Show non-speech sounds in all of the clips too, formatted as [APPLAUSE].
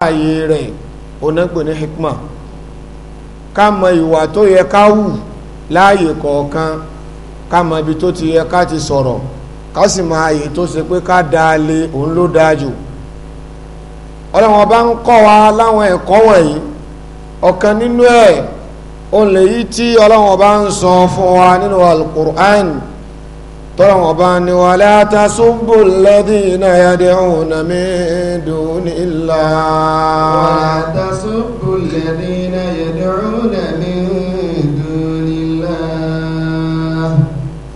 sáàyè rẹ̀ onágbò ní hikma ká mọ ìwà tó yẹ ká hù láàyè kọ̀ọ̀kan ká mọ ibi tó ti yẹ ká ti sọ̀rọ̀ ká sì mọ ààyè tó ṣe pé ká dáa lé òun ló dáa jù ọlọ́wọ́n bá ń kọ́ wa láwọn ẹ̀kọ́ wọ̀nyí ọ̀kan nínú ẹ̀ òun lèyí tí ọlọ́wọ́n bá ń sọ fún wa nínú alukur'an. طربان ولا تسبوا الذين يدعون من دون الله ولا تسبوا الذين يدعون من دون الله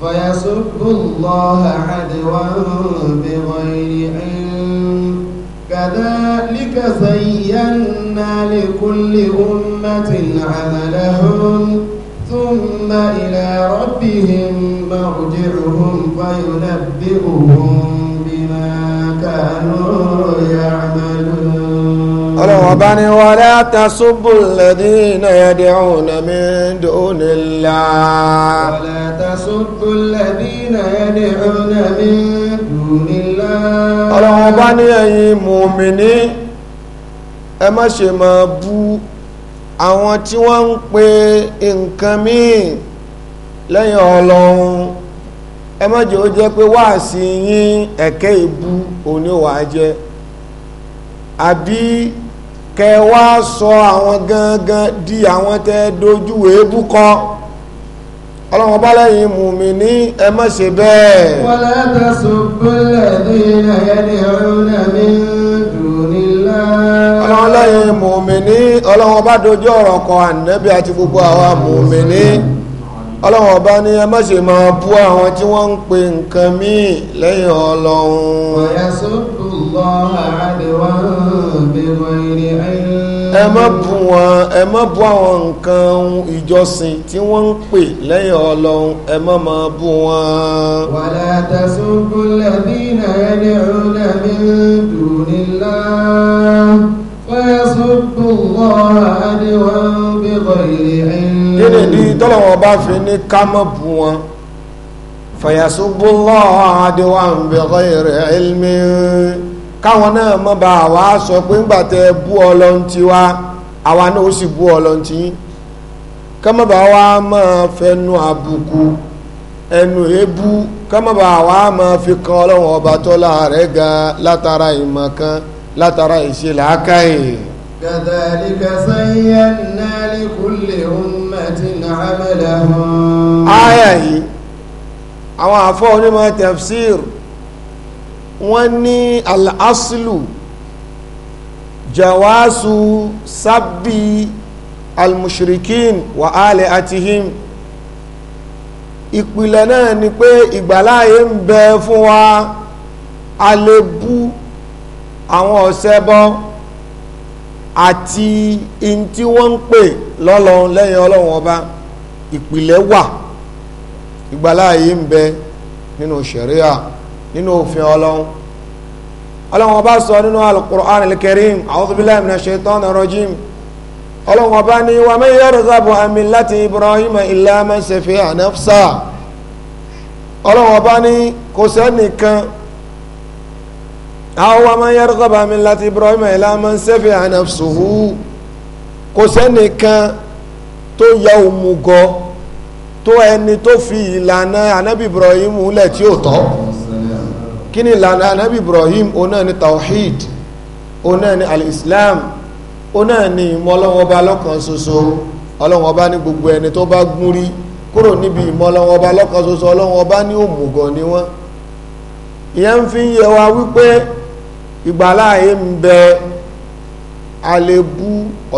فيسبوا الله عدوا بغير علم كذلك زينا لكل أمة عملهم ثم إلى ربهم مرجعهم فينبئهم بما كانوا يعملون ربنا ولا تسبوا الذين يدعون من دون الله ولا تسبوا الذين يدعون من دون الله ربنا يا مؤمنين ẹ má ṣe àwọn tí wọ́n ń pe nǹkan míì lẹ́yìn ọlọ́run ẹ má jẹ́ ó jẹ́ pé wáàsí yín ẹ̀kẹ́ ìbú oníwàá jẹ́ àbí kẹ wá sọ àwọn gangan di àwọn tẹ dojú èébú kọ ọlọ́run bá lẹ́yìn mú mi ní ẹ má ṣe bẹ́ẹ̀. wọ́n lẹ́tà sọ pé lẹ́yìn ẹ̀yẹ́ ni ọ̀run náà ní dùn nílá mùmìnì ọlọ́run ọba dojú ọ̀rọ̀ kan ànẹ́bí àti gbogbo àwa mùmìnì ọlọ́run ọba ní ẹ má ṣe bú àwọn tí wọ́n ń pe nǹkan míì lẹ́yìn ọlọ́run ẹ má bú wọn ẹ má bú àwọn nǹkan ìjọsìn tí wọ́n ń pè lẹ́yìn ọlọ́run ẹ má máa bú wọn. wàlá tasubbu alladhina yad'una min dunillah. ويصد الله عدوا بغير علم kí nìdí tọ́lọ́wọ́ bá fi ní ká mọ̀ bù wọn fàyàsúbù lọ́wọ́ àdéhùn àbẹ̀kọ́ ìrẹ̀ ẹ̀lmí káwọn náà mọ̀ bá wa sọ pé ńgbà tẹ bú ọlọ́run tiwa àwa náà ó sì bú ọlọ́run tí kọ́mọ̀bà wa máa fẹnu àbùkù ẹnu èébú kọ́mọ̀bà wa máa fi kan ọlọ́run ọba tọ́lá rẹ̀ ga látara ìmọ̀ kan látara ìṣe làákàyè. kàdàlíkà sáyẹn náà lè kúlè ọmọdé náà mẹ́lẹ̀ hàn. àyà yìí àwọn àfọ onímọ̀ tafsir wọ́n ní al-aslu jawasu sabbi al-mushrikin wa ali atihim ìpìlẹ̀ náà ni pé ìgbàláyé ń bẹ fún wa a àwọn ọ̀sẹ́bọ àti in tí wọ́n ń pè lọ́lọ́run lẹ́yìn ọlọ́run ọba ìpìlẹ̀ wà ìgbàláàyè ń bẹ nínú ṣẹ̀ríà nínú òfin ọlọ́run ọlọ́run ọba sọ nínú alukur'an alkarim a'udhu billahi minash shaitani rajim ọlọ́run ọba ní ibrahim àwọn ọmọ yarghaba min láti Ibrahim illa man safiha nafsuhu kò sẹ́nìkan tó ya òmùgọ̀ tó ẹni tó fi ìlànà anábì Ibrahim lẹ̀ tí ó tọ́ kí ni ìlànà anábì Ibrahim òun náà ni tawhid òun náà ni al-Islam òun náà ni ìmọ̀ Ọlọ́hun Ọba lọ́kan ṣoṣo Ọlọ́hun Ọba ní gbogbo ẹni tó bá gún kúrò níbi ìmọ̀ Ọlọ́hun Ọba lọ́kan ṣoṣo Ọlọ́hun ni wọ́n ìyẹn ń fi wa wípé ìgbàláàyè ń bẹ alébú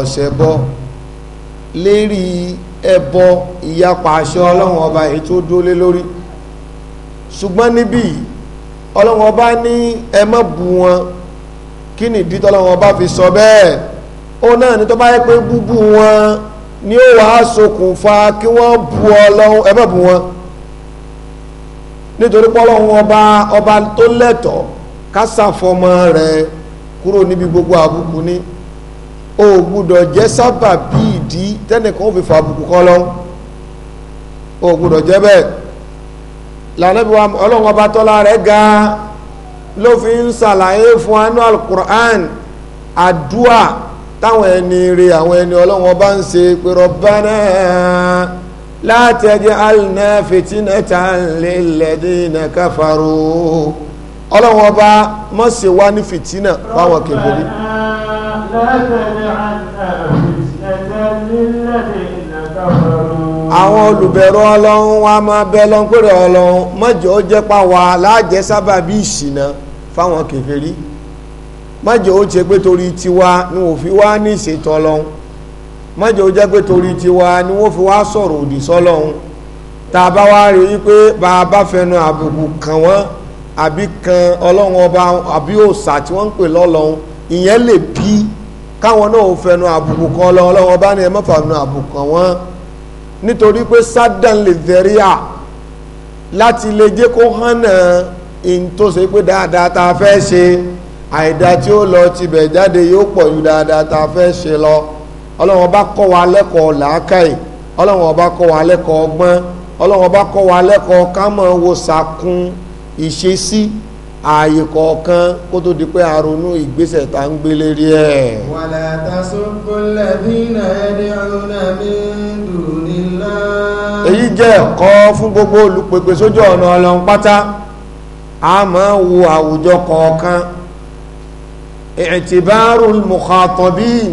ọ̀sẹ̀bọ lérí ẹbọ ìyapa aṣọ ọlọ́run ọba èyí tó dólé lórí ṣùgbọ́n níbí ọlọ́run ọba ní ẹ má bú wọn kí ni ìdí tọ́lọ́run ọba fi sọ bẹ́ẹ̀ ó náà ní tó bá yẹ pé búbú wọn ni ó wàá ṣokùnfà kí wọ́n bú ọlọ́run ẹ má wọn nítorí pé ọba ọba tó lẹ́tọ̀ọ́ kásàfọmọ rẹ kúrò níbi gbogbo àbùkù ni o gbúdọ̀ jẹ́ sábà bí ìdí tẹ́nìkan ó fi fa àbùkù lọ o gbúdọ̀ jẹ́ bẹ́ẹ̀ lànàbí wa ọlọ́run ọba tọ́lá rẹ ga ló fi ń ṣàlàyé fún anú alukur'an àdúà táwọn ẹni rè àwọn ẹni ọlọ́run ọba ń ṣe ọlọ́run ọba mọ̀ ṣe wá ní fìtínà báwọn kèfèrí. àwọn olùbẹ̀rù ọlọ́run wa máa bẹ lọ́npẹ̀rẹ̀ ọlọ́run mọ̀jọ́ ó jẹ́ pa wà láàjẹ́ sábà bí ìṣìnà fáwọn kèfèrí mọ̀jọ́ ó jẹ́ pé torí tiwa ni òfin wá ní ìṣètò ọlọ́run mọ̀jọ́ ó jẹ́ pé torí tiwa ni wọ́n fi wá sọ̀rọ̀ òdì sọ́lọ́run tá wá rí i pé bá fẹnu àbùkù kàn wọ́n àbí kan ọlọ́run ọba àbí òòsà tí wọ́n ń pè lọ́lọ́run ìyẹn lè bí káwọn náà ò fẹnu àbùkù kan ọlọ́run ọba ni ẹ má fẹnu àbùkù kan wọ́n nítorí pé sádàn lè zẹ̀ríà láti lè jẹ́ kó hànà ìntòsí pé dáadáa tá a fẹ́ ṣe àìdá tí ó lọ tibẹ̀ jáde yóò pọ̀ ju dáadáa tá a fẹ́ ṣe lọ ọlọ́run ọba kọ́ wa lẹ́kọ̀ọ́ làákàyè ọlọ́run ọba kọ́ wa lẹ́kọ̀ọ́ ọgbọ́n ọlọ́run ọba kọ́ wa lẹ́kọ̀ọ́ ká mọ̀ wo sàkún ìṣesí ààyè kọ̀ọ̀kan kó tó di pé a ronú ìgbésẹ̀ tá ń gbé lérí ẹ̀. wàlá tasubbullẹ̀ bí nàẹ́dẹ́ ọ̀nà mi dùnìlá. èyí jẹ́ ẹ̀kọ́ fún gbogbo olùpèpè sójú ọ̀nà ọlọ́run pátá a máa wo àwùjọ kọ̀ọ̀kan ìtìbárù mùkàtọ̀bíìn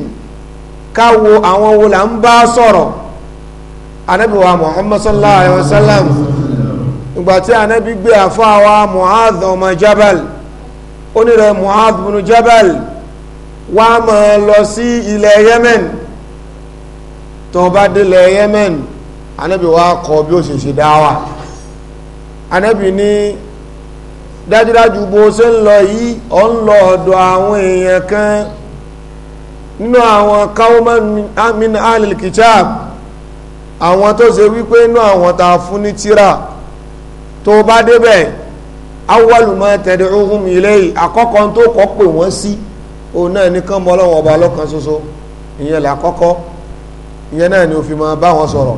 káwo àwọn wo là ń bá sọ̀rọ̀ anábìwá muhammad sallallahu alayhi wa sallam ìgbàtí ànábì gbé àfáàwá mu'adh ọmọ jabal onírẹ̀ mu'adh bin jabal wá máa lọ sí ilẹ̀ yemen tó bá délẹ̀ yemen ànábì wá kọ́ bí ó ṣe ṣe dáwà ànábì ní dájúdájú bó ṣe ń lọ yìí ọ̀ ń lọ ọ̀dọ̀ àwọn èèyàn kan nínú àwọn káwọ́mọ́ min alil àwọn tó ṣe wípé inú àwọn tá a fún ní tírà tó bá débẹ̀ awaluma tẹ̀dẹ̀hún ilé àkọ́kọ́ tó kọ́ pè wọ́n sí òun náà nìkan mọ́ ọlọ́run ọba lọ́kan ṣoṣo ìyẹn làkọ́kọ́ ìyẹn náà ni òfin máa bá wọn sọ̀rọ̀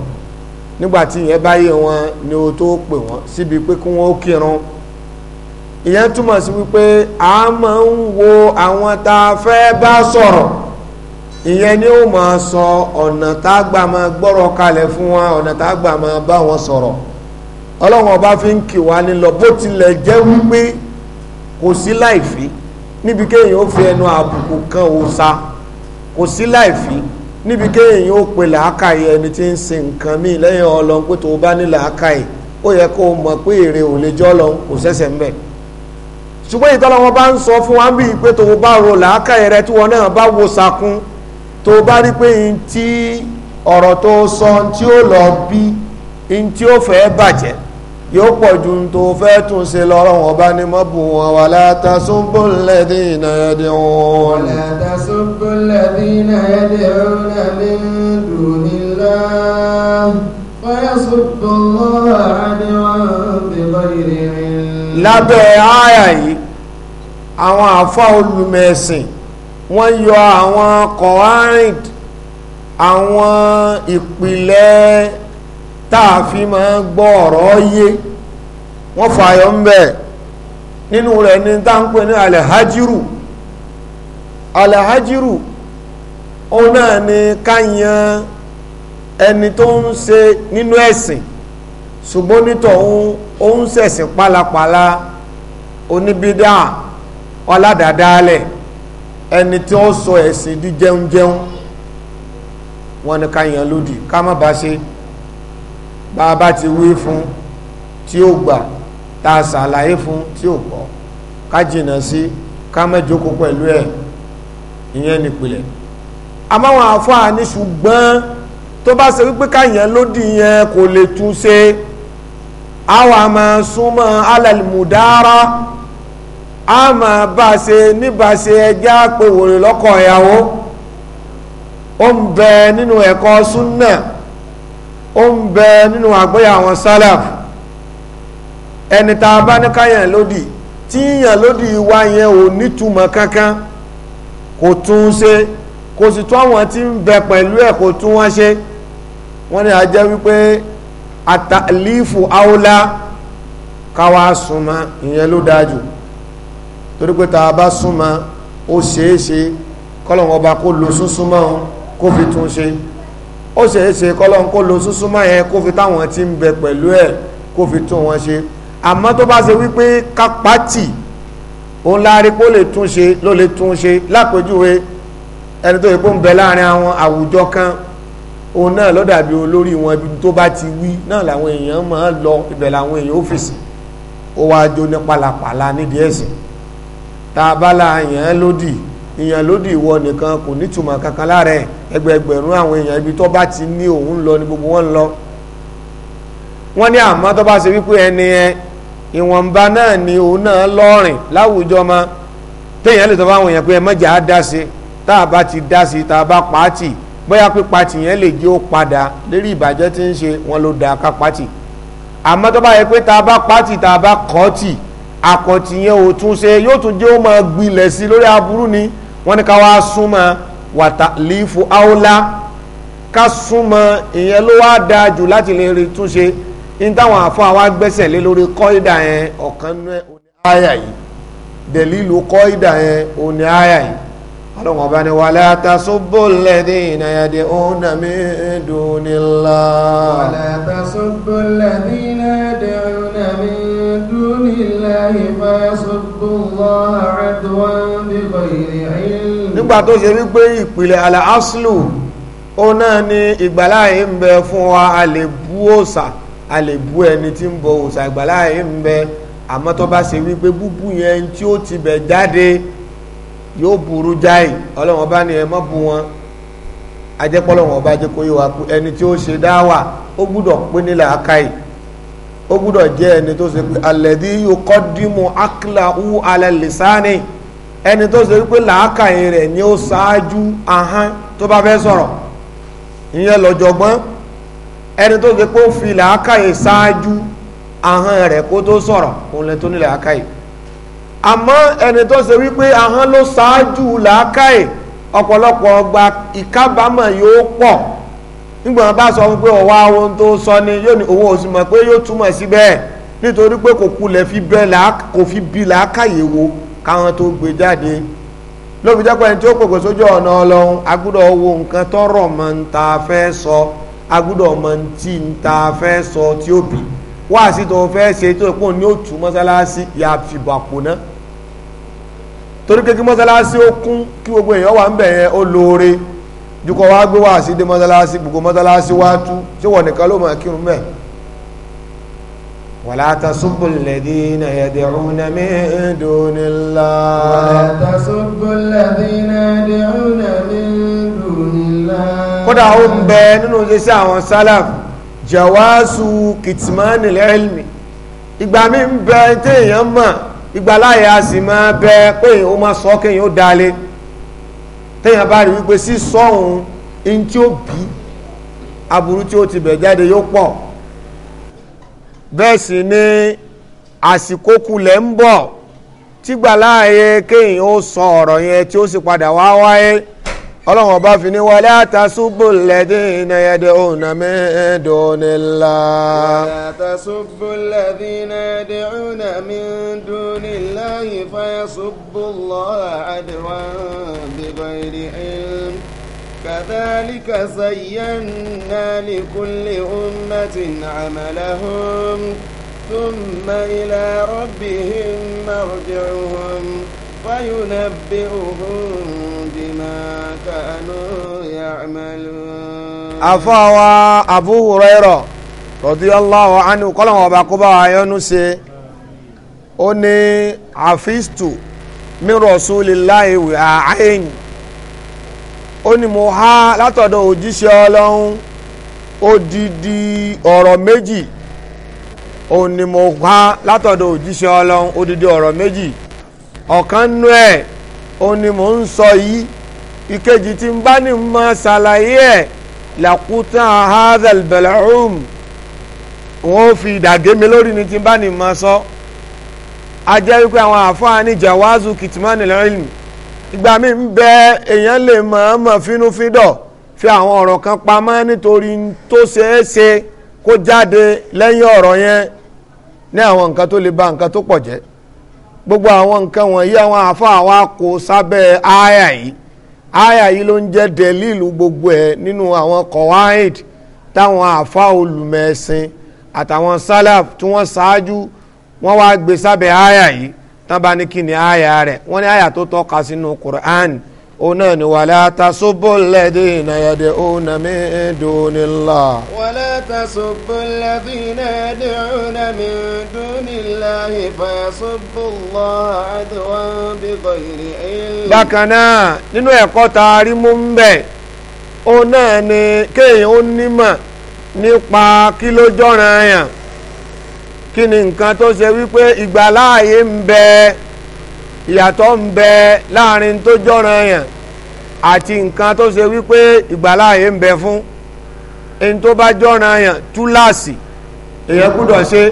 nígbàtí ìyẹn bá yé wọn ni o tó pè wọ́n síbi pé kí wọ́n ó kírun ìyẹn túmọ̀ sí wípé a máa ń wo àwọn tá a fẹ́ bá sọ̀rọ̀ ìyẹn ni ó máa sọ ọ̀nà tá a gbà máa gbọ́rọ̀ kalẹ̀ fún wọn ọ̀nà tá a gbà máa bá wọn sọ̀rọ̀ ọlọ́run bá fi ń kì wá nílọ bó tilẹ̀ jẹ́ wípé kò sí láìfí níbi kéèyàn ó fi ẹnu àbùkù kan òòsa kò sí láìfí níbi kéèyàn ó pe làákàyè ẹni tí ń sin nǹkan míì lẹ́yìn ọlọ́run pé tó bá ní làákàyè ó yẹ kó o mọ̀ pé èrè ò lè jọ́ lọ́run kò sẹ́sẹ̀ ń bẹ̀ ṣùgbọ́n ìtọ́lọ́ wọn bá ń sọ fún wa bíi pé tó bá ro làákàyè rẹ tí wọn náà bá wo sakun tó bá rí pé n ti ọ̀rọ̀ tó sọ n tí ó lọ bí n tí ó fẹ́ bàjẹ́ yóò pọ̀ ju tó fẹ́ tún ṣe lọ́rọ̀ wọn bá ní mọ́ bù wọn wà látà súnbù lẹ́dí iná ẹ̀dẹ̀ wọn. látà súnbù lẹ́dí iná ẹ̀dẹ̀ wọn ní dùnìlá wáyà súnbù lọ́wọ́ àdéhùn bíbọ̀ ìrìnrìn. lábẹ́ àyà yìí àwọn àfa olùmẹ̀sìn wọ́n yọ àwọn kọ̀ọ̀rìn àwọn ìpìlẹ̀ táà fi máa gbọ́ ọ̀rọ̀ yé wọ́n fààyọ̀ ń bẹ̀ nínú rẹ̀ ní táǹpẹ́ ní alẹ́hájírù alẹ́hájírù òun náà ni káyan ẹni tó ń ṣe nínú ẹ̀sìn ṣùgbọ́n nítọ̀hún ó ń ṣẹ̀sìn pálapàla oníbídà ọládàdálẹ̀ ẹni tí ó sọ ẹ̀sìn di jẹunjẹun wọn ni káyan lódì ká má ba ṣe bá a bá ti wí fún tí ó gbà tá a ṣàlàyé fún tí ó gbọ́ ká jìnnà sí ká mẹ́jọ́kó pẹ̀lú ẹ̀ ìyẹn nípìnlẹ̀ àmọ́ àwọn àfáà ní ṣùgbọ́n tó bá ṣe wípé káyẹn lódì yẹn kò lè tún ṣe àwọn àmọ́ súnmọ́ alàlùmùdára àmọ́ bá ṣe níbàṣe ẹjẹ́ àpèwòrè lọ́kọ̀ ó ń bẹ nínú ẹ̀kọ́ súnnà ó ń bẹ nínú àgbọ́yà àwọn salaf ẹni tá a bá ní káyàn lódì tí yàn lódì wá yẹn ò nítumọ̀ kankan kò tún ṣe kò sì tún àwọn tí ń bẹ pẹ̀lú ẹ̀ kò tún wọ́n ṣe wọ́n ní a wípé àtàlífù áúlá káwá súnmọ́ ìyẹn ló dáa torí pé tá bá súnmọ́ ó ṣeéṣe kọ́lọ̀ wọn ọba kó lo súnsúnmọ́ kó fi tún ṣe ó ṣeé ṣe kọ́lọ́n kó lo súnsúnmọ́ yẹn kó fi táwọn tí ń bẹ pẹ̀lú ẹ̀ kó fi tún wọn ṣe àmọ́ tó bá ṣe wípé kápátì òun láàrin pó lè tún ṣe ló lè tún ṣe lápèjúwe ẹni tó yẹ kó ń bẹ láàrin àwọn àwùjọ kan òun náà ló olórí wọn ibi tó bá ti wí náà làwọn èèyàn máa lọ ibẹ̀ làwọn èèyàn ọ́fíìsì ó wá jó ní pàlàpàlà nídìí ẹ̀sìn tá a bá la èèyàn lódì èèyàn lódì ìwọ nìkan kò nítumọ̀ kankan lára ẹ̀ ẹgbẹẹgbẹ̀rún àwọn èèyàn ibi tó bá ti ní òun lọ ní gbogbo wọn lọ wọ́n ní àmọ́ tó bá ṣe wípé ẹni ẹ ìwọ̀nba náà ni òun náà lọ́rìn láwùjọ ma téèyàn lè tọ́ fáwọn èèyàn pé ẹ mọ́jà á dá sí tá a bá ti dá sí tá a bá pàátì bóyá pé pàátì yẹn lè jẹ́ ó padà lérí ìbàjẹ́ tí ń ṣe wọn ló da ká pàátì àmọ́ tó bá yẹ pé tá a bá pàátì tá a bá kọ́ tì àkọ́tì yẹn ò tún ṣe yóò tún jẹ́ ó máa gbilẹ̀ sí lórí aburú ni wọ́n ní ká wá súnmọ́ wàtà lífu áúlá ká súnmọ́ ìyẹn ló wá dáa jù láti lè rí túnṣe ní táwọn àfáà wa gbẹ́sẹ̀ lé lórí kọ́ídà yẹn ọ̀kan nú ẹ̀ òní àyà yìí dẹ̀lílu kọ́ídà yẹn òní àyà yìí ọlọ́run ọba ni wà láta sóbò lẹ́dí ìnáyàdé ọ̀nà mẹ́ẹ̀ẹ́dù nílá. wà láta sóbò lẹ́dí ìnáyàdé ọ̀nà mẹ́ẹ̀ẹ́dù nílá ìfà sóbò lọ́ bí kò ìrìn àyè nígbà tó ṣe wípé ìpìlẹ̀ àlà aslu ó náà ni ìgbàláyé ń bẹ fún wa a lè bú òòṣà a lè bú ẹni tí ń bọ òòṣà ìgbàláyé ń bẹ àmọ́ tó bá ṣe wípé búbú yẹn tí ó ti bẹ̀ jáde yóò burú jáì ọlọ́wọ́n bá ní ẹ mọ́ bu wọn ajẹ́pọ́lọ́wọ́n bá jẹ́ kó yé wa ẹni tí ó ṣe dáwà ó gbúdọ̀ pé nílẹ̀ akáyì ó gbúdọ̀ jẹ́ ẹni tó ṣe pé alẹ́dí yóò kọ́ dímú akílà ú alẹ́ lìsáni. ẹni tó ṣe wípé làákàyè rẹ̀ ni ó ṣáájú ahán tó bá fẹ́ sọ̀rọ̀ ìyẹn lọ́jọ̀gbọ́n ẹni tó ṣe pé ó fi làákàyè ṣáájú ahán rẹ̀ kó tó sọ̀rọ̀ òun lẹ tó ní làákàyè àmọ́ ẹni tó ṣe wípé ahán ló ṣáájú làákàyè ọ̀pọ̀lọpọ̀ ọgbà ìkábàámọ̀ yóò pọ̀ nígbà wọn bá sọ fún pé ohun tó sọ ni yóò ní owó mọ̀ pé yóò túmọ̀ nítorí pé káwọn tó gbé jáde lóbi jẹ́pọ̀ ẹni tí ó pèpè sójú ọ̀nà ọlọ́run agbúdọ̀ wo nǹkan tọ́rọ̀ mọ́ ń ta fẹ́ sọ agbúdọ̀ mọ́ ń tí ń ta fẹ́ sọ tí ó bì wá sí tó fẹ́ ṣe tó pò ní òtù mọ́sálásí yà fìbà pò ná torí pé mọ́sálásí ó kún kí gbogbo èèyàn wà ń bẹ̀ yẹn ó lóore jukọ̀ wá gbé wá sí dé mọ́sálásí gbogbo mọ́sálásí wá tú tí wọ́n nìkan ló mọ̀ kírun mẹ́ẹ̀ ولا تسبوا الذين يدعون من دون الله ولا تسبوا الذين يدعون من دون الله kódà ó ń bẹ nínú iṣẹ́ àwọn sálàf jawaasu kìtìmánì lẹ́ẹ̀lmì ìgbà mi ń bẹ téèyàn mọ̀ ìgbà láyé a sì máa bẹ pé ó máa sọ kéèyàn ó dalẹ̀ téèyàn bá rí wípé sísọ òun in tí ó bí aburú tí ó ti bẹ̀ jáde yóò pọ̀ bẹ́ẹ̀ sì ni àsìkò kulẹ̀ ń bọ̀ tígbàláàyè kéèyàn ó sọ ọ̀rọ̀ yẹn tí ó sì padà wá wáyé ọlọ́run ọba fi ní wọlé àtàṣubú lẹ́dínà yẹ́dẹ́ ònà lẹ́dínà yìí كذلك زينا لكل أمة عملهم ثم إلى ربهم مرجعهم فينبئهم بما كانوا يعملون أفاوى أبو هريرة رضي الله عنه قال وبقبا يونس ó أني àfíìstù من رسول الله áyìn ó ní mo há látọ̀dọ̀ òjíṣẹ́ ọlọ́run odidi ọ̀rọ̀ méjì ó ní mo há látọ̀dọ̀ òjíṣẹ́ ọlọ́run odidi ọ̀rọ̀ méjì ọ̀kan nú ẹ̀ ó ní mo ń sọ yìí ìkejì tí ń bá ní mọ ṣàlàyé ẹ̀ làkútà hazel belahum wọn ò fi ìdàgé mi lórí ni tí ń bá ní mọ sọ a wípé àwọn àfáà ní jawazu kitmanil ilmi ìgbà mi ń bẹ èèyàn lè mọ̀ọ́mọ̀ fínúfíndọ̀ fi àwọn ọ̀rọ̀ kan pamọ́ nítorí tó ṣeé ṣe kó jáde lẹ́yìn ọ̀rọ̀ yẹn ní àwọn nǹkan tó lè ba nǹkan tó pọ̀ jẹ́ gbogbo àwọn nǹkan wọ̀nyí àwọn àáfàá wa kó sábẹ́ àyà yìí àyà yìí ló ń jẹ́ dẹ̀lílù gbogbo ẹ̀ nínú àwọn kọ̀wáìd táwọn àáfàá olùmẹ̀ẹ̀sìn àtàwọn sálàf tí wọ́n ṣáájú wọ́n wá gbé sábẹ́ àyà yìí tán bá ní kí ni àyà rẹ̀ wọ́n ní àyà tó tọ́ka sínú Qur'an ona ni wàlá tasubú lẹ́dínà yàdé ona mi dùnìlá. wàlá tasubú lẹ́dínà yàdé ona mi dùnìlá ìfàyàsubú lọ àdéhùn bíkọ ìrì ìlú. bákan náà nínú ẹ̀kọ́ tá rí mú ń bẹ̀ ona ni kéèyàn ó nímọ̀ nípa kí ló jọ̀ràn yàn kí ni nǹkan tó ṣe wípé ìgbàláàyè ń bẹ ìyàtọ̀ ń bẹ láàrin tó jọ̀ràn yàn àti nǹkan tó ṣe wípé ìgbàláàyè ń bẹ fún ẹni tó bá jọ̀ràn yàn túláàsì èèyàn gbúdọ̀ ṣe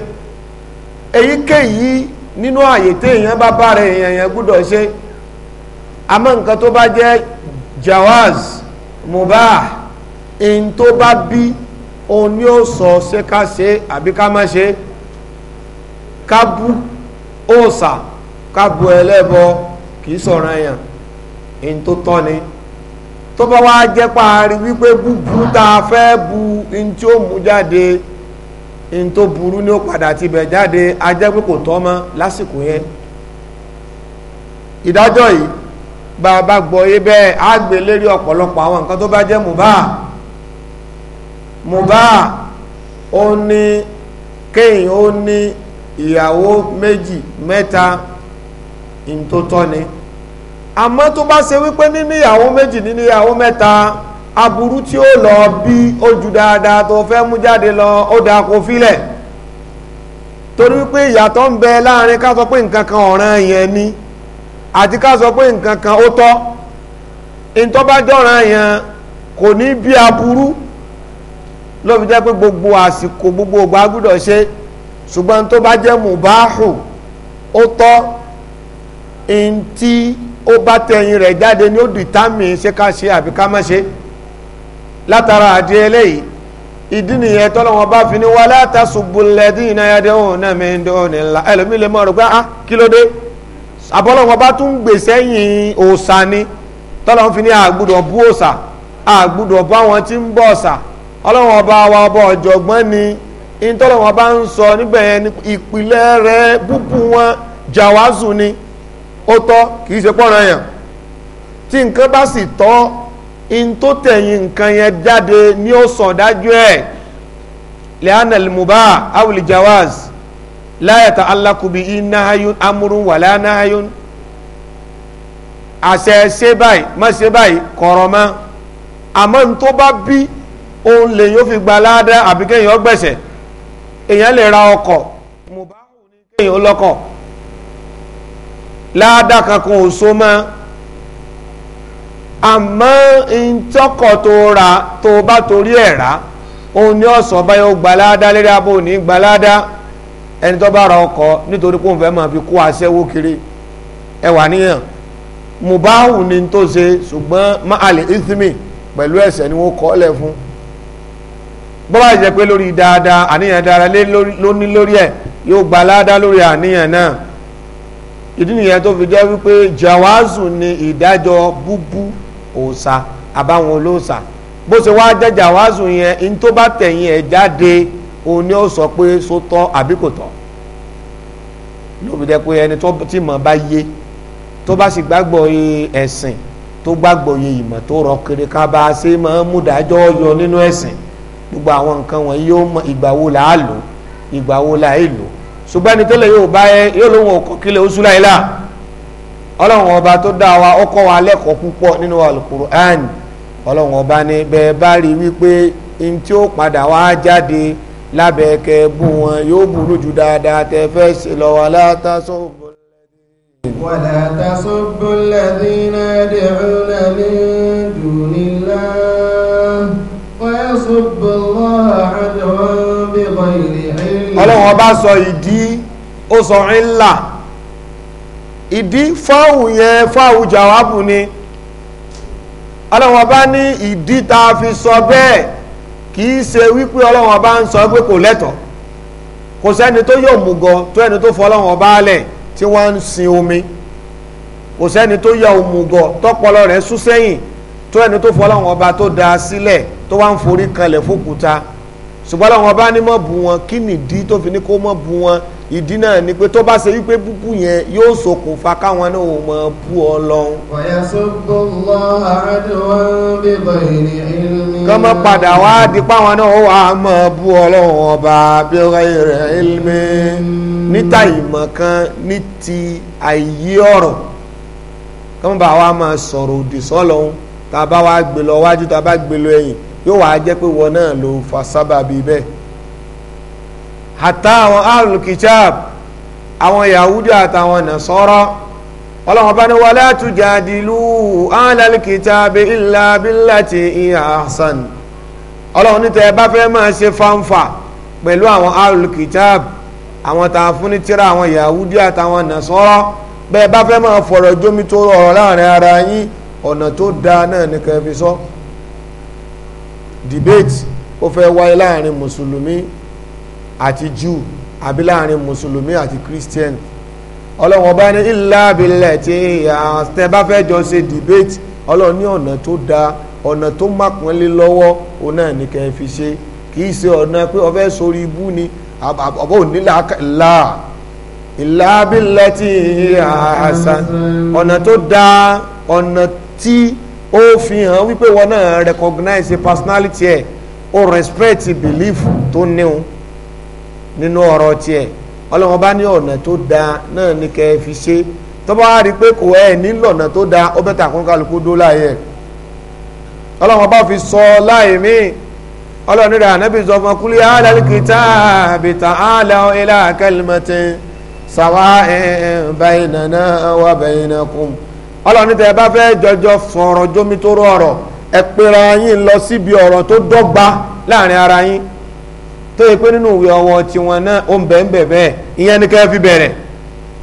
èyíkéyìí nínú àyè téèyàn bá bá rẹ̀ èèyàn yẹn gbúdọ̀ ṣe àmọ́ nǹkan tó bá jẹ́ jawaz mubah ẹni tó bá bí òun ni ó sọ ṣe ká ṣe àbí ká má ṣe ká bú òòsà ká bú ẹlẹ́bọ kì í sọ̀rọ̀ ẹ̀yàn in tó tọ́ ni tó bá wá jẹ́ paari wípé búburú tá a fẹ́ bu in tí ó mú jáde in tó burú ni ó padà ti bẹ̀ jáde a pé kò tọ́ mọ́ lásìkò yẹn ìdájọ́ yìí bá a bá gbọ́ yé bẹ́ẹ̀ á gbé lérí ọ̀pọ̀lọpọ̀ àwọn nǹkan tó bá jẹ́ mùbáà mùbáà ó ní kéèyàn ó ní ìyàwó méjì mẹ́ta ìtótọ́ ni àmọ́ tó bá ṣe wípé nínú ìyàwó méjì nínú ìyàwó mẹ́ta aburú tí ó lọ bí ojú dáadáa tó fẹ́ mú jáde lọ ó dáa kó filẹ̀ torí wípé ìyàtọ̀ ń bẹ láàrin ká sọ pé nǹkan kan ọ̀ràn yẹn ni àti ká sọ pé nǹkan kan ó tọ́ ìtọ́ bá jọ̀ràn yẹn kò ní bí aburú ló jẹ́ pé gbogbo àsìkò gbogbo ògbà gbúdọ̀ ṣe é ṣùgbọ́n tó bá jẹ́ mùbáhù ó tọ́ in tí ó bá tẹ̀yìn rẹ̀ jáde ní ó dìtámì ṣe ká ṣe àbí ká má ṣe látara àdí eléyìí ìdí nìyẹn tọ́lọ́wọ́n bá fi ní wá látàṣùgbùlẹ́dínà yad'una min dunillah ẹlòmí lè mọ̀ rò pé ah kí ló dé àbọ́lọ́wọ́n bá tún gbèsè yìn òòṣà ni tọ́lọ́wọ́n fi ní àgbùdọ̀ bú òòṣà àgbùdọ̀ bá wọn tí ń bọ òòṣà ọlọ́wọ́n bá wa ọba ọ̀jọ̀gbọ́n ni ìtọ́lọ̀ wọn bá ń sọ níbẹ̀ yẹn ìpìlẹ̀ rẹ̀ búbú wọn jàwázù ni ó tọ́ kìí ṣe pọ́nra yàn tí nǹkan bá sì tọ́ in tẹ̀yìn nǹkan yẹn jáde ní ó sàn dájú ẹ̀ lẹ́hánà lèmùbá láyàtà alákùbí ináhayún àṣẹ ṣe báyìí má ṣe báyìí kọ̀rọ̀ mọ́ àmọ́ n tó bá bí òun lè èèyàn lè ra ọkọ̀ mùbáhù ní kéèyàn lọ́kọ̀ láàdá kankan ò so mọ́ àmọ́ ntọ́kọ̀ tó ra tó bá torí ẹ̀ rà òun ní ọ̀sán báyọ̀ gbaládá lérí abó ní gbaládá ẹni tó bá ra ọkọ̀ nítorí pé òun fẹ́ máa fi kó aṣẹ́wó kiri ẹwà níyàn mùbáhù ní tó ṣe ṣùgbọ́n máa lè ìsinmi pẹ̀lú ẹ̀ṣẹ̀ ni wọ́n kọ́ lẹ̀ fún bó bá jẹ́ pé lórí dáadáa àníyàn dára ló ní lórí ẹ̀ yóò gba ládá lórí àníyàn náà ìdí nìyẹn tó fi jẹ́ wípé jawazu ni ìdájọ́ búbú òòṣà àbáwọn olóòṣà bó ṣe wá jẹ́ jawazu yẹn in tó bá tẹ̀yìn ẹ̀ jáde òun ni ó sọ pé sótọ́ àbí kò tọ́ lóbi jẹ́ pé ẹni tí mọ̀ bá yé tó bá sì gbàgbọ́ ẹ̀sìn tó gbàgbọ́ ìmọ̀ tó rọ kiri ká bá a ṣe máa ń mú dájọ́ yọ nínú ẹ̀sìn gbogbo àwọn nǹkan wọn yóò mọ ìgbà wo là á lò ìgbà wo là á lò ṣùgbọ́n ẹni tẹ́lẹ̀ yóò bá ẹ yóò lóun ọkọ̀ kílẹ̀ oṣù láìla ọlọ́run ọba tó dá wa ọkọ̀ wa lẹ́kọ̀ọ́ púpọ̀ nínú alukur'an ọlọ́run ọba ní bẹ́ẹ̀ bá rí wípé n tí ó padà wá jáde lábẹ́ kẹ́ bú wọn yóò burú ju dáadáa tẹ́ fẹ́ ṣe lọ́wọ́ látàṣọ́ bọ́. ولا تصبوا الذين يدعون من دون الله ọlọ́run ọba sọ ìdí ó sọ ńlá ìdí fáwù yẹn fáwù jàwábù ni ọlọ́run ọba ní ìdí tá fi sọ bẹ́ẹ̀ kìí ṣe wípé ọlọ́run ọba ń sọ pé kò lẹ́tọ̀ọ́ kò sẹ́ni tó yọ̀ òmùgọ̀ tó ẹni tó fọlọ́run ọba lẹ̀ tí wọ́n ń sin omi kò sẹ́ni tó yọ̀ òmùgọ̀ tọ́pọlọ rẹ̀ sún sẹ́yìn tó ẹni tó fọlọ́wọn ọba tó da sílẹ̀ tó wá ń forí kanlẹ̀ fókúta ṣùgbọ́n làwọn ọba ní mọ̀ bú wọn kí nìdí tó fi ní kó mọ̀ bú wọn ìdí náà ni pé tó bá ṣe wípé búbú yẹn yóò ṣokùnfà káwọn náà ò mọ̀ bú ọ lọ́hún. kọ́ mọ́ padà wá di páwọn náà ó wà á mọ̀ bú ọlọ́run ọba bí rẹ̀ ilmi níta ìmọ̀ kan ní ti àìyé ọ̀rọ̀ kọ́ mọ́ bá wa máa sọ̀rọ̀ òdì sọ́lọ́hún tá a bá wá gbé lọ wájú tá a bá gbé lọ ẹ̀yìn yóò wá jẹ́ pé wọn náà ló fa sábàbí bẹ́ẹ̀ àtà àwọn ahlul kitab àwọn yahudi àtàwọn nasara ọlọ́run bá ní wala tujadilu ahlal kitab illa billati iya ahsan ọlọ́run ní tẹ́ ẹ bá fẹ́ máa ṣe fanfa pẹ̀lú àwọn ahlul àwọn tá a fún ní tíra àwọn yahudi àtàwọn nasara bẹ́ẹ̀ bá fẹ́ máa fọ̀rọ̀ jómi tó rọrọ̀ láàrin ara yín ọ̀nà tó dáa náà ni kẹ́ fi sọ debate ó fẹ́ wáyé láàrin mùsùlùmí àti Jew àbí láàrin mùsùlùmí àti Christian ọlọ́run ọba ní illa billati tẹ́ bá fẹ́ jọ ṣe debate ọlọ́run ní ọ̀nà tó dáa ọ̀nà tó mápọ̀nlé lọ́wọ́ òun náà ni kẹ́ fi ṣe kì í ṣe ọ̀nà pé ó fẹ́ sórí ibú ni àbọ̀ òní làá ìlàbílẹ̀ tí àṣà ọ̀nà tó dáa ọ̀nà tí ó fi hàn wípé wọn náà recognize personality ẹ̀ ó respect belief tó níhun nínú ọ̀rọ̀ tiẹ̀ ọlọ́wọ́n bá ní ọ̀nà tó dáa náà ní kẹ́ ẹ fi ṣe tọ́ba wá rí i pé kò ẹ̀ nílọ̀nà tó dáa ó bẹ́ẹ̀ tàkùn kálukú dó láàyè ọlọ́wọ́n bá fi sọ láì míì ọlọ́run rẹ̀ ànábì sọ fún kúlí alálìkìtà bìtà àlà ilá kẹlìmọ̀tì sàwá ẹ̀ bàyìnà náà wà bàyìnà kùn ọlọ́run tẹ́ bá fẹ́ jọjọ fọ̀rọ̀ jómi tó rọ ọ̀rọ̀ ẹ pera yín lọ síbi ọ̀rọ̀ tó dọ́gba láàrin ara yín tó yẹ pé nínú ìwé ọwọ́ tiwọn náà ó ń bẹ̀ ń bẹ̀ bẹ́ẹ̀ ìyẹn ni kẹ́ fi bẹ̀rẹ̀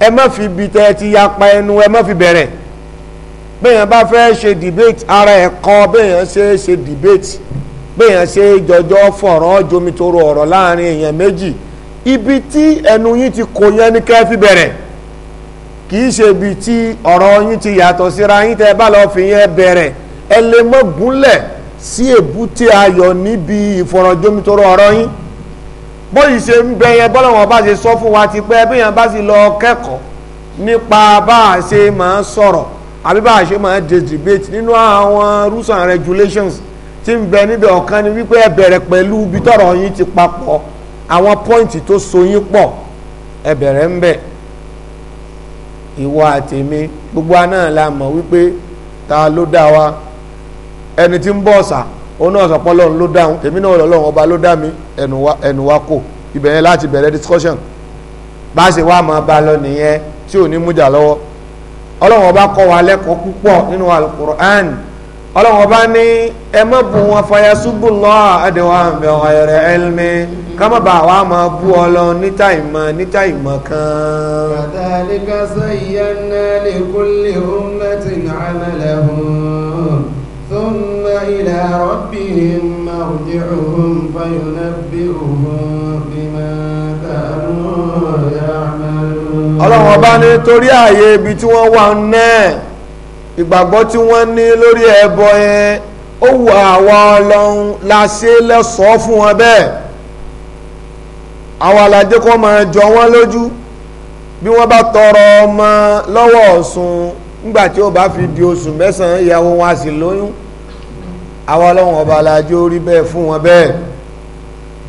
ẹ má fi ibi tẹ́ ti yapa ẹnu ẹ má fi bẹ̀rẹ̀ bẹ́ẹ̀yàn bá fẹ́ ṣe debate ara ẹ̀kọ́ bẹ́ẹ̀yàn ṣe ṣe debate bẹ́ẹ̀yàn ṣe jọjọ fọ̀rọ̀ jómi tó rọ ọ̀rọ̀ láàrin èèyàn méjì ibi tí ẹnu yín ti kò yẹn ni kẹ́ fi bẹ̀rẹ̀ kì í ṣe ibi tí ọ̀rọ̀ yín ti yàtọ̀ síra yín tẹ́ bá lọ́ọ́ fi yẹn bẹ̀rẹ̀ ẹ lè mọ́ gúnlẹ̀ sí èbúté ayọ̀ níbi ìfọ̀rọ̀jomitoro ọ̀rọ̀ yín bóyì ṣe ń bẹ yẹn bọ́lọ́wọ́n bá ṣe sọ fún wa ti pẹ́ bí yẹn bá sì lọ kẹ́kọ̀ọ́ nípa bá a ṣe máa sọ̀rọ̀ àbí bá a ṣe máa de debate nínú àwọn rules and regulations tí ń bẹ níbẹ̀ ọ̀kan ni wípé ẹ bẹ̀rẹ̀ pẹ̀lú ibi tọ̀rọ̀ yín ti papọ̀ àwọn pọ́ìntì tó so yín pọ̀ ẹ bẹ̀rẹ̀ ń bẹ̀ ìwọ àtèmi gbogbo aná la mọ̀ wípé ta ló dá wa ẹni tí ń bọ̀ ọ̀sà òun náà sọpọ́ lọ́run ló dáhùn èmi náà lọ́run ọba ló dá mi ẹnu wa kò ibẹ̀ yẹn láti bẹ̀rẹ̀ discussion bá a ṣe wá máa bá a lọ nìyẹn tí ò ní mújà lọ́wọ́ ọlọ́run ọba kọ́ wa lẹ́kọ̀ọ́ púpọ̀ nínú alukur'an ọlọ́run ọba ní ẹ má bù wọn fayasubullah adéwà mẹ́wàá ẹ̀rẹ̀ ẹ̀lmẹ́ kama ba wa ma bú ọlọ́run níta ìmọ̀ níta ìmọ̀ kan. kadhalika zayyana li kulli ummatin amalahum thumma ila rabbihim marji'uhum fayunabbi'uhum bima kanu ya'malun. ọlọ́run ọba ní torí ààyè ibi tí wọ́n wà náà ìgbàgbọ́ tí wọ́n ní lórí ẹbọ yẹn ó wù àwa ọlọ́run la ṣe lẹ́sọ̀ọ́ fún wọn bẹ́ẹ̀ àwọn alájẹ́ kọ́ máa jọ wọ́n lójú bí wọ́n bá tọrọ ọmọ lọ́wọ́ Ọ̀ṣun nígbà tí ó bá fi di oṣù mẹ́sàn-án ìyàwó wọn a sì lóyún àwọn ọlọ́run ọba alájẹ́ ó rí bẹ́ẹ̀ fún wọn bẹ́ẹ̀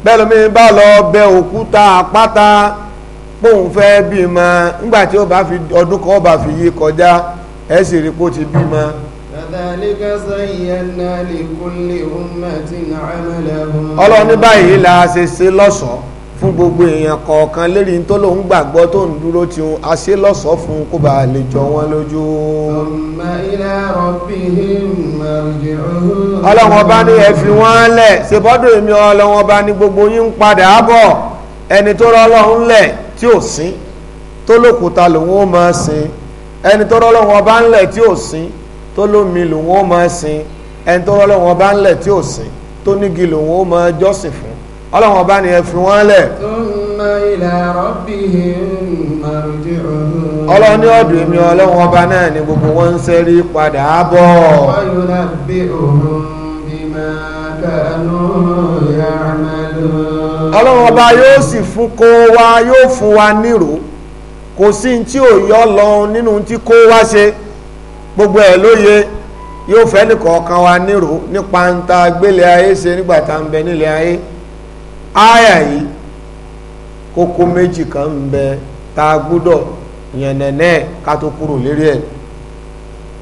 bẹ́ẹ̀ lómi bá lọ bẹ òkúta àpáta póun fẹ́ bímọ nígbà ó bá fi ọdún kan ó bá fi yí kọjá ẹ sì rí pó ti bímọ. ọlọ́run ní báyìí la ṣe ṣe lọ́ṣọ̀ọ́ fún gbogbo èèyàn kọ̀ọ̀kan lérí tó lòun gbàgbọ́ tó ń dúró tí òun aṣẹ́ lọ́sọ̀ọ́ fún kó bá lè jọ wọ́n lójú. ọlọ́run ọba ní ẹ fi wọ́n lẹ̀ ṣèbọ́dọ̀ èmi ọlọ́run ọba ní gbogbo yín ń padà bọ̀ ẹni tó rọ́ ọlọ́run lẹ̀ tí ò sín tó lòkúta lòun ó máa sin ẹni tó rọ́ ọlọ́run ọba ń lẹ̀ tí ò sín tó lómi lòun ó máa sin ẹni tó rọ́ ọlọ́run ọba ń lẹ̀ tí ò sín tó nígi lòun ó máa jọ́sìn fún ọlọ́run ọba ni ẹ fi wọ́n lẹ̀ ọlọ́run ní ọ̀dọ̀ èmi ọlọ́run ọba náà ni gbogbo wọn ń sẹ́rí padà bọ̀ ọlọ́run ọba yóò sì fún kó wa yóò fún wa nírò kò sí tí ò yọ lọ nínú tí kó wá ṣe gbogbo ẹ̀ lóye yóò fẹ́ nìkọ̀ọ̀kan wa nírò nípa ń ta gbélé ayé ṣe nígbà tá ń bẹ nílé ayé. aya yìí kókó méjì kan ń bẹ tá a gbúdọ̀ yànnẹ̀nẹ́ ká tó kúrò lérí ẹ̀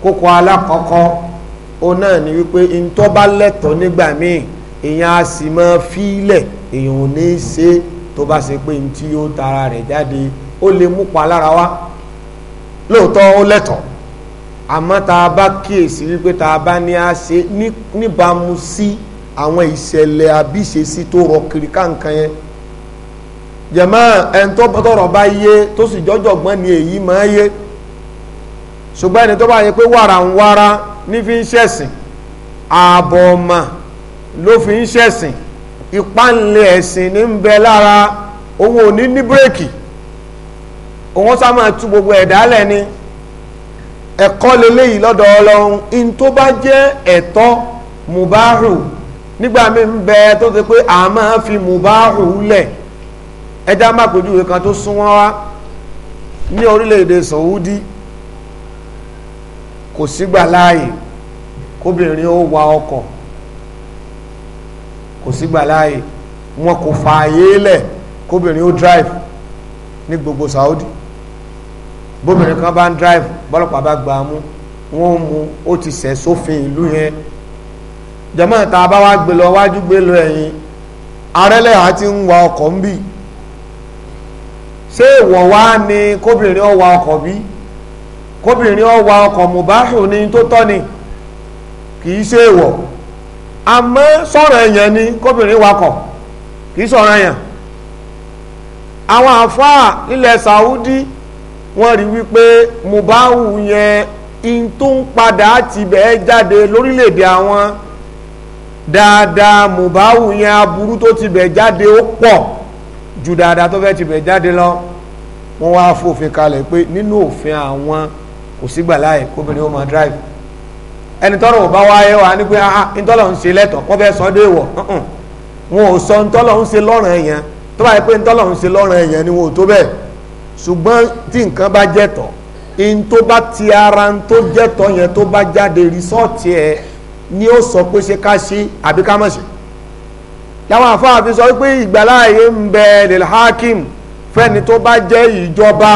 kókó alákọ̀ọ́kọ́ náà ni wípé ntọ́ lẹ́tọ̀ọ́ nígbà míì èèyàn a sì máa fílẹ̀ èèyàn ò ní í ṣe tó bá ṣe pé ntí tara rẹ̀ jáde ó lè mú pa lára wa lóòótọ́ ó lẹ́tọ̀ọ́ àmọ́ tá a bá kíyèsí wípé tá a bá ní Si, àwọn ìṣẹ̀lẹ̀ àbíṣesí tó rọ kiri káǹkan yẹn jẹ̀mọ́ ẹni tó tọrọ bá yé tó sì jọ́jọ̀gbọ́n ni èyí máa yé ṣùgbọ́n ẹni tó bá yẹ pé wàrà ń wára ní fi ń ṣẹ̀sìn ààbọ̀ ọ̀mà ló fi ń ṣẹ̀sìn ipá ńlẹ̀ ẹ̀sìn ní ń bẹ lára òun ò ní ní bírèkì òun sá máa tú gbogbo ẹ̀dá lẹ́ni ẹ̀kọ́ leléyìí lọ́dọ̀ ọlọ́run in tó bá jẹ́ ẹ̀tọ́ mubahu nígbà mi ń bẹ tó ti pé a máa fi mubahu lẹ̀ ẹja má pèjúwe kan tó súnmọ́ wá ní orílẹ̀-èdè Saudi kò sígbà láàyè kóbìnrin ó wa ọkọ̀ kò sígbà láàyè wọn kò fààyè lẹ̀ kóbìnrin ó drive ní gbogbo Saudi bóbìnrin kan bá ń drive bọ́lọ́pàá bá gbà á mú wọ́n mú ó ti ṣẹ̀ sófin ìlú yẹn jẹ́mọ́ ta bá wá gbé lọ wájú gbé lọ ẹ̀yìn arẹ́lẹ̀ àti ń wa ọkọ̀ ń bì ṣé ìwọ̀n wá ní kóbìnrin ó wa ọkọ̀ bí kóbìnrin ó wa ọkọ̀ mùbáhù ní tó tọ́ ni kì í ṣe ìwọ̀ àmọ́ sọ̀rọ̀ ẹ̀yàn ni kóbìnrin wakọ̀ kì í sọ̀rọ̀ àwọn àfáà ilẹ̀ Saudi wọ́n rí wípé mùbáhù yẹn in tó ń padà ti bẹ́ẹ̀ jáde lórílẹ̀-èdè àwọn dáadáa mùbáwù yẹn aburú tó ti bẹ̀ jáde ó pọ̀ ju dáadáa tó fẹ́ ti bẹ̀ jáde lọ wọ́n wá fòfin kalẹ̀ pé nínú òfin àwọn kò sígbà láàyè kóbìnrin ó máa drive ẹni tọ́rọ̀ ò bá wáyé wa ní pé ah ntọ́lọ̀ ń ṣe lẹ́tọ̀ wọ́n fẹ́ sọ dé wọ̀ wọn ò sọ ntọ́lọ̀ ń ṣe lọ́rùn ẹ̀yẹn tó bá yẹ pé ntọ́lọ̀ ń ṣe lọ́rùn ẹ̀yẹn ni wọn ò tó bẹ́ẹ̀ ṣùgbọ́n tí nǹkan bá jẹ̀tọ̀ in bá ti ara tó jẹ̀tọ̀ yẹn tó bá jáde rìsọ́ọ̀tì ẹ̀ ni ó sọ pé ṣe ká ṣe àbí ká mọ̀ ṣe láwọn àfáàfin sọ pé ìgbàláàyè ń bẹ lil hakim fẹ́ni tó bá jẹ́ ìjọba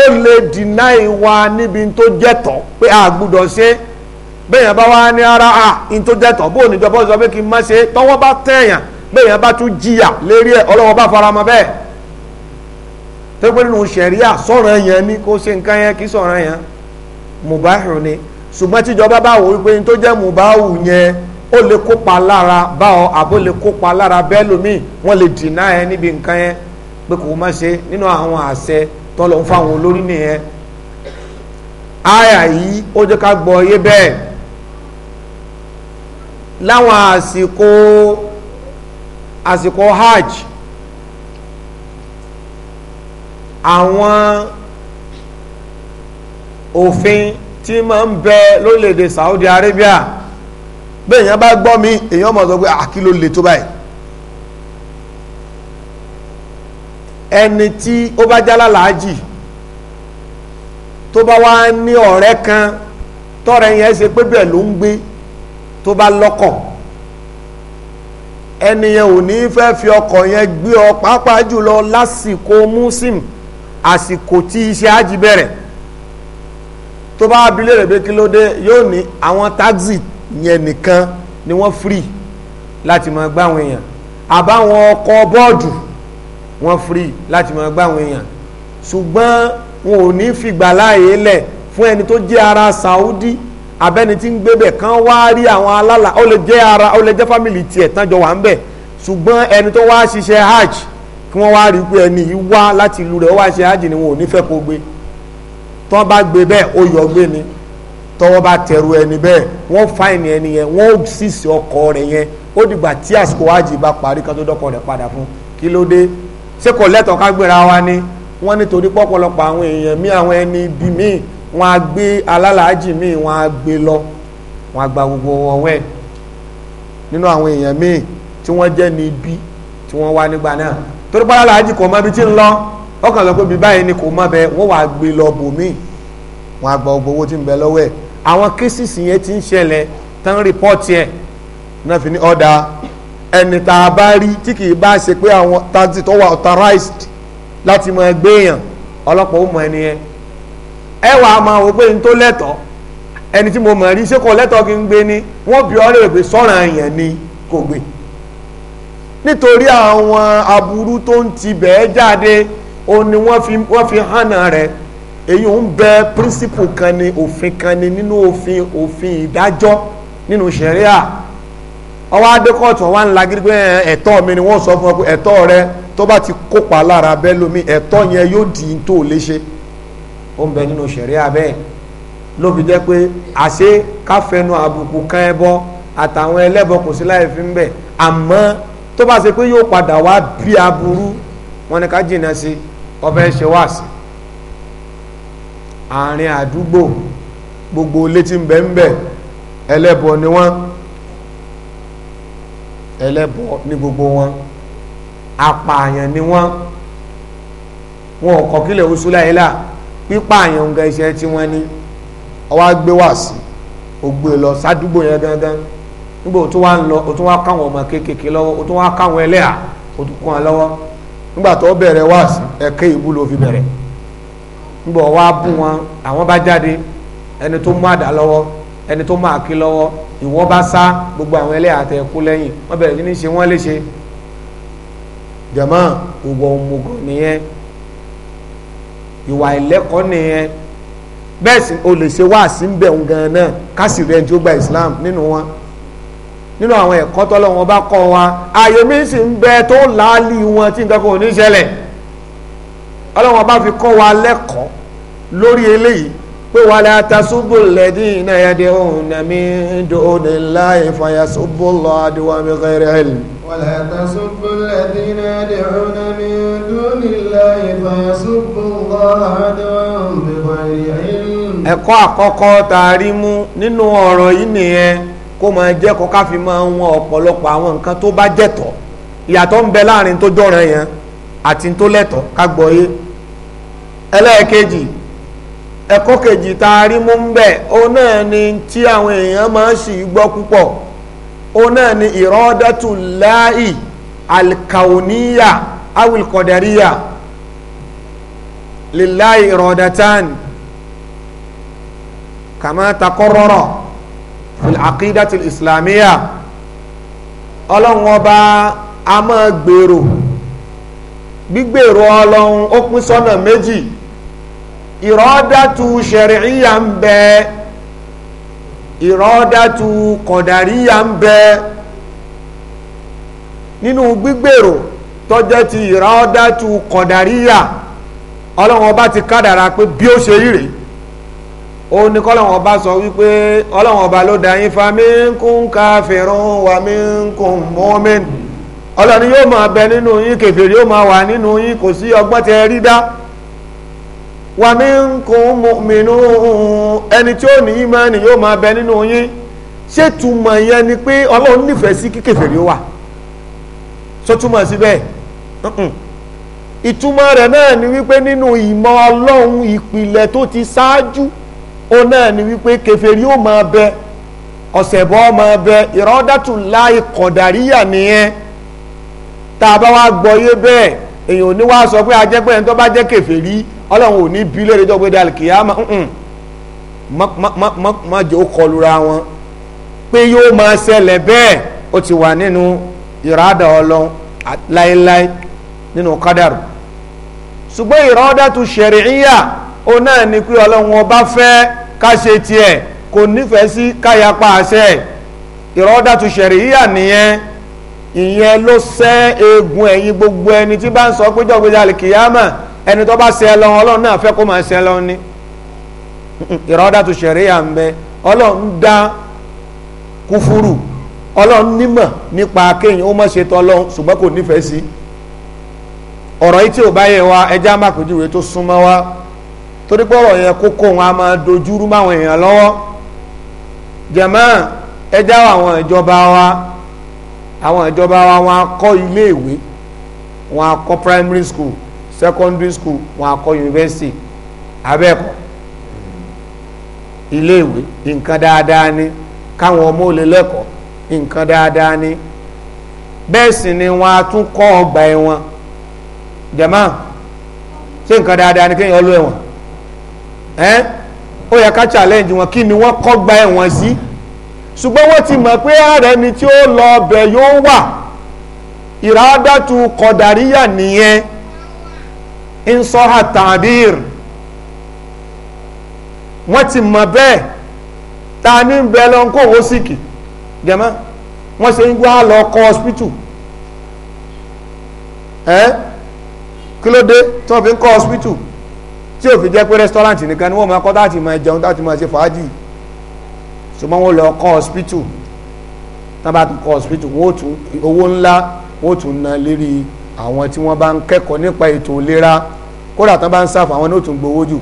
ó lè dìnáì wa níbi tó jẹ́tọ̀ pé a gbúdọ̀ ṣe bẹ́ẹ̀yàn bá wá ní ara à in tó jẹ́tọ̀ bó níjọba sọ pé kí n má ṣe tọwọ́ bá tẹ̀yàn bẹ́ẹ̀yàn bá tún jìyà lérí ẹ̀ ọlọ́wọ́ bá fara mọ́ bẹ́ẹ̀ tó pé nínú ṣẹ̀ríà sọ̀rọ̀ yẹn ni kó ṣe nǹkan yẹn kí sọ̀rọ̀ yẹn mùbáhùn ni ṣùgbọ́n tíjọba bá wò wípé tó jẹ́ mùbáwù yẹn ó lè kópa lára bá ọ àbó lè kópa lára bẹ́ẹ̀ lómi wọ́n lè dìnnà ẹ níbi nǹkan yẹn pé kò má ṣe nínú àwọn àṣẹ tọ́lọ̀ ń fáwọn olórí nìyẹn àyà yìí ó jẹ́ ká gbọ́ yé bẹ́ẹ̀ láwọn àsìkò àsìkò hajj àwọn òfin tí ma ń bẹ lórílẹ̀‐èdè Saudi Arabia bẹ́ẹ̀ yẹn bá gbọ́ mi èèyàn mọ̀ sọ pé àkí ah, le tó báyìí ẹni tí ó bá jálá làájì tó bá wá ní ọ̀rẹ́ kan tọ́rẹ yẹn ṣe pé bẹ́ẹ̀ ń gbé tó bá lọ́kọ̀ ọ pàápàá jùlọ lásìkò àsìkò tí iṣẹ́ tó bá abilé rẹ̀ pé kí ló dé yóò ní àwọn táxi yẹn nìkan ni wọ́n free láti máa gbá àwọn èèyàn àbáwọn ọkọ̀ bọ́ọ̀dù wọ́n free láti máa gbá àwọn èèyàn ṣùgbọ́n wọn ò ní fìgbà láàyè lẹ̀ fún ẹni tó jẹ́ ara Saudi abẹ́ni tí ń gbébẹ̀ kan wá rí àwọn alálà ó lè jẹ́ ara ó lè jẹ́ fámìlì tiẹ̀ tán jọ wà ń bẹ̀ ṣùgbọ́n ẹni tó wá ṣiṣẹ́ hajj kí wọ́n wá rí pé ẹni yìí wá láti ìlú rẹ̀ ó wá ṣe hajj ni wọn ò ní fẹ́ kó gbé tó bá gbé bẹ́ẹ̀ ó yọ gbé ni tọ́wọ́ bá tẹ̀rù ẹni bẹ́ẹ̀ wọ́n fáìní ẹni yẹn wọ́n ó sísè ọkọ̀ rẹ̀ yẹn ó dìgbà tí àsìkò wájì bá parí kan tó dọ́kọ̀ rẹ̀ padà fún kí ló dé ṣé kò lẹ́tọ̀ọ́ ká gbéra wa ni wọ́n ní torí pọ́pọ́lọpọ̀ àwọn èèyàn mí àwọn ẹni bí mí wọ́n á gbé alálàájì mí wọ́n á gbé lọ wọ́n á gba gbogbo wọn wẹ̀ nínú àwọn èèyàn mí tí wọ́n jẹ́ ní ibi tí wọ́n wá nígbà náà torí pọ́lálàájì kò mọ ibi tí ń lọ ọkàn sọ pé bíi báyìí ni kò má bẹ wọ́n wàá gbé lọ bòmíì wọ́n á gba ọgbọ̀n owó tí ń bẹ lọ́wọ́ ẹ̀ àwọn kéṣìṣì yẹn ti ń ṣẹlẹ̀ tán rìpọ́ọ̀tì ẹ̀ náà fi ní ọ̀dà ẹni tá a bá rí tí kì í bá ṣe pé àwọn taxi tó wà authorized láti mọ ẹgbẹ́ èèyàn ọlọ́pàá ó mọ ẹni yẹn ẹ wàá máa wò pé n tó lẹ́tọ̀ọ́ ẹni tí mo mọ̀ rí ṣé kò lẹ́tọ̀ọ́ kí n gbé ni wọ́n bí ọ́ lè pè sọ́ràn èèyàn ni kò gbé nítorí àwọn aburú tó ń tibẹ̀ jáde ó ní wọ́n fi wọ́n fi hànà rẹ̀ èyí ń bẹ píríncípù kan ni òfin kan ni nínú òfin òfin ìdájọ́ nínú ṣẹ̀ríà ọwọ́ adékọ̀tù wa ń la gírí pé ẹ̀tọ́ mi ni wọ́n sọ fún ọ pé ẹ̀tọ́ rẹ tó bá ti kópa lára bẹ́ẹ̀ lómi ẹ̀tọ́ yẹn yóò dì í tó lè ṣe ó ń bẹ nínú ṣẹ̀ríà bẹ́ẹ̀ ló fi jẹ́ pé àṣé káfẹ́nu àbùkù kan ẹbọ àtàwọn ẹlẹ́bọ kò sí láì fi ń bẹ̀ àmọ́ tó bá ṣe pé yóò padà wá bí aburú wọn ni ká jìnnà sí i ọbẹ̀ ṣe wá sí àárín àdúgbò gbogbo létí ń bẹ ń bẹ ẹlẹ́bọ ni wọ́n ẹlẹ́bọ ni gbogbo wọn apààyàn ni wọ́n wọn ò kọ́kílẹ̀ oṣù láyélá pípààyàn nǹkan iṣẹ́ tí wọ́n ní ọwọ́ gbé wá sí ó gbé e lọ sádúgbò yẹn gangan nígbà tó wá ń lọ ó tún wá káwọn ọmọ kéékèèké lọ́wọ́ ó tún wá káwọn ẹlẹ́à ó tún kún wọn lọ́wọ́ nígbà tó bẹ̀rẹ̀ wá sí ẹ̀kẹ́ ìbú ló fi bẹ̀rẹ̀ nígbà wá bú wọn àwọn bá jáde ẹni tó mú àdá lọ́wọ́ ẹni tó mú àkí lọ́wọ́ ìwọ́ bá sá gbogbo àwọn ẹlẹ́yà àtẹ̀kú lẹ́yìn wọ́n bẹ̀rẹ̀ sí ní ṣe wọ́n léṣe jẹ̀mọ́ ìwọ̀ òmùgọ̀ nìyẹn ìwà ìlẹ́kọ̀ọ́ nìyẹn bẹ́ẹ̀ sì o lè ṣe wá sí ń bẹ̀ ń gan náà kásìrẹ́ ẹni gba Islam nínú wọn. nínú àwọn ẹ̀kọ́ tọ́lọ́wọ́n bá kọ́ wa ààyè mi sì ń bẹ tó láàlì wọn tí kò ní ṣẹlẹ̀ ọlọ́wọ́n bá fi kọ́ wa lẹ́kọ̀ọ́ lórí eléyìí pé wala tasubbu alladhina yad'una min dunillahi nàmí Allaha adwan bighairi ilm. kó máa jẹ́ kó ká fi máa wọn ọ̀pọ̀lọpọ̀ àwọn nǹkan tó bá jẹ̀tọ́ ìyàtọ̀ ń bẹ láàrin tó jọ̀ràn yẹn àti tó lẹ́tọ̀ ká gbọ́ yé ẹlẹ́ẹ̀kejì ẹ̀kọ́ kejì tá a rí mú ń bẹ òun náà ni tí àwọn èèyàn máa ń sì gbọ́ púpọ̀ òun náà ni ìrọ́dẹ́tù láì alkaoniya awilkọ̀dẹ̀ríyà lillahi ìrọ̀dẹ̀tàn kàmá takọ́rọ́rọ̀ fil aqidati islamiyya ọlọ́run ọba a máa gbèrò gbígbèrò ọlọ́run ó pín sọ́nà méjì ìrọ́dàtú ṣẹ̀ríyà ń bẹ ìrọ́dàtú kọ̀dàríyà ń bẹ nínú gbígbèrò tó jẹ́ ti ìrọ́dàtú kọ̀dàríyà ọlọ́run ọba ti kádàrá pé bí ó ṣe rí rèé ó ní kọ́lọ́wọ́n ọba sọ wípé ọlọ́wọ́n ọba ló dá yín fa minkum kafirun wa minkum mu'min ọlọ́ni yóò máa bẹ nínú yín kèfèrí yóò máa wà nínú yín kò sí ọgbọ́n tẹ rí dá wa minkum mu'minun ẹni tí ó ní ìmánì yóò máa bẹ nínú yín ṣé túmọ̀ yẹn ni pé ọlọ́run nífẹ̀ẹ́ sí kí kèfèrí wà sọ túmọ̀ sí ìtumọ̀ rẹ̀ náà ni wípé nínú ìmọ̀ ọlọ́run ìpìlẹ̀ tó ti ṣáájú ó náà ni wípé kèfèrí ó máa bẹ ọ̀sẹ̀bọ máa bẹ ìrọ́dàtù láì kọ̀dàríyà nìyẹn tá a bá wá gbọ́yé bẹ́ẹ̀ èèyàn ò ní wá sọ pé ajẹ́pẹ́ ẹni tó bá jẹ́ kèfèrí ọlọ́run ò ní bí lórí ẹjọ́ gbéra kìyàmá má jẹ́ ó kọlura wọn pé yóò máa ṣẹlẹ̀ bẹ́ẹ̀ ó ti wà nínú ìrádà ọlọ́run láéláé nínú kádàrú ṣùgbọ́n ìrọ́dàtù ṣẹ̀ríyà ó náà ní pé ọlọ́run ọba fẹ́ẹ́ ká ṣe tiẹ̀ kò nífẹ̀ẹ́ sí káyapa àṣẹ ìrọ́dàtú ṣẹ̀ríyà nìyẹn ìyẹn ló sẹ́ egun ẹ̀yìn gbogbo ẹni tí bá ń sọ pé jọ́gbéjà àlìkìyàmà ẹni tó bá ṣe ẹ lọ́wọ́ ọlọ́run náà fẹ́ kó máa ṣe ẹ lọ́wọ́ ni ìrọ́dàtú ṣẹ̀ríyà ń bẹ ọlọ́run dá ọlọ́run nímọ̀ nípa kéèyàn ó mọ̀ ṣe kò nífẹ̀ẹ́ sí ọ̀rọ̀ yìí tí ò bá yẹ wa torí pọ̀rọ̀ yẹn kókó wọn a máa dojúrú máwọn èèyàn lọ́wọ́ jẹ̀mọ́ ẹ já àwọn ìjọba wa àwọn ìjọba wa wọn a kọ́ iléèwé wọn a primary school secondary school wọn a university abẹ́ẹ̀kọ́ iléèwé nǹkan dáadáa ni káwọn ọmọ ò lẹ́kọ̀ọ́ nǹkan dáadáa ni bẹ́ẹ̀ sì ni wọn a tún kọ́ ọgbà ẹ̀wọ̀n jẹ̀mọ́ ṣé nǹkan dáadáa ni kéèyàn lọ ẹ̀wọ̀n ẹ́ ó yẹ ká challenge wọn kí ni wọ́n kọ́gba ẹ̀wọ̀n sí ṣùgbọ́n wọ́n ti mọ̀ pé ààrẹ ni tí ó lọ ọbẹ̀ yóò wà ìràádàtú kọ̀dàríyà nìyẹn ń sọ àtàbír wọ́n ti mọ̀ bẹ́ẹ̀ ta ní ń bẹ lọ́n kó owó síkì jẹ́mọ́ wọ́n ṣe ń gbá lọ kọ́ hospital ẹ́ kí ló dé tí wọ́n fi ń kọ́ hospital tí o fi jẹ́ pé restaurant nìkan ni wọ́n máa kọ́ láti máa jẹun láti máa ṣe fàájì ṣùgbọ́n wọ́n lọ kọ́ hospital tán bá tún kọ́ hospital wọ́n tún owó ńlá wọ́n tún na lérí àwọn tí wọ́n bá ń kẹ́kọ̀ọ́ nípa ètò ìlera kódà tán bá ń sáfà àwọn náà tún gbowó jù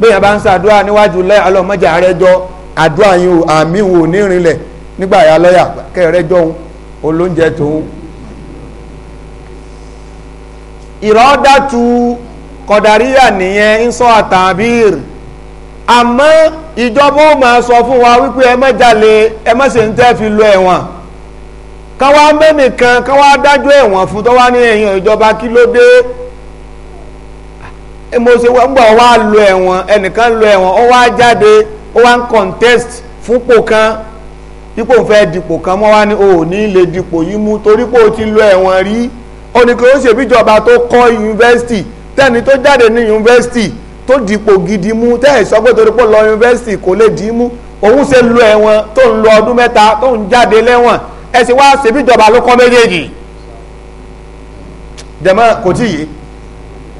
bẹ́ẹ̀ bá ń sàdúrà níwájú lẹ́yà ọlọ́mọdé àrẹ́jọ àdúrà yín o àmì wò ní ìrìnlẹ̀ nígbà yà lọ́yà kẹrẹ́jọ òun olóúnjẹ tòun. ìrọ́dàtú kọ̀dàríyà nìyẹn ń sọ àtàbír àmọ́ ìjọba ó máa sọ fún wa wípé ẹ má jalè ẹ má ń fi lọ ẹ̀wọ̀n kan mẹ́nìkan kan dájọ́ ẹ̀wọ̀n fún tó ní ẹ̀yìn ìjọba kí ló dé mo ṣe wá ẹ̀wọ̀n ẹnìkan lọ ẹ̀wọ̀n ó wá jáde ó wá ń contest fúnpò kan ń fẹ́ o ò ní lè yìí mú ti ẹ̀wọ̀n rí ó tẹ́ni tó jáde ní yunifásitì tó dìpò gidi mú tẹ́ẹ̀ sọ pé torí pé lọ yunifásitì kò lè dì í mú òun ṣe lu ẹ̀wọ̀n tó ń lo ọdún mẹ́ta tó ń jáde lẹ́wọ̀n ẹ sì wá ṣèbíjọba ló kọ́ méjèèjì dẹ̀mọ́ kò tí yé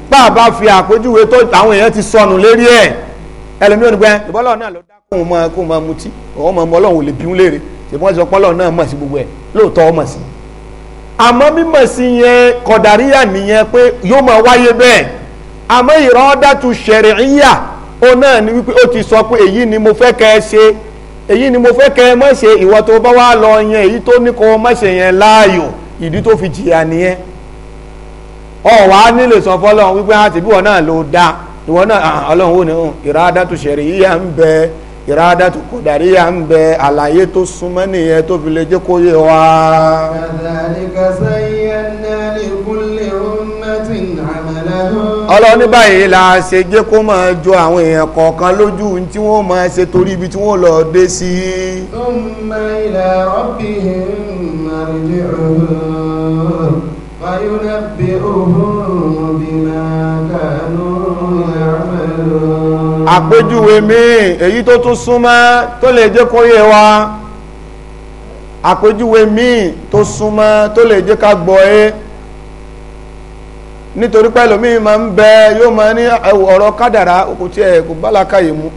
pàápàá fi àpèjúwe tó àwọn èèyàn ti sọnù lérí ẹ̀ ẹlòmí òní pẹ́ ìbọ́lọ̀ náà ló dá kóun mọ kóun mutí òun àmọ́ mímọ̀ sí yẹn kọ̀dàríyà nìyẹn pé yóò máa wáyé bẹ́ẹ̀ àmọ́ ìrọ́dàtú ṣẹ̀ríyà ó náà ni wípé ó ti sọ pé èyí ni mo fẹ́ kẹ́ ẹ ṣe èyí ni mo fẹ́ kẹ́ ẹ má ṣe ìwọ tó bá wá lọ yẹn èyí tó ní kó má ṣe yẹn láàyò ìdí tó fi jìyà nìyẹn ọ wà á nílò sọ fọlọ́run wípé àti náà ló dá ìwọ náà ọlọ́run ò ní ìrọ́dàtú ṣẹ̀ríyà ń bẹ́ẹ̀ ìrádàtù kọ̀dàríyà ń bẹ àlàyé tó súnmọ́ nìyẹn tó fi lè jẹ́ kó yé wa. ọlọ́ni báyìí la ṣe jẹ́ kó máa jọ àwọn èèyàn kọ̀ọ̀kan lójú tí wọ́n máa ṣe torí ibi tí wọ́n lọ dé sí. thumma ila rabbihim marji'uhum fayunabbi'uhum bima kanu ya'malun. àpéjúwe míì èyí tó tún súnmọ́ tó lè jẹ́ kó yé wa àpéjúwe míì tó súnmọ́ tó lè jẹ́ ká gbọ́ ẹ́ e. nítorí pẹ́lú mi máa ń bẹ yóò máa ní ọ̀rọ̀ kádàrá kò tí ẹ̀ kò bá làákàyè mú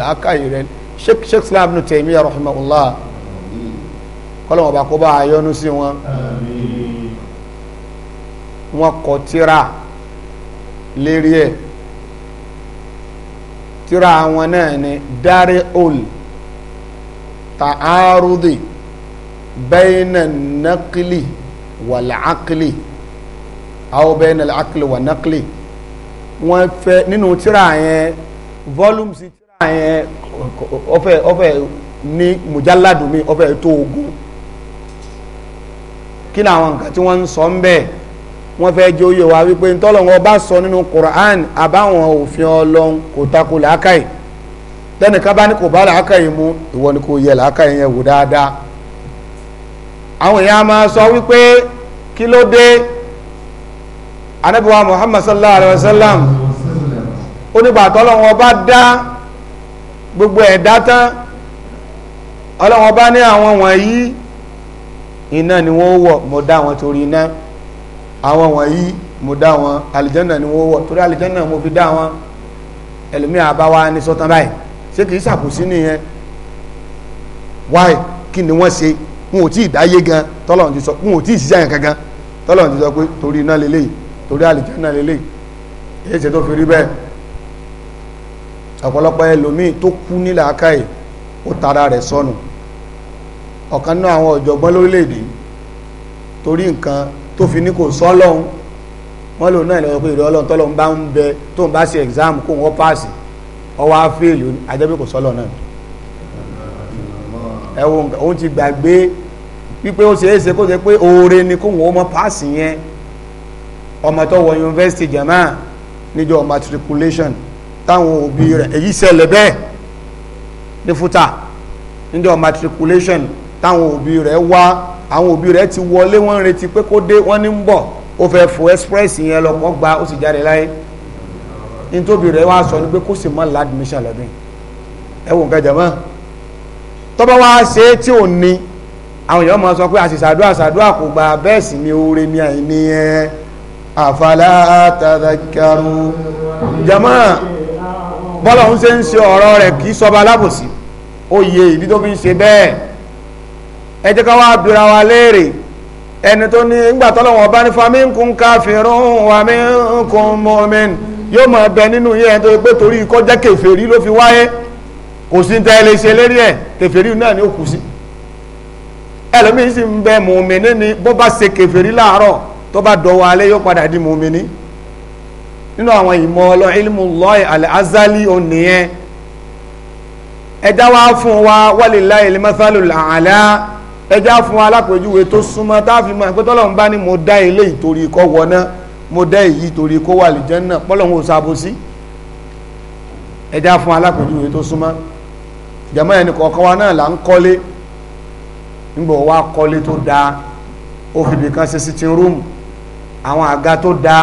làákàyè rẹ sheikh sheikh islam ibn Taymiyyah rahimahullah kọ́lọ́wọ́n bá kó bá a sí wọn wọn kọ tíra lérí ẹ̀ tíra àwọn náà ni dárí ol ta'arudi bẹ́ẹ̀nà nákìlì wà láàkìlì àwọn bẹ́ẹ̀nà láàkìlì wà nákìlì wọ́n fẹ́ nínú tíra yẹn volume sí tíra yẹn ọfẹ́ ọfẹ́ ní mujalladu mi ọfẹ́ tó kí ni àwọn nǹkan tí wọ́n ń sọ ń bẹ́ẹ̀ wọ́n fẹ́ jẹ́ oyè wa wípé ntọ́lọ́wọ́n bá sọ nínú Qur'an àbáwọn òfin ọlọ́run kò takò làákàyè tẹnìkan bá ní kò bá làákàyè mu ìwọ ni kò yẹ làákàyè yẹn wò dáadáa àwọn èèyàn máa sọ wípé kí ló dé anábíwá Muhammad sallallahu alayhi wa sallam onígbà tọ́lọ́wọ́n bá dá gbogbo ẹ̀dá tán ọlọ́wọ́n bá ní àwọn wọ̀nyí iná ni wọ́n wọ̀ mọ̀ dá wọn torí iná àwọn wọ̀nyí mo dá wọn àlìjánà ni wọ́n wọ̀ torí àlìjánà mo fi dá wọn ẹlòmíà àbáwá ní sọ́tàn báyìí ṣé kìí ṣàkóso nìyẹn wáyé kí ni wọ́n ṣe wọn ò tí ì dáyé gan tọ́lọ́run ti sọ wọn ò tí ì ṣiṣẹ́ yẹn kankan tọ́lọ́run ti sọ pé torí iná lélẹ́yìí torí àlìjánà lélẹ́yìí èyí ṣe tó fi rí bẹ́ẹ̀ ọ̀pọ̀lọpọ̀ ẹlòmíì tó kú nílà akáyè ó tara rẹ̀ sọnù ọ̀kan náà àwọn ọ̀jọ̀gbọ́n lórílẹ̀ tó fi ní kò sọ́lọ́hún wọ́n lòun náà lọ́wọ́ pé ìrọ̀ ọlọ́run tọ́lọ́run bá ń bẹ tó ń bá ṣe exam kó wọ́n pass ọwọ́ afẹ́ẹ̀lì ajẹ́bí kò sọ́lọ́ náà ẹ̀wọ̀n òun ti gbàgbé wípé ó ṣeé ṣe kó ṣe pé oore ni kó wọ́n mọ pass yẹn ọmọ tó wọ yunifásitì jama níjọ matriculation táwọn òbí rẹ̀ èyí ṣẹlẹ̀ bẹ́ẹ̀ ní fúta níjọ matriculation táwọn òbí rẹ̀ wá àwọn òbí rẹ̀ ti wọlé wọ́n ń retí pé kó dé wọ́n ní ń bọ̀ ó fẹ́ fò express yẹn lọ kọ́ gba ó sì jáde láyé nítòbí rẹ̀ wá sọ ni pé kó sì mọ́ ládùmíṣàn lọ́dún ẹ wò nǹkan jẹ̀mọ́ tọ́ba wá ṣe é tí ò ní àwọn èèyàn máa sọ pé àṣìṣàdúrà ṣàdúrà kò gba bẹ́ẹ̀ sì ni oore ni àìní ẹ àfàlà tàdákàrú jẹ̀mọ́ bọ́lá ń ṣe ń ṣe ọ̀rọ̀ rẹ̀ kì í sọba alábòsí ó yẹ ìdí tó fi ń ṣe bẹ́ẹ̀ ẹ jẹ́ ká wá bìrà wa léèrè ẹni tó ní ìgbà tọ́lọ́wọ́n bá ní faminkum kafirun wa minkum mu'min yóò máa bẹ nínú yẹn tó pé torí kọjá ló fi wáyé kò sí tẹ́ ẹ lè ṣe lérí ẹ̀ kèfèrí náà ni ó kù sí ẹlòmíín sì ń bẹ mùmíní ni bó bá ṣe kèfèrí láàárọ̀ tó bá dọ̀wọ́ alẹ́ yóò padà di mùmíní nínú àwọn ìmọ̀ ọlọ ilmu lọ́ọ̀ al-azali ònìyẹn ẹ̀dá wa fún wa walillahi al-mathalul ẹjá fún alápèjúwe tó súnmọ́ táàfin máa pé tọ́lọ́run bá ní mo dá ilé ìtorí kọ́ wọná mo dá èyí torí kó wà lè jẹ́ náà pọ́lọ́run ò sábò sí ẹjá fún alápèjúwe tó súnmọ́ jẹ̀mọ́ ẹni kọ̀ọ̀kan wa náà là ń kọ́lé nígbà wa kọ́lé tó dáa ó fi ibìkan ṣe sitting room àwọn àga tó dáa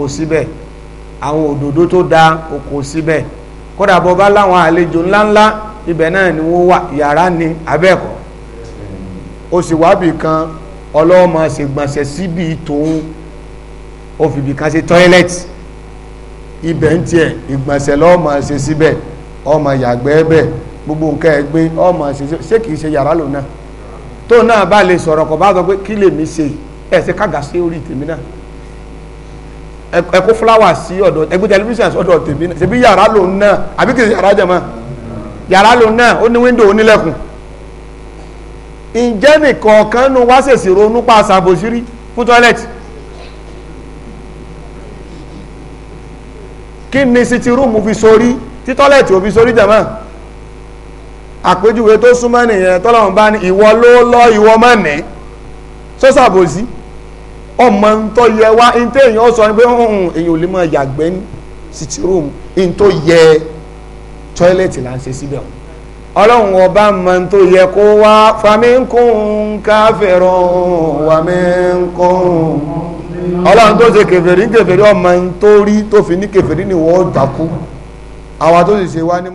ó síbẹ̀ àwọn òdòdó tó dáa ó síbẹ̀ kódà bọ́ ni wọ́n wà ó sì wábì kan ọlọ́mọ ṣègbọ̀nsẹ̀ síbi tòun ó fìbì kan ṣe tọ́ílẹ̀tì ibẹ̀ ń tiẹ̀ ìgbọ̀nsẹ̀ lọ́mọ ṣe síbẹ̀ ọmọ yàgbẹ́ bẹ̀ gbogbo nǹkan ẹgbẹ́ ọmọ ṣe ṣé kìí ṣe yàrá lò náà tó náà bá lè sọ̀rọ̀ kọ̀ bá sọ pé kí lèmi ṣe ẹ̀ ṣe kága sí orí tèmi náà ẹ kó fúláwà sí ọ̀dọ̀ ẹ tẹlifíṣàn sọ́dọ̀ tèmi náà ṣe bí yàrá lò náà àbí kìí ṣe yàrá jẹ̀ mọ́ yàrá lò ó ní wíńdò onílẹ̀kùn ǹjẹ́ nìkan kan nu wá ṣèṣì ronú pa ṣàbòsírí fún tọ́lẹ̀tì kí ni siti rúùmù fi sórí tí tọ́lẹ̀tì ò fi sórí jẹ̀mọ́ àpèjúwe tó súnmọ́ nìyẹn tọ́lọ́run bá ní ìwọ ló lọ ìwọ mọ́ ní sọ ṣàbòsí ọmọ ń tọ́ yẹ wá ní téèyàn sọ ni pé èèyàn ò lè mọ yàgbẹ́ ní siti rúùmù ní tó yẹ tọ́lẹ̀tì là ń ṣe síbẹ̀ ọ̀hún ọlọ́run ọba mọ̀ tó yẹ kó wá fàmínkùn káfẹ́rún wàmínkùn ọlọ́run tó ṣe kèfèrí kèfèrí ọmọ tó rí tó fi ní kèfèrí ni wọ́n takú àwa tó sì ṣe wá ní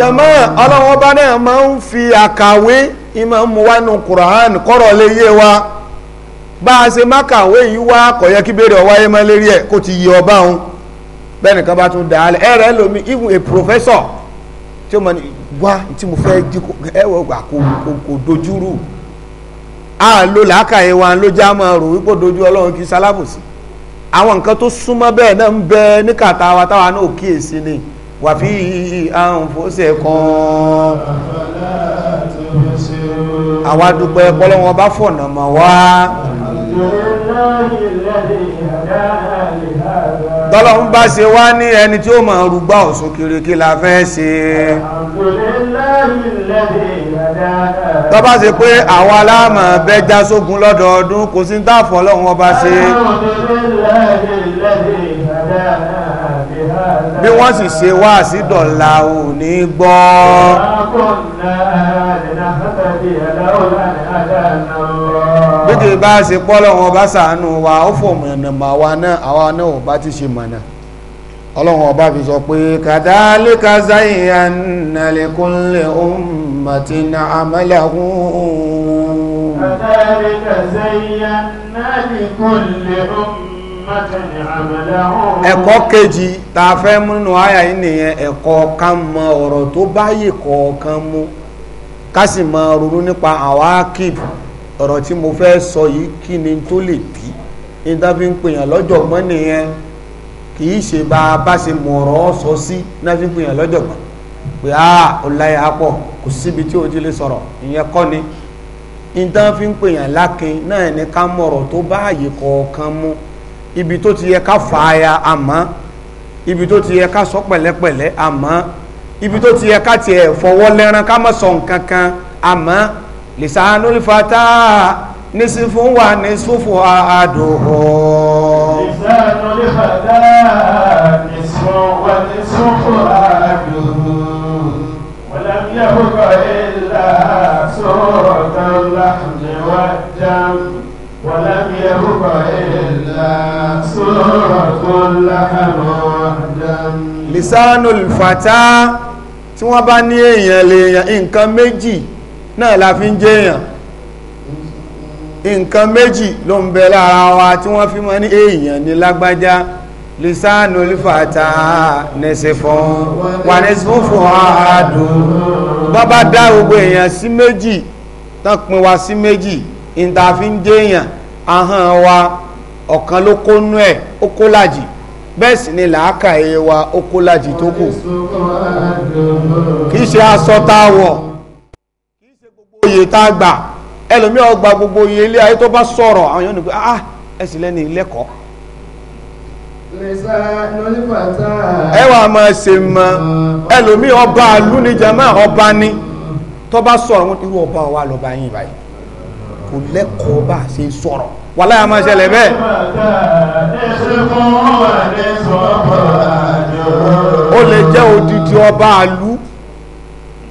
jama ọlọ́wọ́n bá náà máa ń fi àkàwé ìmọ̀ mú wá nù kùrán kọ́rọ̀ lè yé wa bá a ṣe mákàwé yìí wá kò yẹ kí béèrè ọwáyé mọ́ lérí ẹ̀ kó ti yí ọba òun bẹ́ẹ̀ kan bá tún dà á lẹ̀ ẹ̀rẹ́ lomi even a professor tí ó mọ̀ ní wá tí mo fẹ́ jí ẹ̀wọ̀ gbà kò dojúrú a lo làákàyè wa ló já máa rò wípé dojú ọlọ́run kì í àwọn nǹkan tó súnmọ́ bẹ́ẹ̀ náà ń wa táwa náà kíyèsí ni. wà fi anfusikum àwa dúpẹ́ pọ́lọ́wọ́n bá fọ̀nà mọ̀ wá tọ́lọ́run bá ṣe wá ní ẹni tí ó máa rúgbá ọ̀sùn kiri kí la fẹ́ ṣe tọ́bá ṣe pé àwọn aláàmà bẹ́já sógun lọ́dọọdún kò sí ń tàfọ́ lọ́wọ́n bá ṣe bí wọ́n sì ṣe wá sídọ̀la ò ní gbọ́ bíkì bá ṣe pọ́lọ̀ wọn bá ṣàánú wa ó fò mọ̀nà mà wa náà àwa náà ò bá ti ṣe mọ̀nà ọlọ́run ọba fi sọ pé kàdálíkà zayyana likulli ummatin amalahum kàdálíkà zayyana likulli ummatin ẹ̀kọ́ kejì tá a fẹ́ múnú àyà yìí nìyẹn ẹ̀kọ́ kan mọ ọ̀rọ̀ tó báyè kọ̀ọ̀kan mú ká sì mọ sọ yìí kí ni tó lè bí ní dábí ń pèyàn lọ́jọ̀gbọ́n nìyẹn kì í ṣe bá a bá ṣe sọ sí náà fi ń pèyàn lọ́jọ̀gbọ́n pé a ah, apọ̀ kò lè sọ̀rọ̀ ìyẹn kọ́ ni ní dábí ń pèyàn lákin náà ní ká mọ̀rọ̀ tó kọ̀ọ̀kan mú ibi tó ti yẹ ká fàáya àmọ́ ibi tó ti yẹ ká sọ pẹ̀lẹ́pẹ̀lẹ́ àmọ́ ibi tó ti yẹ ká tiẹ̀ fọwọ́ lẹ́ran ká má sọ nǹkan kan àmọ́ lisanul fata nísìfún wà ní sùfù àdùhọ́. lisanul fata nísìfún wà ní sùfù àdùhọ́ wàlám yàgò kọ́ ilà sọ̀rọ̀ láti wájà. ولم يبق إلا سورة لحم وحدم lisanul fata tí wọ́n bá ní èèyàn lèèyàn nǹkan méjì náà la fi ń jẹ́ èèyàn nǹkan méjì ló ń bẹ lára wa tí wọ́n fi mọ́ ní èèyàn ní lágbájá lisanul fata nẹ́sẹ̀fọ́n wà nẹ́sẹ̀fọ́n fún àádọ́ bá dá gbogbo èèyàn sí méjì tán pín wa sí méjì ìta fi ń jẹ́ ahọ́n wa ọ̀kan ló kó nú ẹ̀ ó kó bẹ́ẹ̀ sì wa ó kó tó kù kìí ṣe aṣọ tá a wọ̀ kì ṣe gbogbo oyè tá a gbà ẹlòmíà ọgbà gbogbo oyè ilé ayé tó bá sọ̀rọ̀ àwọn ah ẹ sì mọ ọba ọba ni sọ̀rọ̀ wọn irú ọba wa lọba yín báyìí kò lẹ́kọ̀ọ́ wàlá yà máa ṣẹlẹ̀ bẹ́ẹ̀. ó lè jẹ́ odidi ọba àlú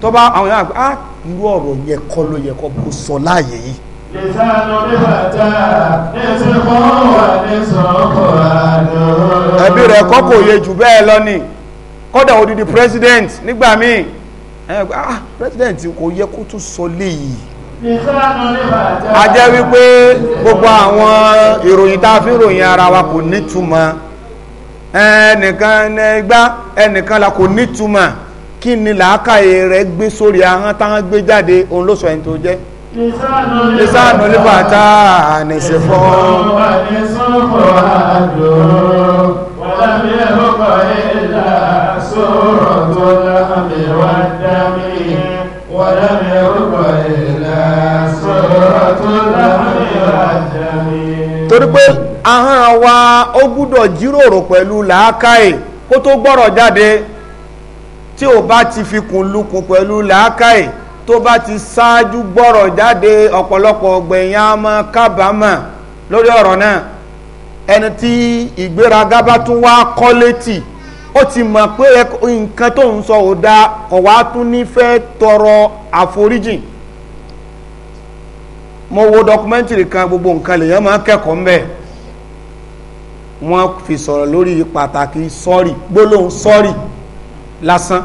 tọ́ba àwọn yàrá pé ah irú ọ̀rọ̀ yẹ kọ́ ló yẹ kọ́ kó sọ láàyè yìí. ẹbí rẹ̀ kọ́ kò yẹ jù bẹ́ẹ̀ lọ ni kódà odidi president nígbà míì ah president kò yẹ kó tún sọ léyìí a jẹ́ wípé gbogbo àwọn ìròyìn tá fi ròyìn ara wa kò nítumọ̀ ẹnìkan ẹgbá ẹnìkan la kò nítumọ̀ kí ni làákàyè rẹ̀ gbé sórí ahọ́n táwọn gbé jáde òun ló sọ ẹni tó jẹ́ ìsáànù nípa tá a nìṣẹ́ torí pé ahọ́n wa ó gbúdọ̀ jíròrò pẹ̀lú làákàyè kó tó gbọ́rọ̀ jáde tí ò bá ti fi kùn lukùn pẹ̀lú làákàyè tó bá ti ṣáájú gbọ́rọ̀ jáde ọ̀pọ̀lọpọ̀ gbẹ̀yìn àmọ́ kábàámọ̀ lórí ọ̀rọ̀ náà ẹni tí ìgbéraga bá tún wá kọ́ létí ó ti mọ̀ pé nǹkan tó ń sọ ò dáa kọ̀ wá tún nífẹ̀ẹ́ tọrọ àforíjìn mo wo documentary kan gbogbo nǹkan lèèyàn máa kẹ́kọ̀ọ́ ń bẹ̀ wọ́n fi sọ̀rọ̀ lórí pàtàkì sọ́ọ̀rì gbólóhùn sọ́ọ̀rì lásán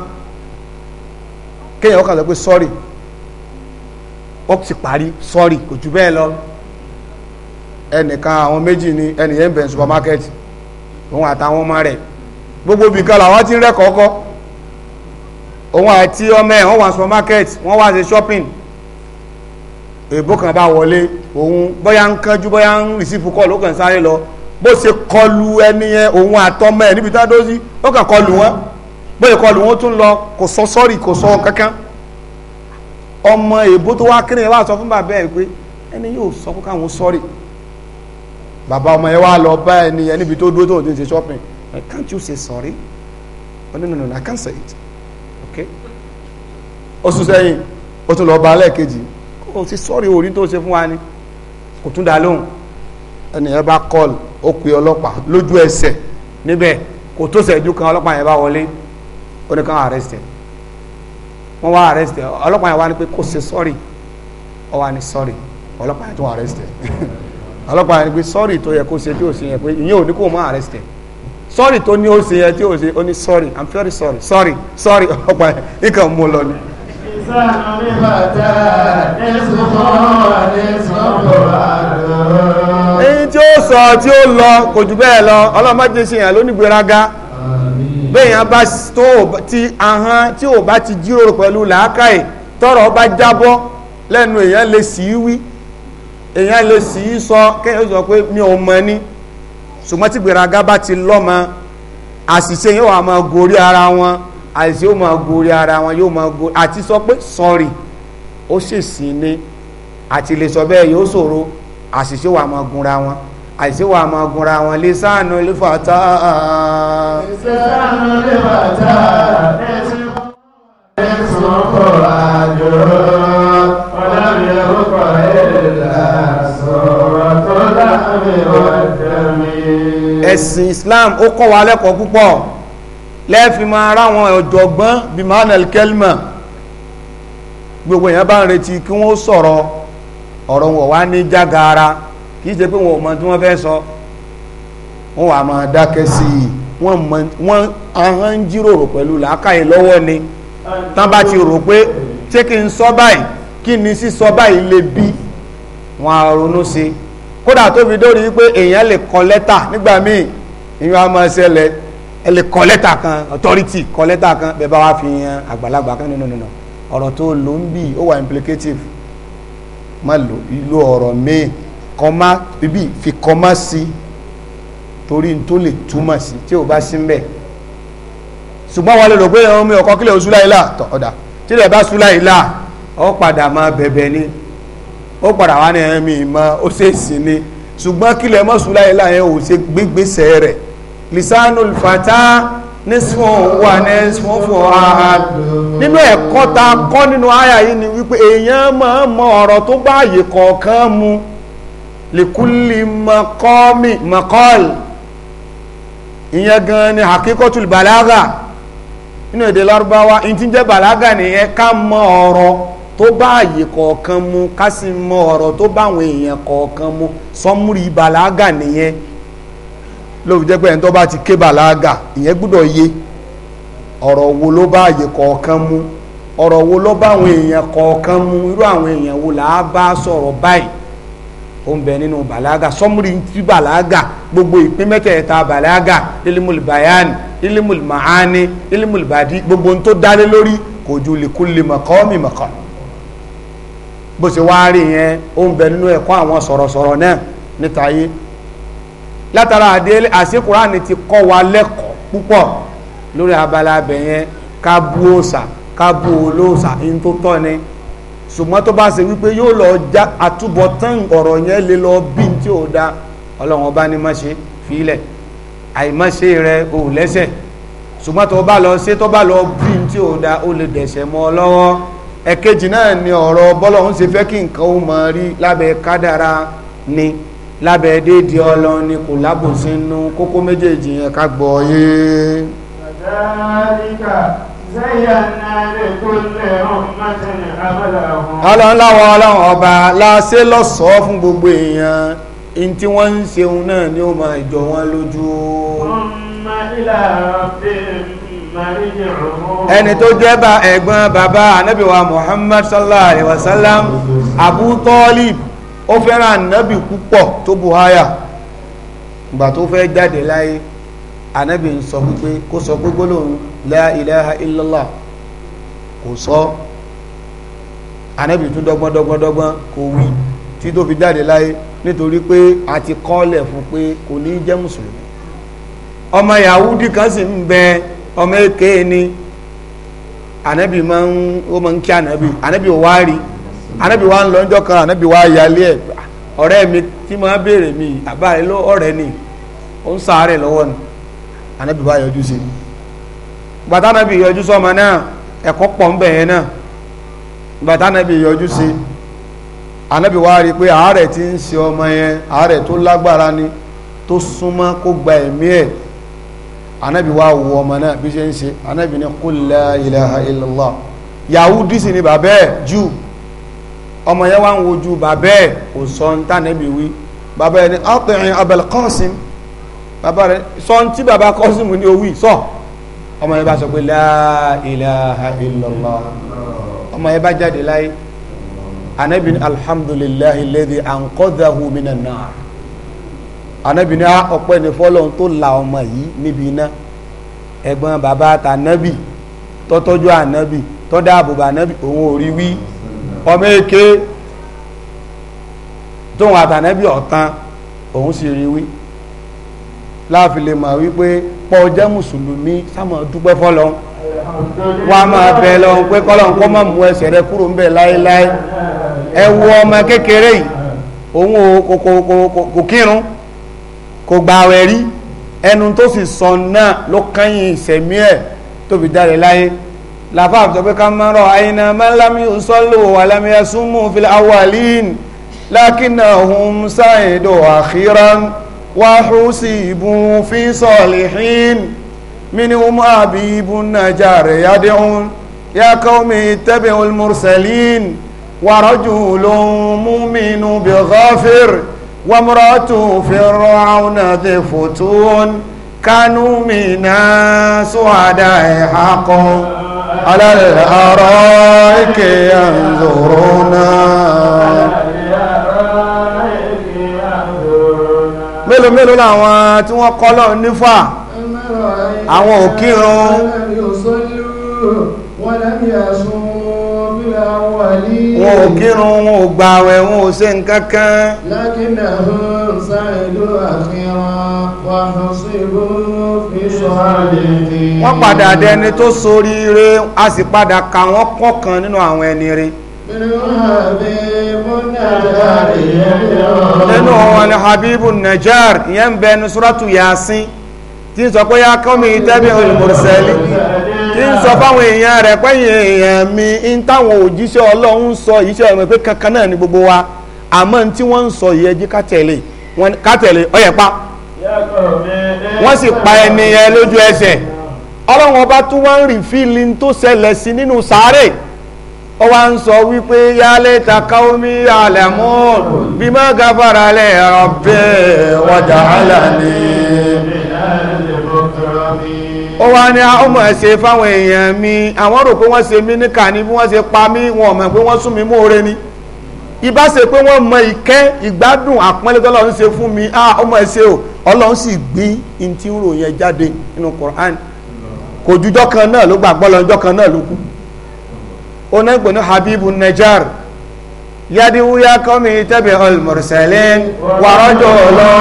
kéèyàn ó kàn sọ pé sọ́ọ̀rì ó ti parí sọ́ọ̀rì kò jù bẹ́ẹ̀ lọ ẹnìkan àwọn méjì ni ẹnìyẹn ń bẹ̀ supermarket òun àtàwọn ọmọ rẹ̀ gbogbo ibìkan làwọn ti ń rẹ́ kọ́kọ́ òun àti ọmọ ẹ̀ wọ́n wà supermarket wọ́n wá ṣe shopping èbó kan bá wọlé òun bóyá ń kánjú bóyá ń rìsífù kọ́ ló kàn sáré lọ bó ṣe kọlu ẹni yẹn òun àtọmọ ẹ níbi tá a dó sí ó kàn kọlu wọn bó ṣe kọlu wọn tún lọ kò sọ sọ́ọ̀rì kò sọ kankan ọmọ èbó tó wá kéré yẹn wá sọ fún bàbá ẹ pé ẹni yóò sọ kó káwọn sọ́ọ̀rì bàbá ọmọ yẹn wá lọ bá ẹni yẹn níbi tó dúró tó ti ń ṣe shopping can't you say sorry oh, no no no I can't say it okay ó sún sẹ́yìn ó tún lọ bá alẹ́ kejì ó ti sọ́ọ̀rì orí tó ṣe fún wa ni kò tún dá lóhùn ẹnìyẹn bá call ó pe ọlọ́pàá lójú ẹsẹ̀ níbẹ̀ kò tó ṣẹ́jú kan ọlọ́pàá yẹn bá wọlé ó ní káwọn arrest ẹ̀ wọ́n wá arrest ọlọ́pàá yẹn wá ní pé kò ṣe sọ́ọ̀rì ọ wá ní sọ́ọ̀rì ọlọ́pàá yẹn tó arrest ẹ̀ [LAUGHS] ọlọ́pàá yẹn pé sọ́ọ̀rì tó yẹ kó ṣe tí ò ṣe yẹn pé ìyẹn ò ní kó máa arrest ẹ̀ tó ní ó ṣe yẹn tí ò ṣe ó ní sọ́ọ̀rì i'm very sorry sorry sorry [LAUGHS] ọlọ́pàá yẹn nǹkan mú lọ ni الإنسان لفتاه نصفه نصفه ẹni tí ó sọ tí ó lọ kò jù bẹ́ẹ̀ lọ ọlọ́mọdé ṣe yàn lónìgbéraga bẹ́yàn bá ti ahán tí ò bá ti jíròrò pẹ̀lú làákàyè tọ́rọ̀ bá jábọ́ lẹ́nu èèyàn lè sì í wí èèyàn lè sì í sọ kéèyàn sọ pé mi ò mọ̀ ni ṣùgbọ́n tí gbéraga bá ti lọ́mọ àṣìṣe yóò wà máa gorí ara wọn àìsí yóò máa gorí ara wọn yóò máa gorí àti sọ pé sọrí ó sì sí ní àti lè sọ bẹ́ẹ̀ yóò ṣòro àṣìṣe wà máa gunra wọn àìsí wà máa gunra wọn lè sáànù lè fàtà. lè sáànù lè fàtà ẹ̀sìn ẹ̀sìn ọkọ̀ àjò ọ̀làmì ọkọ̀ ẹ̀dá sọ̀rọ̀ tó láàmì ọ̀dàmì. ẹ̀sìn Islam ó kọ́ wa lẹ́kọ̀ọ́ púpọ̀ lẹ́ẹ̀fì máa ráwọn ọ̀jọ̀gbọ́n bíi manuel kelma gbogbo èèyàn bá ń retí kí wọ́n sọ̀rọ̀ ọ̀rọ̀ wọn wá ní jágara kì í ṣe pé wọn ò mọ tí wọ́n fẹ́ sọ wọn wà máa dákẹ́ sí i wọ́n mọ wọ́n ahọ́n ń jíròrò pẹ̀lú làákàyè lọ́wọ́ ni tán bá ti rò pé ṣé kí n sọ báyìí kí ni sísọ báyìí lè bí wọn á ronú sí i kódà tó dórí pé èèyàn lè kọ lẹ́tà nígbà míì ìyọ́n á máa ṣẹlẹ̀ ẹ lè kọ lẹ́tà kan authority kọ lẹ́tà kan bẹ́ẹ̀ bá wá fi yan àgbàlagbà kan nínú nínú ọ̀rọ̀ tó lò ń bì ó wà implicative má lò ìlò ọ̀rọ̀ míì kọ́má bíbí fi kọ́má si torí n tó lè túmọ̀ sí tí ò bá sí mbẹ̀ ṣùgbọ́n wà lè rò pé ẹ̀rọ mi ọ̀kọ́ kílẹ̀ oṣù láìlá tọ̀ ọ̀dà tí lè bá ṣù láìlá ó padà máa bẹ̀bẹ̀ ni ó padà wá ní ẹ̀mí ìmọ̀ ó ṣèṣì ni ṣùgbọ́n kílẹ̀ mọ́ ṣù láìlá yẹn ò ṣe gbégbèsè rẹ̀ lisanul fata nísìmọ̀ wà nísìmọ̀ fún àhà nínú ẹ̀kọ́ ta kọ́ nínú àyà yìí ni wípé èèyàn máa mọ ọ̀rọ̀ tó bá àyè kọ̀ọ̀kan mu lìkúlì mọ̀kọ́ọ̀lì ìyẹn gan ni hakikotul balaga nínú èdè lárúbáwá in ti jẹ́ balaga nìyẹn ká mọ ọ̀rọ̀ tó bá àyè kọ̀ọ̀kan mu ká ọ̀rọ̀ tó bá àwọn èèyàn kọ̀ọ̀kan mu sọmúrì balaga nìyẹn ló fi jẹ́ pé ẹni tó bá ti ké bàlágà ìyẹn gbúdọ̀ yé ọ̀rọ̀ wo ló bá àyè kọ̀ọ̀kan mú ọ̀rọ̀ wo ló bá àwọn èèyàn kọ̀ọ̀kan mú irú àwọn èèyàn wo là á bá sọ̀rọ̀ báyìí ó ń bẹ nínú bàlágà sọmúri ti bàlágà gbogbo ìpín mẹ́tẹ̀ẹ̀ta bàlágà ilimul bayani ilimul maani ilimul badi gbogbo ohun tó dálé lórí kò ju likulli maqami maqam bó ṣe wá rí yẹn ó ń bẹ nínú ẹ̀kọ́ àwọn sọ̀rọ̀sọ̀rọ̀ náà níta yìí látara àdéhùn àṣẹ kùránì ti kọ́ wa lẹ́kọ̀ọ́ púpọ̀ lórí abala abẹ yẹn ká bú òòṣà ká bú olóòṣà ní tó tọ́ ni ṣùgbọ́n tó bá ṣe wípé yóò lọ já àtúbọ̀tán ọ̀rọ̀ yẹn lè lọ bí tí ò da ọlọ́run ọba ní má ṣe fílẹ̀ àìmọ́ṣe rẹ ò lẹ́sẹ̀ ṣùgbọ́n tó bá lọ ṣe tó bá lọ bí tí ò da ó lè dẹ̀ṣẹ̀ mọ́ ọ lọ́wọ́ ẹ̀kejì náà ni ọ̀rọ̀ bọ́lọ́run ṣe fẹ́ kí nǹkan ó mọ̀ rí lábẹ́ kádàrá ni lábẹ́ déédéé ọlọ́run ni kò lábòsí nú kókó méjèèjì yẹn ká gbọ́ yé. ọlọ́run láwọn ọlọ́run ọba láṣẹ lọ́sọ̀ọ́ fún gbogbo èèyàn in tí wọ́n ń ṣeun náà ni ó máa jọ wọ́n lójú. ẹni tó jẹ́ bá ẹ̀gbọ́n bàbá anábìwá Muhammad sallallahu alayhi wa sallam Abu Talib ó fẹ́ràn ànábì púpọ̀ tó bu háyà ìgbà tó fẹ́ jáde láyé ànábì ń sọ pé kó sọ pé gbólóhùn la ilaha illallah kò sọ ànábì tún dọ́gbọ́n dọ́gbọ́n dọ́gbọ́n kò fi jáde láyé nítorí pé a ti kọ́lẹ̀ fún pé kò ní jẹ́ mùsùlùmí ọmọ yahudi kan sì ń bẹ ọmọ èké ni ànábì máa ń ó máa ń kí ànábì ànábì anabi wa ń lọ ọjọ́ kan anabi wa yálé ẹ̀ ọ̀rẹ́ mi tí máa béèrè mi àbá rẹ lọ ọ̀rẹ́ ni ó ń sàárẹ̀ lọ́wọ́ ni anabi wa yọjú sí i gbàtà anabi yọjú sọmọ náà ẹ̀kọ́ pọ̀ ń bẹ̀ yẹn náà gbàtà anabi yọjú sí i anabi wa rí i pé àárẹ̀ tí ń ṣe ọmọ yẹn àárẹ̀ tó lágbára ni tó súnmọ́ kó gba ẹ̀mí ẹ̀ anabi wa wo ọmọ náà bí ṣe ń ṣe anabi ní kul la ilaha yahudi sì ni bàbá ẹ̀ jù ọmọ yẹn wá ń wojú bàbá ẹ̀ kò sọ ń tà níbi wí bàbá ẹ̀ ní ọkùnrin Abul Qasim bàbá rẹ̀ sọ ń tí bàbá Qasim ní owí sọ ọmọ yẹn bá sọ pé la ilaha illallah ọmọ yẹn bá jáde láyé anabi ni alhamdulillahi alladhi anqadhahu minan nar anabi ni ọpẹ́ ní fọ́lọ́run tó la ọmọ yìí níbi iná ẹ̀gbọ́n bàbá àtànábì tọ́tọ́jú ànábì tọ́dáàbòbà ànábì òun ò rí wí ọmọ èké tóun àtànẹ́bí ọ̀tán òun sì rí wí láàfin lè mọ̀ wípé pọ̀ jẹ́ mùsùlùmí sámọ̀ dúpẹ́ fọ́lọ́n wọ́n a máa bẹ̀ lọ pé kọ́lọ́n kọ́ mọ̀ mú ẹsẹ̀ rẹ kúrò ń bẹ̀ láéláé ẹ wo ọmọ kékeré yìí òun kò kírun kò gbààwẹ̀ rí ẹnu tó sì sọ náà ló kẹ́yìn ìsẹ̀mí ẹ̀ tó fi jáde láyé làfà àfẹ́ pé ká máa rọ àyìnà mẹ́lámi sọ́lù wàlámi ẹ̀sùnmù fil awalin lákínà hùm sáìdò àkíran wàhùsìbù fi sọ̀lìhìn minhum abibun najar yad'un ya qaumi ittabi'ul mursalin wa rajulun mu'minun bighafir wa imra'atu fir'auna dhifutun على الأرائك ينظرون mélòó mélòó làwọn tí wọ́n kọ́ lọ nífà àwọn òkírun wọ́n lábí àṣún wọn ò kírun wọn ò gba àwẹ̀ wọn ò ṣe nǹkan kan. lákìnà ń ṣàìlú àfihàn wàhùn sí ibú fi sọ́ọ́lì ní. wọ́n padà dẹni tó soríire a sì padà kà wọ́n kọ̀ọ̀kan nínú àwọn ẹni rẹ̀ nínú wọn ni habibu najar ìyẹn ń bẹ ní suratu yasin tí ń sọ pé ya kọ́ mi tẹ́bí olùmọ̀rẹ́sẹ̀lì. tí ń sọ fáwọn èèyàn rẹ̀ pẹ́yìn èèyàn mi ń táwọn òjíṣẹ́ ọlọ́run sọ iṣẹ́ ọ̀rọ̀ pé kankan náà ni gbogbo wa àmọ́ tí wọ́n ń sọ yìí ẹjí kátẹ̀lé kátẹ̀lé ọyẹ̀ pa wọ́n sì pa ẹni yẹn lójú ẹsẹ̀ ọlọ́run ọba tún wá ń rìn fíìlì tó ṣẹlẹ̀ sí nínú sáré ó wá ń sọ wípé yálé taka omi àlẹ̀mú bímọ gàfàrà lẹ̀ ọ̀bẹ wàjà hàlà ni ó wá ní ọmọ ẹ̀ṣẹ̀ fáwọn èèyàn mi àwọn rò pé wọ́n ṣe mí níkà ní bí wọ́n ṣe pa mí wọn mọ̀ pé wọ́n sún mi mọ́ọ́rẹ́ ni ibà ṣe pé wọ́n mọ ìkẹ́ ìgbádùn àpọ́nlé tó lọ́n ṣe fún mi ọmọ ẹ̀ṣẹ̀ o ọlọ́run sì gbé ntí ń ròyìn ẹ̀ jáde nínú Qur'an kò kan náà ló gbàgbọ́ lọ́jọ́ kan náà ló kú onígbòní Habibu Najar yadiwu ya kọ́mi tẹ́bi olùmọ̀rẹ́sẹ̀lẹ́n wàrọ́jọ́ lọ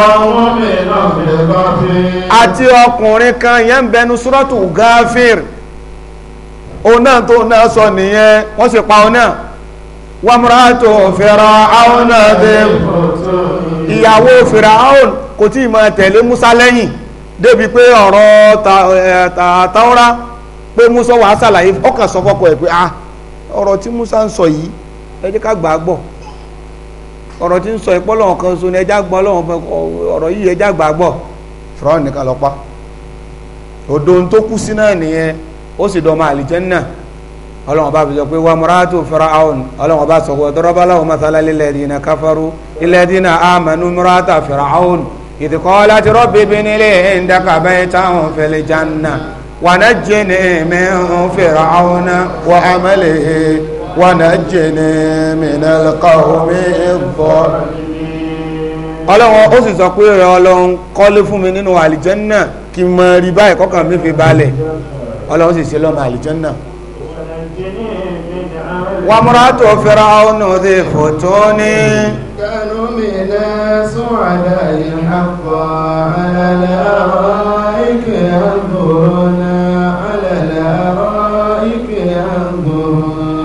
ati ọkùnrin kan yẹn ń bẹnu súrọ́tù gáfíìr òun náà tó náà sọ nìyẹn wọ́n sì pa òun náà wàmúrátò fẹ́ra áhùn náà dé ìyàwó fẹ́ra áhùn kò tí ì máa tẹ̀lé musa lẹ́yìn débi pé ọ̀rọ̀ tààtàwọ́rá pé musa wàá sàlàyé ọkàn sọ ẹ̀ pé ah ọ̀rọ̀ tí musa ń sọ yìí ẹ jẹ́ ká gbàgbọ́ ọ̀rọ̀ tí ń sọ ìpọ́ lọ́wọ́ kan so ni ẹjá gbọ́ lọ́wọ́ kan ọ̀rọ̀ yìí ẹjá gbàgbọ́. fúráùn nìkan lọ pa odò tó kú sí náà nìyẹn ó sì dọ̀mọ àlìjẹ́nnà ọlọ́wọ́n bá fi sọ pé wà muratu firaun ọlọ́wọ́n bá sọ pé daraba lahu mathalan lilladhina kafaru lilladhina amanu murata firaun idh qalat rabbi ibni li indaka baytan fil janna wa najjini min firauna wa amalihi ونجني من القوم الظالمين ọlọ́run ó sì sọ pé rẹ ọlọ́run kọ́lé fún mi nínú àlìjẹ́nà kí n mọ rí báyìí kọ́kàn mi fi balẹ̀ ọlọ́run sì ṣe lọ́mọ àlìjẹ́nà wà múra tó fẹ́ra ọ̀nà dé fòtó ní kánú mi náà sún àdáyé àpọ̀ àlàlẹ́ àwọn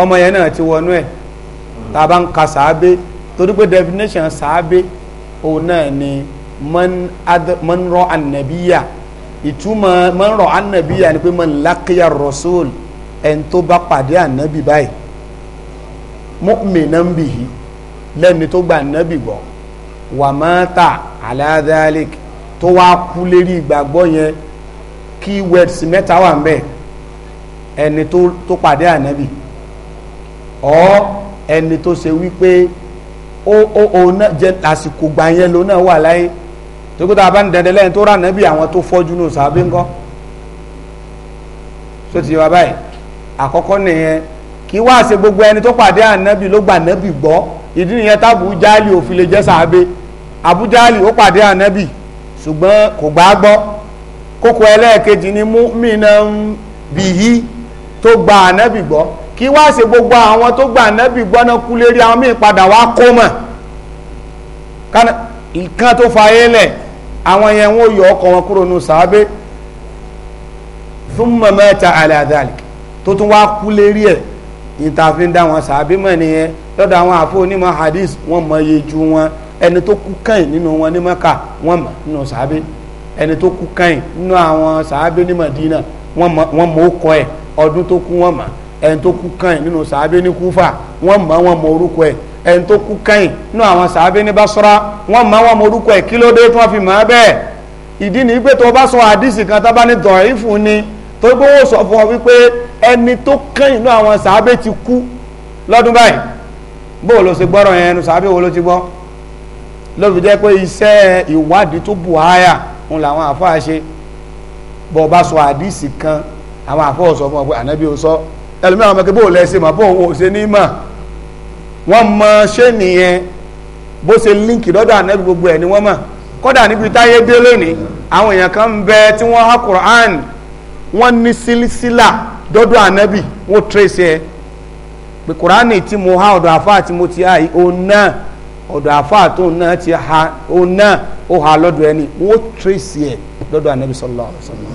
ọmọ yẹn náà ti wọnú ẹ̀ tá a bá ń ka sàábé torí pé definition sàábé òun náà ni man rọ ànàbíyà ìtumọ̀ man rọ ànàbíyà ni pé man lákìyà rọ̀súl ẹni tó bá pàdé ànàbí báyìí mu'minan bihi lẹ́ni tó gba ànàbí gbọ́ wà mọ́ta ala dhalik tó wá kú lérí ìgbàgbọ́ yẹn kí words mẹ́ta wà ń bẹ̀ ẹni tó pàdé ànàbí ọ ẹni tó ṣe wípé ó ó ó náà jẹ àsìkò gbà yẹn ló náà wà láyé tó kó tá a bá ń dẹ̀dẹ̀ lẹ́yìn tó rà nábì àwọn tó fọ́jú ní sàbẹ̀ ńkọ́ so ti wá báyìí àkọ́kọ́ nìyẹn kí wá ṣe gbogbo ẹni tó pàdé ànábì ló gbà nábì gbọ́ ìdí nìyẹn tábù jáàlì òfin lè jẹ́ sàbẹ̀ àbújáàlì ó pàdé ànábì ṣùgbọ́n kò gbà gbọ́ kókó ẹlẹ́ẹ̀kejì ni mú mí náà bìyí tó gba ànábì gbọ́ kí wá ṣe gbogbo àwọn tó gba ànábì gbọ́ná kú lérí àwọn míì padà wá kó mọ̀ nǹkan tó fa ayélẹ̀ àwọn yẹn wọ́n yọ ọkọ̀ wọn kúrò nù sàábé thumma mata ala dhalik tó tún wá kú lérí ẹ̀ ìtàfin dá wọn sàábé mọ̀ nìyẹn lọ́dọ̀ àwọn àfọ onímọ̀ hadith wọ́n mọ iye ju wọn ẹni tó kú kẹ́yìn nínú wọn ní Mẹ́kà wọ́n mọ̀ nínú sàábé ẹni tó kú kẹ́yìn nínú àwọn sàábé ní Mẹdínà wọ́n mọ̀ ó kọ́ ẹ̀ ọdún tó kú wọ́n mọ̀ ẹni tó kú kàn nínú sàábé ní kúfà wọ́n mọ̀ wọ́n mọ orúkọ ẹ̀ ẹni tó kú kàn nínú àwọn sàábé ní basra wọ́n mọ̀ wọ́n mọ orúkọ ẹ̀ kí ló dé tí wọ́n fi mọ̀ ẹ́ bẹ́ẹ̀ ìdí ni pé tó bá sọ àdìsí kan tá bá ní dọ̀rìn fún ni tó gbé wò sọ fún ọ wípé ẹni tó kàn nínú àwọn sàábé ti kú lọ́dún báyìí bó o lọ ṣe gbọ́rọ̀ yẹn ẹnu sàábé wo ló ti gbọ́ ló fi jẹ́ pé iṣẹ́ ìwádìí tó bù háyà òun làwọn àfáà ṣe bó o bá sọ àdìsí kan àwọn àfáà sọ fún ọ pé ànábì ò sọ ẹlòmí àwọn ọmọkẹ́ bóò lẹ́sẹ̀ mà bóò wọn ò ṣe ní mà wọ́n mọ ṣé nìyẹn bó ṣe líǹkì lọ́dọ̀ ànẹ́bí gbogbo ẹ̀ ni wọ́n mọ̀ kọ́dà níbi táyé dé lónìí àwọn èèyàn kan ń bẹ tí wọ́n há Quran wọ́n ní sílísílà dọ́dọ̀ ànẹ́bí wọ́n trace ẹ̀ pé Quran tí mo há ọ̀dọ̀ àfa tí mo ti há yìí òun náà ọ̀dọ̀ àfa tó náà ti há òun náà ó há lọ́dọ̀ ẹni wọ́n trace ẹ̀ dọ́dọ̀ ànẹ́bí sallallahu alaihi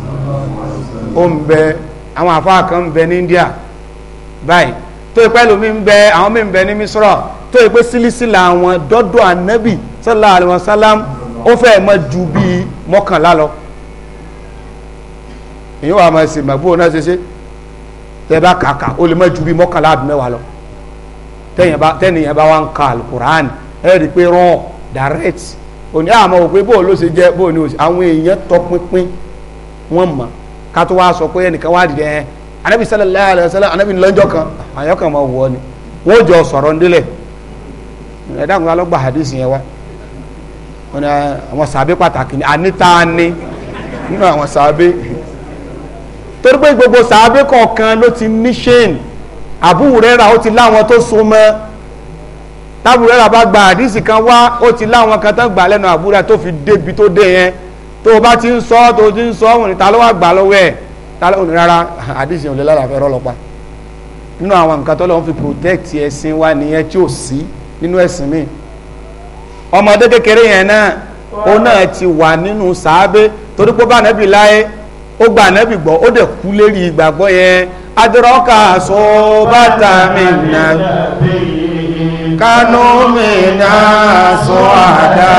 ó ń bẹ àwọn àfa kan ń bẹ ní India báyìí tó ipẹ́ lómi ń bẹ àwọn mi ń bẹ ní misra tó ipẹ́ sílísílà àwọn dọ́dọ̀ ànábì sallallahu alaihi wasallam ó fẹ́ mọ ju bíi mọ́kànlá lọ èyí wà máa sì màgbó náà ṣe ṣe tẹ́ bá kàkà ó lè mọ ju bíi mọ́kànlá àbí mẹ́wàá lọ tẹ́nìyàn bá wà ń ka alukur'an ẹ̀ rí i pé rán direct òní àmọ́ ah, òpé bó ló ṣe jẹ́ bó ni àwọn èèyàn tọpinpin wọ́n mọ̀ ká tó wá sọ pé ẹnìkan wá dìde ẹ̀ anabi sallallahu alayhi wa sallam anabi lọ́jọ́ kan àyọkàn máa wọ ni wọ́n jọ sọ̀rọ̀ ndílẹ̀ ẹ̀dá àwọn alọ́gbà hadith yẹn wa wọn ni àwọn sàbẹ pàtàkì ni ànítaani nínú àwọn sàbẹ torí pé gbogbo sàbẹ kọ̀ọ̀kan ló ti ní ṣéènì Abu Hurairah ó ti láwọn tó so mọ́ tábù rẹ́ra bá gba àdísì kan wá ó ti láwọn kan tán gbà lẹ́nu àbúrò tó fi débi tó dé yẹn tó o bá ti ń sọ tó o ti ń sọ òun níta ló wà gbà lọ́wọ́ ẹ̀ tálọ́ rárá àdìsí òní lálàfẹ́ rọ́lọ́pàá nínú àwọn nǹkan tó fi protect ẹ̀sìn wa nìyẹn tí ò sí nínú ẹ̀sìn mi ọmọdé kékeré yẹn náà ó náà ti wà nínú sàábé torí pé bá láyé ó gba ànábì gbọ́ ó dẹ̀ kú lérí ìgbàgbọ́ yẹn adúrọ́kà sọ bàtà mi nà kánú mi nà sọ àdá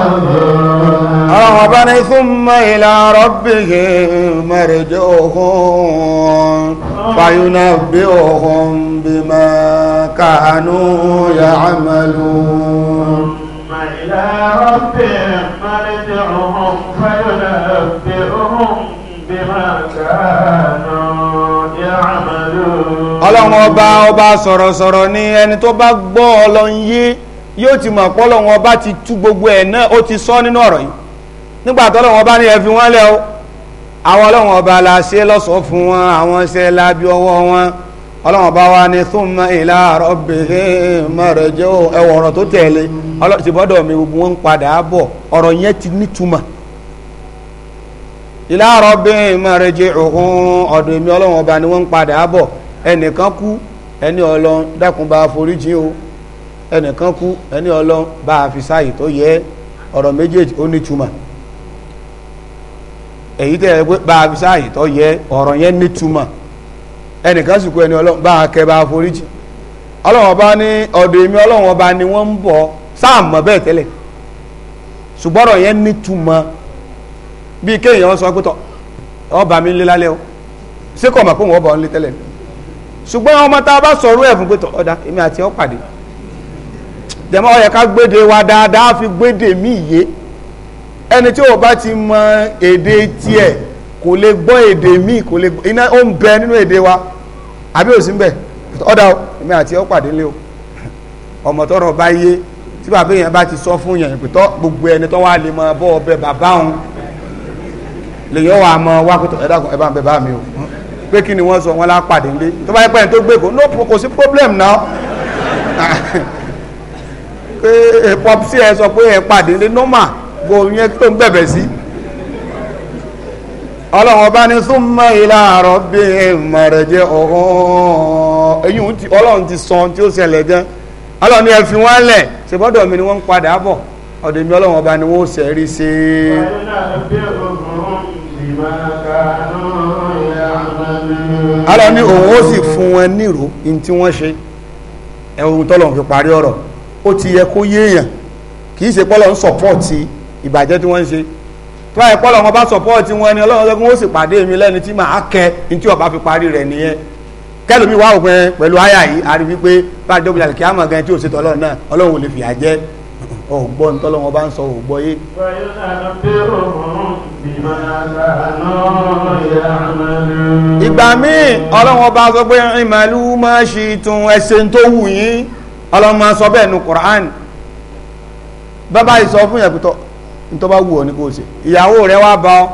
ọlọ́run ọba ní súnmọ́ ìlà rọ́bìgì mẹ́rẹ̀jọ́ ohun fàyúnà bí ohun bí mẹ́ kàánú ya àmàlú ìlà rọ́bìgì mẹ́rẹ̀jọ́ ohun fàyúnà bí ohun bí mẹ́ kàánú ya àmàlú ọlọ́run ọba ọba sọ̀rọ̀sọ̀rọ̀ ní ẹni tó bá gbọ́ ọlọ́run yìí yóò ti mọ̀ pọ́lọ̀ wọn bá ti tú gbogbo ẹ̀ náà ó ti sọ nínú ọ̀rọ̀ yìí nígbà wọn bá ní ẹ fi lẹ́ o àwọn ọlọ́wọ́n ọba la ṣe lọ́sọ̀ọ́ fún wọn àwọn iṣẹ́ lábí ọwọ́ wọn ọlọ́wọ́n ọba wa ni thumma ila rabbihim marji'u ẹ̀wọ̀ ọ̀rọ̀ tó tẹ̀lé ṣùgbọ́dọ̀ mi gbogbo wọn ń padà bọ̀ ọ̀rọ̀ yẹn ti nítumọ̀ ila rabbihim marji'uhum ọ̀dọ̀ èmi ọlọ́wọ́n ọba ni wọ́n ń padà bọ̀ ẹnìkan kú ẹni ọlọ́run dákun foríjì o ẹnìkan kú ẹni ọlọ́run bá a fi sáàyè tó yẹ ọ̀rọ̀ méjèèjì ó ní túmọ̀ èyí tẹ́ ẹ pé bá a fi sáàyè tó yẹ ọ̀rọ̀ yẹn ní túmọ̀ ẹnìkan sì kú ẹni ọlọ́run bá a kẹ́ bá a foríjì ọlọ́run ọba ní ọ̀dọ̀ èmi ọlọ́run ọba ni wọ́n ń bọ̀ sáàmọ̀ bẹ́ẹ̀ tẹ́lẹ̀ ṣùgbọ́n yẹn ní túmọ̀ bíi kéèyàn sọ pé tọ́ ọba mi ń lé o ṣé kò mọ̀ pé òun ọba òun lé tẹ́lẹ̀ ṣùgbọ́n ọmọ tá a bá sọ̀rọ̀ ẹ̀ fún jẹmọ́ ọ̀yẹ̀ ká gbédè wa dáadáa fi gbédè mí yé ẹni tí ò bá ti mọ èdè tiẹ̀ kò lè gbọ́ èdè mí kò lè gbọ́ iná ó ń bẹ nínú èdè wa àbí ò sí ń bẹ ọ̀dà o èmi àti ọ́ pàdé lé o ọmọ tọrọ bá yé tí bàbá yẹn bá ti sọ fún yẹn pé gbogbo ẹni tó wà lè mọ bọ́ ọbẹ̀ bàbá òun lèyàn wà mọ wákòtò kan ẹ̀ ń bẹ bá mi o pé kí ni wọ́n sọ wọn lá pàdé lé tó bá yẹ pẹ́yìn tó gbé kó no kò sí problem now [LAUGHS] pé eh, pop sí ẹ sọ pé ẹ pàdé ní nọ́mà bò yẹn tó ń bẹ̀bẹ̀ sí ọlọ́run ọba ní súnmọ́ ilá àárọ̀ mọ̀rẹ̀ jẹ́ ọ̀hún ọlọ́run ti sọ tí ó ṣẹlẹ̀ gan ọlọ́run ní ẹ fi wọ́n lẹ̀ ṣèbọ́dọ̀ mi ni wọ́n ń padà bọ̀ ọ̀dọ̀ ọlọ́run ọba ni wọ́n ṣẹ̀ rí sí ọlọ́run ní òun ó sì fún wọn nírò ní tí wọ́n ṣe ẹ̀hún tọ́lọ́run fi parí ọ̀rọ̀ ó ti yẹ kó yéèyàn kì í ṣe pọ́lọ̀ ń sọ̀pọ́ọ̀tì ìbàjẹ́ tí wọ́n ń ṣe tó báyìí pọ́lọ̀ wọn bá sọ̀pọ́ọ̀tì wọn ni ọlọ́run lọ́gbọ́n ó sì pàdé mi lẹ́ni tí màá kẹ ní tí ọba fi parí rẹ̀ nìyẹn kẹlòmí wà òpin pẹ̀lú àyà yìí a rí wípé bá a dọ́gbìn àlùkí àmọ̀ gan tí ò ṣe tọ́lọ́run náà ọlọ́run ò lè fìyà jẹ ọ̀gbọ́n tọ́lọ́run bá ń sọ ọ̀gbọ́ yé. ìgbà míì ọlọ́run ọba sọ pé ìmàlú máa ṣe tún ẹsẹ̀ tó wù yín ọlọ́mọ sọ bẹ́ẹ̀ nu Qur'an bàbá yìí sọ fún yẹn pé tọ́ nítorí bá wù ọ́ ní kò ṣe ìyàwó rẹ wá bá ọ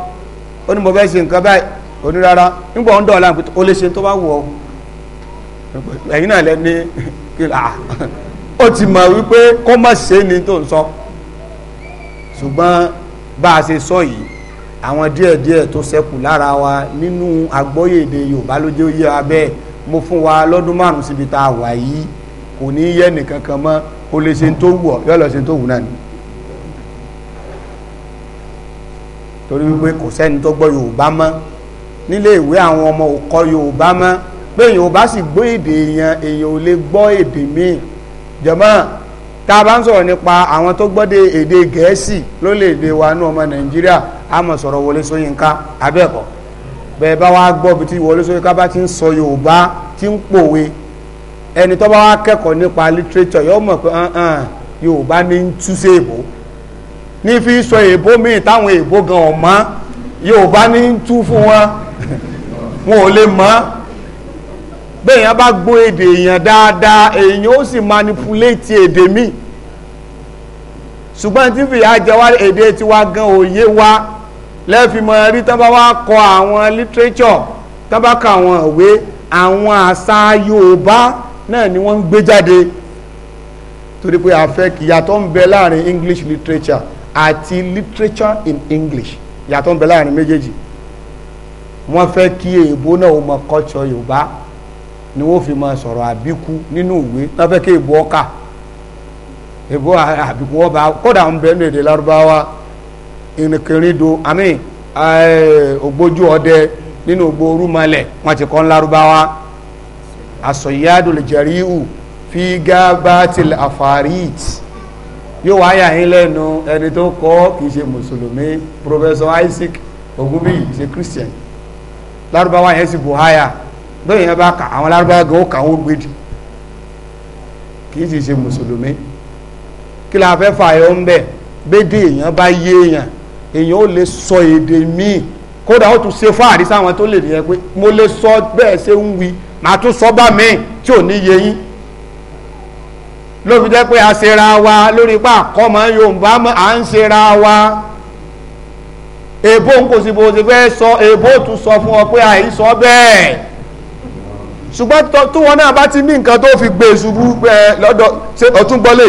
ó ní mo fẹ́ ṣe nǹkan báyìí òní rárá nígbà ọ̀hún dọ̀ọ̀la pé ó lè ṣe tó bá wù ọ́ ẹ̀yin náà lẹ ní [LAUGHS] kílà ah. ó ti mọ̀ wípé kó má ṣe ni tó ń sọ ṣùgbọ́n bá a ṣe sọ yìí àwọn díẹ̀díẹ̀ tó ṣẹ́kù lára wa nínú àgbọ́yé Yorùbá ló jẹ́ yé abẹ́ mo fún wa lọ́dún márùn síbi tá a wà yìí kò ní yẹ nìkan kan mọ́ o lè ṣe tó wù ọ́ yọ lọ ṣe tó wù náà ni torí wípé kò sẹ́ni tó gbọ́ Yorùbá mọ́ nílé ìwé àwọn ọmọ ò kọ́ Yorùbá mọ́ pé èèyàn bá sì gbọ́ èdè èèyàn èèyàn ò lè gbọ́ èdè míì jọ̀mọ́ tá a bá ń sọ̀rọ̀ nípa àwọn tó gbọ́dé èdè gẹ̀ẹ́sì ló lè dé wa ní ọmọ nàìjíríà a mọ̀ sọ̀rọ̀ wọlé sóyínká abẹ́ẹ̀kọ́ bẹ́ẹ̀ bá wá gbọ́ bí tí wọlé sóyínká bá ti ń sọ yorùbá tí ń pòwe ẹni tó bá wá kẹ́kọ̀ọ́ nípa literature yóò mọ̀ pé yorùbá ní ń tú sí èbó ní fi sọ èbó míì táwọn èbó gan ọ̀mọ́ yorùbá ní ń tú fún wọn [LAUGHS] wọn ò lè mọ̀ bẹ́ẹ̀ yẹn bá gbọ́ èdè èèyàn dáadáa èèyàn ó sì manipulate èdè míì ṣùgbọ́n tí fìyà jẹ wá èdè tiwa gan òye wa lẹ́fìmọ̀ rí tán bá wá kọ àwọn literature tán bá kọ àwọn ìwé àwọn àṣà yorùbá náà ni wọ́n ń gbé jáde torí pé a fẹ́ kí yàtọ̀ ń bẹ láàrin English literature àti literature in English yàtọ̀ ń bẹ láàrin méjèèjì wọ́n fẹ́ kí èèbó náà ó mọ culture Yorùbá ni wọ́n fi máa sọ̀rọ̀ àbíkú nínú ìwé wọ́n fẹ́ kí èèbó ọkà èèbó àbíkú ọba kódà ń bẹ ní èdè Lárúbáwá ìrìnkèrindò àmì eh, ògbójú ọdẹ nínú ògbó orúmọlẹ̀ wọ́n ti kọ́ ń Lárúbáwá asọ̀yádùn jẹ̀ríhù fi gábàtìl afarit yóò wá yà yín lẹ́nu ẹni tó kọ́ kìí ṣe mùsùlùmí professor isaac ogunbíyì ṣe christian lárúbáwá yẹn sì buhaya bẹ́ẹ̀ yẹn bá kà àwọn lárúbáwá gan ó kà ó gbèdì kìí sì ṣe mùsùlùmí kí la fẹ́ fà yọ ń bẹ̀ gbèdì èèyàn bá yé èèyàn èèyàn ó lè sọ èdè míì kódà ó tún ṣe fáàrí sáwọn tó lè nìyẹn pé mo lè sọ bẹ́ẹ̀ ṣe ń wí màá tún sọ́bà míì tí ò ní yé yín ló fi jẹ́ pé a ṣera wa lórí pa àkọ́mọ́ Yorùbá à ń ṣera wa èbó ń kò sí bó ṣe fẹ́ sọ èbó tún sọ fún ọ pé àìsọ bẹ́ẹ̀ ṣùgbọ́n tó wọn náà bá ti ní nǹkan tó fi gbé e ṣubú lọ́dọ̀ ṣé ọtún gbọ́ lè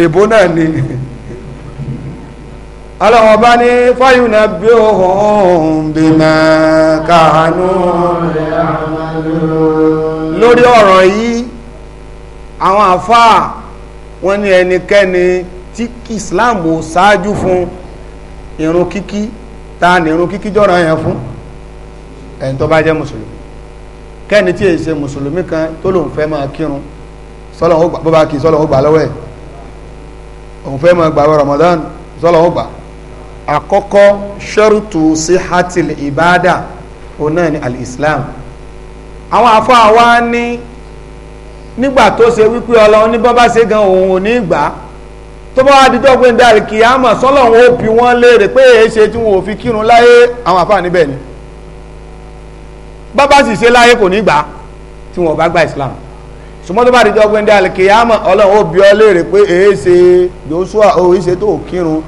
[LAUGHS] èbó náà ni ọlọ́wọ́ bá ní fọ́yúnà bí ohun bí máa kàánú lórí ọ̀rọ̀ yìí àwọn àfáà wọ́n ní ẹnikẹ́ni tí Islam ò ṣáájú fún irun kíkí ta ni irun kíkí jọ́ra yẹn fún ẹni tó bá jẹ́ mùsùlùmí kẹ́ni tí èsè mùsùlùmí kan tó lòun fẹ́ máa kírun sọ́lọ́wọ́ gbà lọ́wọ́ ẹ̀ òun fẹ́ máa gbà Ramadan sọ́lọ́wọ́ gbà akọkọ ṣẹ́rùtù si hatil ibada òun náà ni al àwọn àfáà wa nígbà tó ṣe wípé ní bọ́ ṣe gan òun ò ní gbà tó bá wá di dọ́gbìn dárì á mọ̀ ṣe tí wọn ò fi kírun láyé àwọn àfáà níbẹ̀ ni bàbá sì ṣe láyé kò ní gbà tí wọn ò bá gba islam sùmọ́ tó bá di á mọ̀ ṣe Joshua ó ṣe tó kírun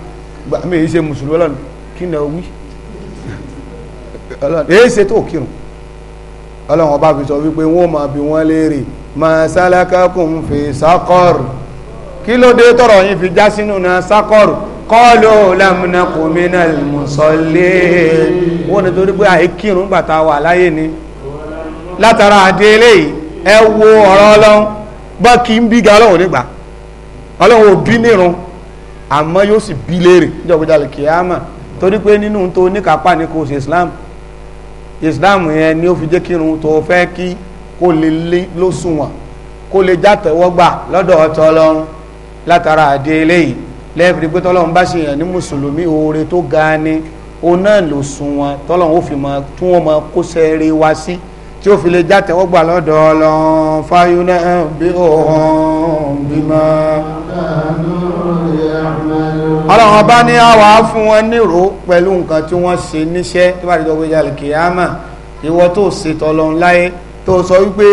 mi èyí ṣe mùsùlùmí ọlọ́run kí ni wí ọlọ́run èyí ṣe tó kírun ọlọ́run ọba fi sọ wípé wọ́n máa bi wọ́n léèrè ma salakakum fi sakor kí ló dé tọrọ yín fi já sínú na sakor kọlu lamuna kumina musọlẹ wọn ni torí pé àìkírun gbàtà wà láyé ni látara àdéhélé ẹ wo ọ̀rọ̀ Ọlọ́run gbọ́ kí n bí ga Ọlọ́run nígbà Ọlọ́run ò bí nírun àmọ́ yóò sì bí léèrè níjọba kìámà torí pé nínú tó níkápá ni kò ṣe islam islam yẹn ni ó fi jẹ́ kírun tó fẹ́ kí kó lè lé lóṣùwọ̀n kó lè jàtẹ̀wọ́gbà lọ́dọ̀ ọ̀tọ̀ ọlọ́run látara àdé eléyìí lẹ́ẹ̀fì pé tọ́lọ́run bá ṣe yàn ní mùsùlùmí oore tó ga ni òun náà lòṣùwọ̀n tọ́lọ́run ó fi mọ tí wọ́n mọ kó sẹ́ẹ̀rẹ̀ wá sí. Si tí ó fi lè já tẹ́wọ́gbà lọ́dọ̀ ọlọ́run fáyúnẹ́ bí òun bímọ. ọlọ́run ọba ní àwà fún wọn nírò pẹ̀lú nǹkan tí wọ́n ṣe níṣẹ́ tó gbéjà lè kìyàmà ìwọ tó ṣètò ọlọ́run láyé tó sọ wípé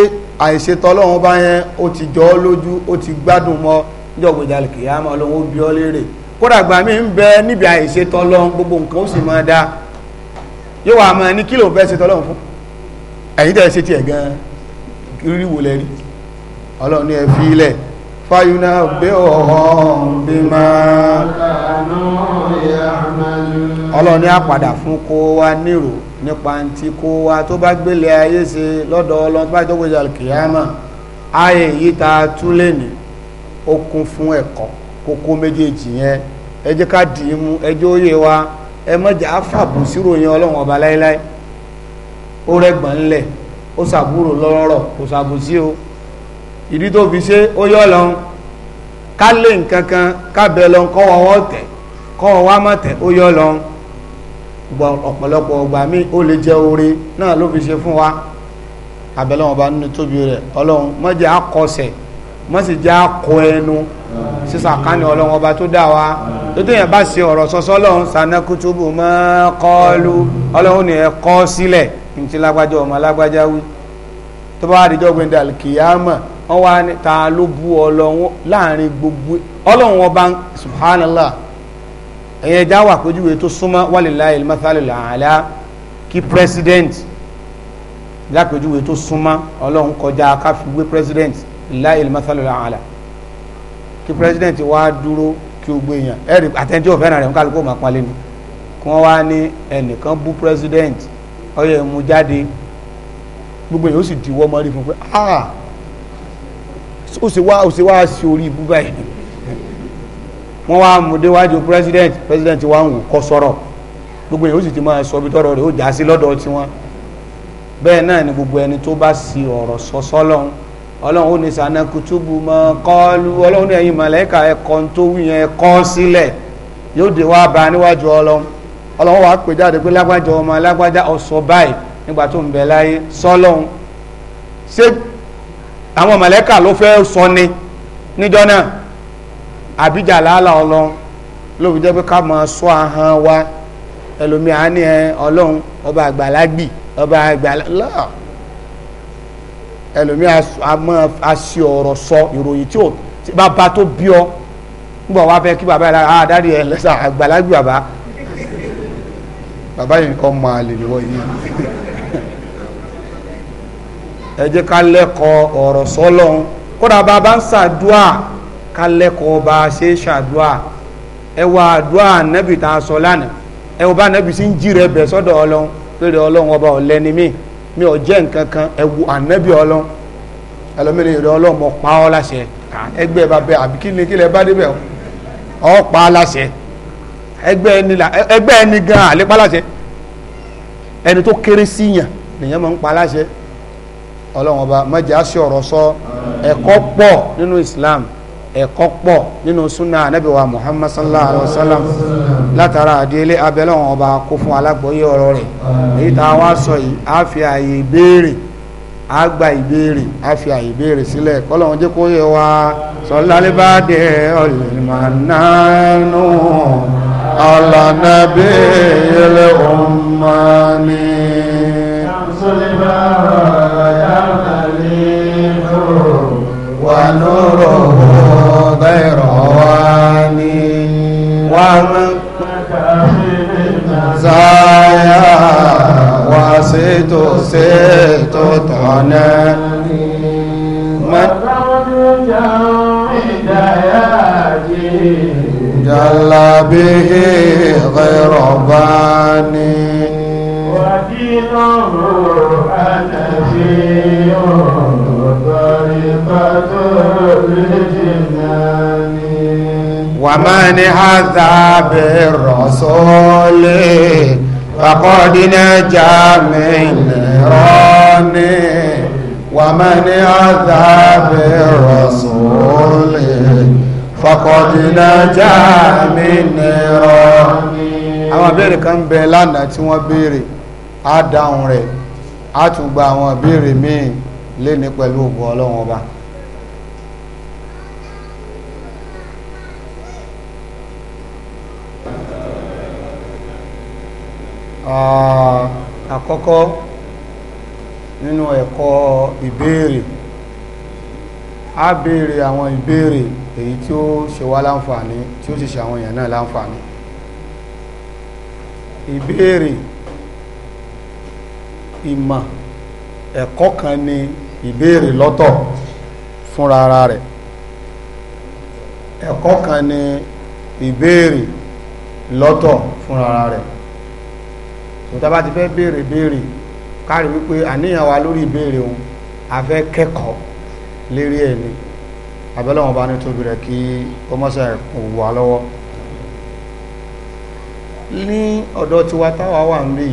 àìṣètò ọlọ́run bá yẹn ó ti jọ ọ́ lójú ó ti gbádùn mọ́ níjọ́ gbéjà lè kìyàmà ọlọ́run ó bí ọ léèrè kódà gbà mí ń bẹ níbi àìṣètò ọlọ́run gbogbo nǹkan ó sì máa dáa yóò wà máa ní kí ló fẹ́ ṣètò ọlọ́run fún ẹ̀yin tẹ́ ṣe tiẹ̀ gan rírí lẹ́rí ọlọ́run ní ilẹ̀ fáyúná bẹ́ ọ̀hún bí máa ọlọ́run ní àpàdà fún kó wá nírò nípa ti kó wá tó bá gbélé ayé ṣe lọ́dọ̀ ọlọ́run bá kìyàmà ayé yìí ta fún ẹ̀kọ́ kókó méjèèjì yẹn ká dì í mú wa ẹ mọ̀jà ọlọ́run ọba láéláé ó rẹ́gbọ̀n ńlẹ̀ ó sàbúrò lọ́rọ̀ kò sàbòsí o ìdí tó fi ṣe ó yọ lọ́hún ká lé nǹkan kan ká bẹ lọ́hún kọ́ wọn wọ́n tẹ̀ kọ́ wọn wá mọ̀ tẹ̀ ó yọ lọ́hún ọ̀pọ̀lọpọ̀ ọgbà mi ó lè jẹ́ oore náà ló fi ṣe fún wa abẹ́lẹ́wọ̀n bá nínú tóbi rẹ̀ ọlọ́run má jẹ́ akọsẹ̀ má sì jẹ́ akọ ẹnu sísà kánì ọlọ́run ọba tó dá wa tó téèyàn bá ṣe ọ̀rọ̀ sọ́sọ́ ọlọ́run sànákútúbù mọ́ kọ́ọ́lù ọlọ́run ni ẹ kọ sílẹ̀ ntí lágbájá ọmọ lágbájá wí tó bá wà díjọ́ gbẹ̀ndẹ̀ alikiyama wọ́n wá ní ta ló bú ọlọ́run láàrin gbogbo ọlọ́run ọba subhanallah ẹ̀yẹ ẹja wà péjúwe tó súnmọ́ walilahi al-mathalul kí president lápèjúwe tó súnmọ́ ọlọ́run kọjá káfíwé president lillahi al-mathalul kí president wá dúró kí o gbé yàn ẹ̀rí àtẹ̀jọ́ fẹ́ràn rẹ̀ ń kálukú ọmọ apalẹ́ ni kí wọ́n wá ní ẹnìkan bú president ọyẹ mu jáde gbogbo yìí ó sì diwọ́ mọ́rí fún pé ah ó sì wá ó sì wá sí orí ibú báyìí wọ́n wá mú déwájú president president wa ń wò kọ́ sọ̀rọ̀ gbogbo yìí ó sì ti máa sọ bí tọ́rọ̀ rẹ̀ ó já lọ́dọ̀ tiwọn bẹ́ẹ̀ náà ni gbogbo ẹni tó bá sí ọ̀rọ̀ sọ sọ́lọ́hún ọlọ́run ó ní sànà kùtùbù mọ́ kọ́ọ́lù ọlọ́run ní ẹ̀yin mọ̀lẹ́kà ẹ̀kọ́ tó wí yẹn kọ́ sílẹ̀ yóò dé wá bá níwájú ọlọ́run ọlọ́wọ́ wa pè jáde pé lágbájá ọmọ lágbájá ọ̀sọ̀ báyìí nígbà tó ń bẹ láyé sọ́lọ́hún ṣé àwọn mọ̀lẹ́kà ló fẹ́ sọ ni níjọ́ náà àbíjà làálà ọlọ́run ló fi jẹ́ pé ká máa sọ ahọ́n wa ẹlòmíì á ní ọlọ́run ọba àgbàlagbì ọba àgbàlá ẹlòmíì á máa ṣe ọ̀rọ̀ sọ ìròyìn tí ò bàbá tó bí ọ nígbà wá fẹ́ kí bàbá yẹn lára ah, àdáde ẹ̀ lẹ́sà àgbàlagbì bàbá bàbá yìí kọ́ mọ àlè lọ́wọ́ yìí ẹ jẹ́ ká lẹ́kọ̀ọ́ ọ̀rọ̀ sọ́lọ́hún kódà bá a bá ń ṣàdúà ká lẹ́kọ̀ọ́ bá a ṣe ṣàdúà ẹ wá àdúà nẹ́bì tá a sọ lánàá ẹ wò bá nẹ́bì sí ń jí rẹ bẹ̀ sọ́dọ̀ ọlọ́run lórí ọlọ́run ọba ọ̀lẹ́ni mi mi ò jẹ́ nǹkan kan ẹ wo ànẹ́bì ọlọ́run ẹlòmíràn ìrẹ ọlọ́run mọ̀ pa ọ́ láṣẹ ẹgbẹ́ bàbá àbí kí ni kí lẹ bá débẹ̀ ọ́ pa á ẹgbẹ́ ẹni là ẹgbẹ́ ẹni gan àlè paláṣẹ ẹni tó kéré sí yàn nìyẹn máa ń ọba mẹ́jẹ̀ á sí ọ̀rọ̀ sọ ẹ̀kọ́ pọ̀ nínú Islam ẹ̀kọ́ pọ̀ nínú sunna anabi wa Muhammad sallallahu alayhi wa sallam látara àdéhélé abẹ́lẹ́wọ̀n ọba kó fún alágbóyè ọ̀rọ̀ rẹ̀ èyí tá a wá sọ yìí á fi àyè á gba ìbéèrè á على نبي الأماني شمس يا يرتليه ونوره غير عواني ومن زايا وسيت سيت تعناني من رمض جمع دياجي جل به غير باني ودينه أنفي طريقة الجنان ومن هذا بالرسول فقد نجا من نيراني ومن هذا بالرسول faqad naja min nira àwọn ìbéèrè kan ń bẹ lánàá tí wọ́n béèrè á dáhùn rẹ̀ á tún gba àwọn ìbéèrè míì léni pẹ̀lú ògùn ọlọ́run ọba. àkọ́kọ́ nínú ẹ̀kọ́ ìbéèrè á béèrè àwọn ìbéèrè èyí tí ó ṣe wá láǹfààní tí ó sì ṣe àwọn èèyàn náà láǹfààní ìbéèrè ìmọ̀ ẹ̀kọ́ kan ni ìbéèrè lọ́tọ̀ fúnra ara rẹ̀ ẹ̀kọ́ kan ni ìbéèrè lọ́tọ̀ fúnra ara rẹ̀ tó tá bá ti fẹ́ béèrè béèrè kárí wípé àníyàn wa lórí ìbéèrè òun a fẹ́ kẹ́kọ̀ọ́ lérí ẹ̀ ni abẹ́lẹ́wọ̀n bá ní tóbi rẹ̀ kí ó mọ́sẹ̀ òwò alọ́wọ́ ní ọ̀dọ̀ tiwa táwa wà ń rí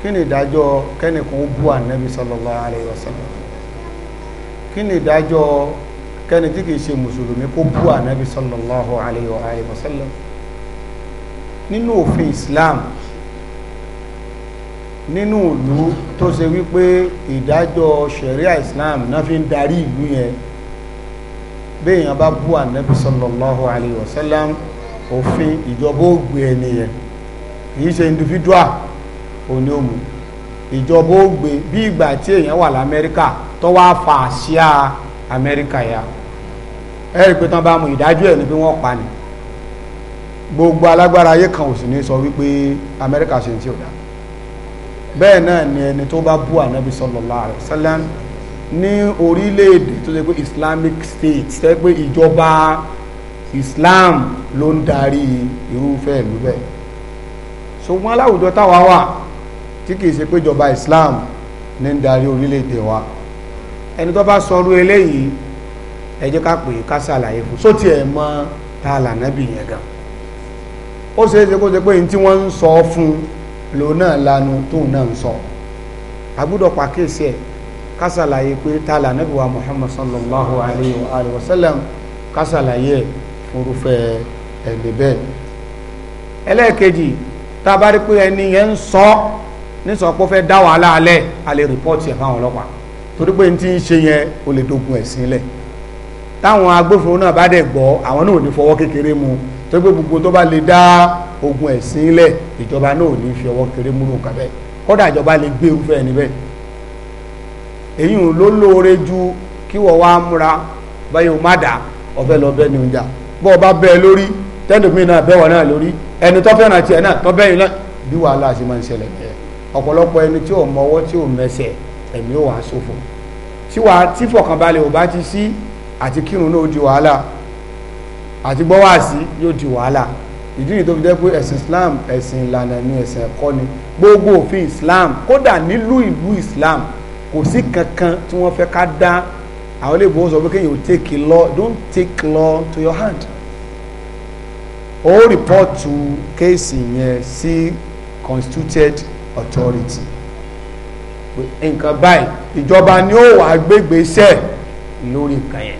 kí ni ìdájọ́ kẹ́nìkan ó bú ànẹ́bí sallallahu alaihi wasallam kí ni ìdájọ́ kẹ́ni tí kìí ṣe mùsùlùmí kó bú ànẹ́bí sallallahu alaihi wasallam nínú òfin Islam nínú ìlú tó ṣe wípé ìdájọ́ ṣẹ̀ríà Islam náà fi ń darí ìlú yẹn béèyàn bá bú ànábì sallallahu alayhi wa sallam òfin ìjọba ó gbé ẹni yẹn kìí ṣe individual òní òmù ìjọba ó gbé bí ìgbà tí èèyàn wà lamẹ́ríkà tó wá fa àsíá amẹ́ríkà ya ẹ rí i pé tán bá mú ìdájọ́ ẹ̀ ní bí wọ́n pa ni gbogbo alágbára ayé kan ò sì ní sọ wípé amẹ́ríkà ṣe ti ò dá bẹ́ẹ̀ náà ni ẹni tó bá bú ànábì sallallahu alayhi ní orílẹ̀-èdè tó ṣe pé islamic state tó ṣe pé ìjọba islam ló ń darí irúfẹ́ ìlú bẹ́ẹ̀ ṣùgbọ́n aláwùjọ táwa wà tí kìí ṣe pé ìjọba islam ní ń darí orílẹ̀-èdè wa ẹni tó bá sọrú eléyìí ẹ jẹ́ ká pè é ká ṣàlàyé fún sótì ẹ̀ mọ́ tá a lànàbì yẹn gan ó ṣe é ṣe kó ṣe pé ní tí wọ́n ń sọ fún lòun náà lanu tóun náà ń sọ àgbúdọ̀ pàkíyèsí ẹ̀ kásàlàyé pé tààlà nàbí wa muhammad sallallahu alayhi wa alayhi wa sallam kásàlàyé ẹ̀ forúfẹ́ ẹ̀lẹ́ bẹ́ẹ̀ ẹlẹ́ẹ̀kejì tá a bá rí pé ẹni yẹn ń sọ nísọ pé ó fẹ́ dá wàhálà alẹ́ a lè rìpọ́ọ̀tì ẹ̀ fáwọn ọlọ́pàá torí pé ní ti ń ṣe yẹn o lè dogun ẹ̀sìn lẹ̀ táwọn agbófinró náà bá dẹ̀ gbọ́ àwọn náà ò ní fọwọ́ kékeré mu torí pé gbogbo tó bá lè dá ogun ẹ̀sìn lẹ̀ ìjọba náà ò ní fi ọwọ́ kékeré mú lóun kàbẹ́ kódà ìjọba lè gbé irúfẹ́ ẹni bẹ́ẹ̀ èyí ò ló lóore ju kí wọ́n wá múra báyìí ò má dà ọ̀fẹ́ lọ bẹ́ẹ̀ ni lórí náà náà lórí ẹni tó fẹ́ràn tiẹ̀ náà tó náà bí wàhálà sí máa ń ṣẹlẹ̀ ọ̀pọ̀lọpọ̀ ẹni tí ò mọwọ́ tí ò mẹsẹ̀ ẹ̀mí ò wá tí ti sí àti kírun náà ó di wàhálà àti gbọ́ Islam kò sí kankan tí wọ́n fẹ́ ká dá àwọn ilé ìbòmọ̀ sọ kéèyàn take law don't take law to your hand ó rìpọ́ọ̀tù kéèsì yẹn sí constituted authority nǹkan báyìí ìjọba ni ó wà gbégbèsè lórí nǹkan yẹn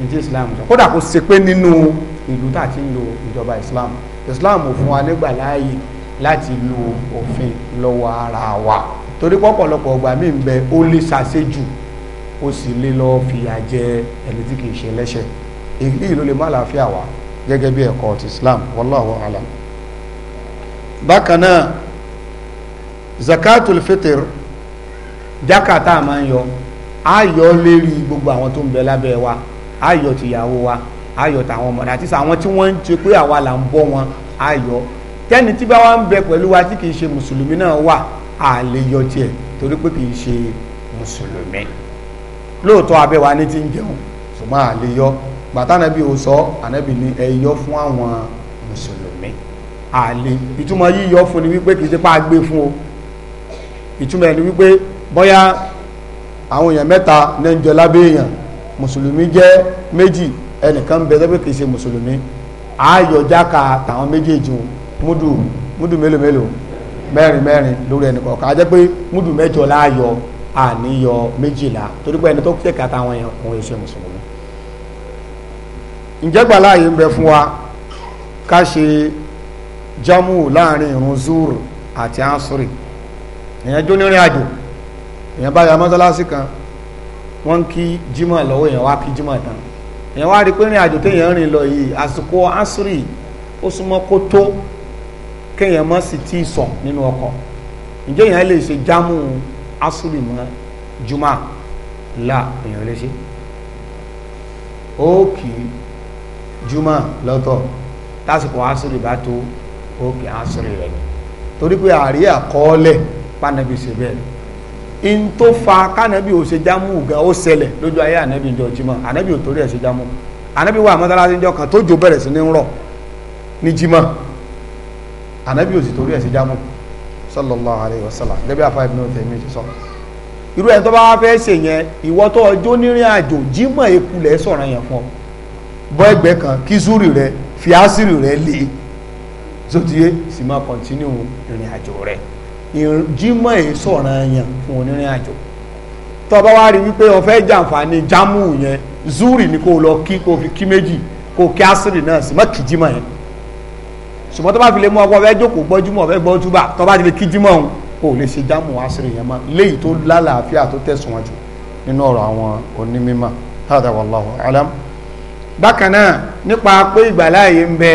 ní ti Islam sọ kódà kò ṣe pé nínú ìlú tá a ti ń lo ìjọba Islam Islam ò fún wa nígbà láàyè láti lo òfin lọ́wọ́ ara wa torí pọ̀pọ̀lọpọ̀ ọgbà mi ń bẹ ó lè ṣàṣejù ó sì lè lọ fìyà jẹ ẹni tí kìí ṣe lẹ́ṣẹ̀ èyí ló lè má làáfíà wá gẹ́gẹ́ bí ẹ̀kọ́ ti Islam wallahu alam bákan náà zakatul fitr jákàtà máa ń yọ ayọ̀ lérí gbogbo àwọn tó ń bẹ lábẹ́ wa ayọ̀ tìyàwó wa ayọ̀ tàwọn ọmọdé àti sàwọn tí wọ́n ń ṣe pé àwa là ń bọ́ wọn ayọ̀ tẹ́ni tí bá wa ń bẹ pẹ̀lú wa tí kìí ṣe mùsùlùmí náà wà àlè yọ tiẹ̀ torí pé kì í ṣe mùsùlùmí lóòótọ́ abẹ́ wa ní ti ń jẹun ṣùgbọ́n àlè yọ gbàtánàbí ò sọ ànábì ní ẹyọ fún àwọn mùsùlùmí àlè ìtumọ̀ yíyọ fún ni wípé kì í ṣe pa gbé fún o ìtumọ̀ ẹni wípé bóyá àwọn èèyàn mẹ́ta náà ń jọ lábẹ́ èèyàn mùsùlùmí jẹ́ méjì ẹnìkan bẹ tẹ́bí kì í ṣe mùsùlùmí ààyò jáka tàwọn méjèèjì múdù múdù mélòó mélòó mẹ́rin mẹ́rin lórí ẹnì kọ̀ọ̀kan a jẹ́ pé múdù mẹ́jọ láàyọ àníyọ méjìlá torí pé ẹni tó ṣe kàtà àwọn yẹn òun yóò ṣe mùsùlùmí. ǹjẹ́ gbàláàyè ń bẹ fún wa ká ṣe jámù láàrin ìrun zuru àti ansori èèyàn jó nírìn àjò èèyàn bá ya mọ́sálásí kan wọ́n ń kí jímọ̀ lọ́wọ́ èèyàn wá kí jímọ̀ tán èèyàn wá rí pé rìn àjò téèyàn rìn lọ yìí àsìkò ansori ó súnmọ́ kó kéèyàn mọ́ sí tí sọ nínú ọkọ̀ ǹjẹ́ èèyàn lè ṣe jámù asúlì mọ́ juma la èèyàn lè ṣe ókè juma lọ́tọ̀ tásìkò asúlì bá tó ókè asúlì rẹ̀ ni torí pé àrí àkọọ́lẹ̀ pánàbí ṣe bẹ́ẹ̀ in tó fa kánàbí ò ṣe jámù gan ó ṣẹlẹ̀ lójú ayé ànábì ìjọ jimá ànábì ò torí ẹ̀ ṣe jámù ànábì wà mọ́tàlá ìjọ kan tó jò bẹ̀rẹ̀ sí ní rọ̀ ní jimá ànábì ò sì torí ẹ̀ sí jámù sallallahu alayhi wa sallam gẹ́gẹ́ àfa ibn Taymi ti sọ irú ẹni tó bá wá fẹ́ ṣe yẹn ìwọ tó ọjọ́ nírìn àjò jímọ̀ ekulẹ̀ sọ̀rọ̀ yẹn fún ọ bọ́ ẹgbẹ́ kan kí zúrì rẹ fi ásìrì rẹ lé zótìyé e. sì máa kọ̀ntínú ìrìn àjò rẹ jímọ̀ èyí e sọ̀rọ̀ yẹn fún onírìn àjò tó bá wá rí wípé o fẹ́ jàǹfààní jámù yẹn zúrì ni kó lọ kí kó fi kí méjì kó kí ásìrì náà sì má kí jímọ̀ yẹn ṣùgbọ́n tó bá fi lè mú ọkọ ọbẹ̀ jókòó gbọ́júmọ̀ ọbẹ̀ gbọ́júbà tó bá ti lè kíjímọ̀ òun kò lè ṣe jámù àṣírí yẹn mọ́ léyìí tó lálàáfíà tó tẹ̀sùn wọn jù nínú ọ̀rọ̀ àwọn onímọ̀ hádà wallahu alam. bákan náà nípa pé ìgbàláàyè ń bẹ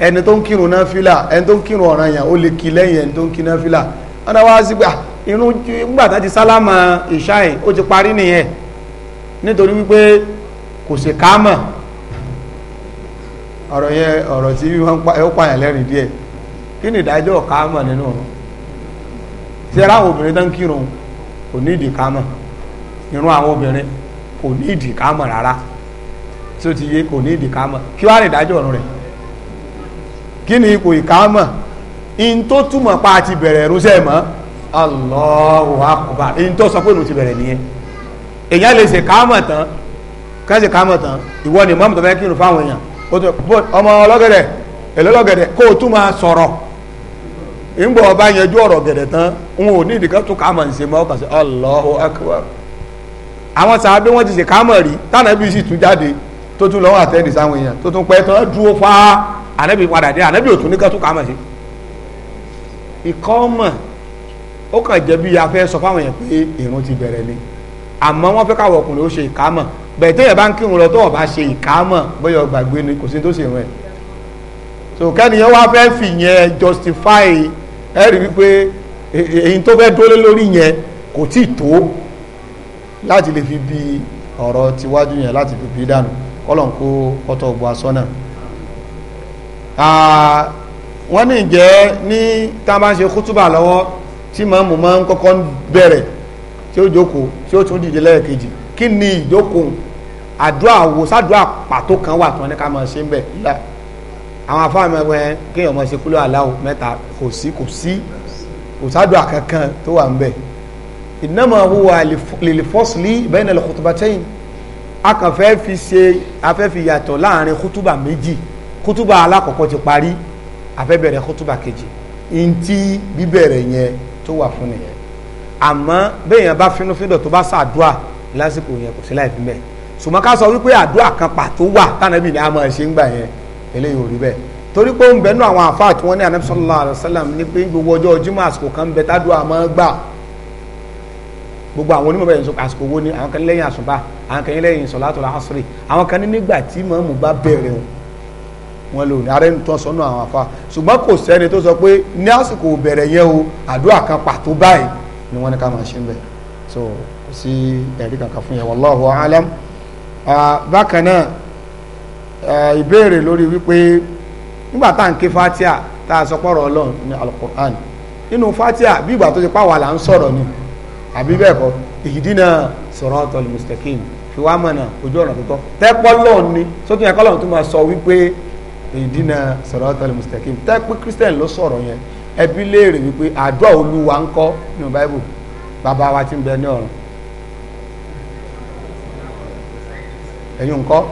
ẹni tó ń kírun náà fìlà ẹni tó ń kírun ọ̀ràn yẹn ó lè kí lẹ́yìn ẹni tó ń kí ọ̀rọ̀ yẹn ọ̀rọ̀ tí wọ́n ó pààyàn lẹ́rìn díẹ̀ kí ni ìdájọ́ káàmà nínú ọ̀run tí ara àwọn obìnrin tán kírun kò ní ìdí káàmà irun àwọn obìnrin kò ní ìdí káàmà rárá tí ó ti yé kò ní ìdí káàmà kí wàá ní ìdájọ́ ọ̀run rẹ̀ kí ni ipò ìkáàmà in tó túmọ̀ pa ti bẹ̀rẹ̀ rúṣẹ́ mọ́ Allahu akbar in tó sọ pé òun ti bẹ̀rẹ̀ nìyẹn èèyàn lè ṣe káàmà tán kẹ́sì káàmà tán ìwọ ni mọ́mù tó fẹ́ kírun fáwọn èèyàn ọmọ ọlọ́gẹ̀dẹ̀ èlò ọlọ́gẹ̀dẹ̀ kó o tún máa sọ̀rọ̀ ńgbọ ọba yẹjú ọ̀rọ̀ gẹ̀dẹ̀ tán n ò ní ìdíkà tún káàmọ̀ ṣe mọ́ ọkàn sí Allahu akbar àwọn sàábé wọn ti ṣe káàmọ̀ rí tànàbí sì tún jáde tó tún lọ́wọ́ àtẹ́ẹ̀dì sáwọn èèyàn tó tún pẹ́ tán dúró fa ànábì padà dé ànábì ò tún ní ká tún káàmọ̀ sí. ìkọ́ mọ̀ ó kàn jẹ́ bí a fẹ́ sọ fáwọn èèyàn pé ìrun ti bẹ̀rẹ̀ ni àmọ́ wọ́n fẹ́ káwọ̀ ọkùnrin ó ṣe ìkámọ̀ bẹ̀ẹ̀ tẹ́yẹ̀ bá ń kírun lọ tó o bá ṣe ìkámọ̀ bóyá o gbàgbé ni kò sí tó ṣe rẹ̀ so kẹ́niyàn wá fẹ́ fi yẹn justify ẹ rí wípé e, e, èyí tó fẹ́ dólé lórí yẹn kò tí ì tó láti lè fi bi ọ̀rọ̀ tiwájú yẹn láti fi bi dànù kọ́lọ̀ ń kó ọtọ̀ ògbó asọ́nà wọ́n ní ìjẹ́ ní tá a bá ń ṣe kútúbà lọ́wọ́ tí màmú máa ń kọ́kọ́ bẹ̀rẹ̀ tí ó jókòó tí ó tún dìde lẹ́ẹ̀kejì kí ni ìjókòó àdúrà wo sádùá pàtó kan wà tán ní ká máa ṣe ń bẹ ilá àwọn afáàmì ẹgbẹ kéèyàn máa ṣe kúlọ aláwọ mẹ́ta kò sí kò sí kò sádùá kankan tó wà ń bẹ innama huwa lil fasli bayna al khutbatayn a kàn fẹ́ fi ṣe a fẹ́ fi yàtọ̀ láàrin kútùbà méjì kútùbà alákọ̀ọ́kọ́ ti parí a fẹ́ bẹ̀rẹ̀ kútùbà kejì ntí bíbẹ̀rẹ̀ yẹn tó wà fún nìyẹn àmọ́ béèyàn bá finúfíndọ̀ tó bá ṣàdúà lásìkò yẹn kò sí láì fi mẹ́ ṣùgbọ́n ká sọ wípé àdúrà kan pàtó wà tánàbí ni a máa ṣe ń gbà yẹn eléyìí ò rí bẹ́ẹ̀ torí pé ó ń bẹ nú àwọn àfáà tí wọ́n ní anabi sallallahu alayhi sallam ní pé gbogbo ọjọ́ jimoh àsìkò kan bẹ tádùá máa gbà gbogbo àwọn onímọ̀ bẹ́ẹ̀ sọ àsìkò wo ni àwọn kan lẹ́yìn àsùnbà àwọn kan lẹ́yìn sọ̀látọ̀ lásìrì àwọn kan ní nígbà mọ̀ọ́mù bá bẹ̀rẹ̀ wọn lò ni wọ́n ní ká máa ṣe ń bẹ̀ so si sí ẹ̀rí kankan fún yẹn wallahu alam bákan náà ìbéèrè lórí wípé nígbà tá à fatia tá a sọ pọ̀rọ̀ ọlọ́run ní alukur'an nínú fatia bí ìgbà tó ti pàwọ́ là ń sọ̀rọ̀ ni àbí bẹ́ẹ̀ kọ́ ihdina siratal mustaqim fi wá mọ̀nà ojú ọ̀nà tó tọ́ tẹ́pọ́ lọ́ọ̀ ni yẹn tó máa wípé sọ̀rọ̀ yẹn ẹbí léèrè wípé ẹ̀yin nǹkan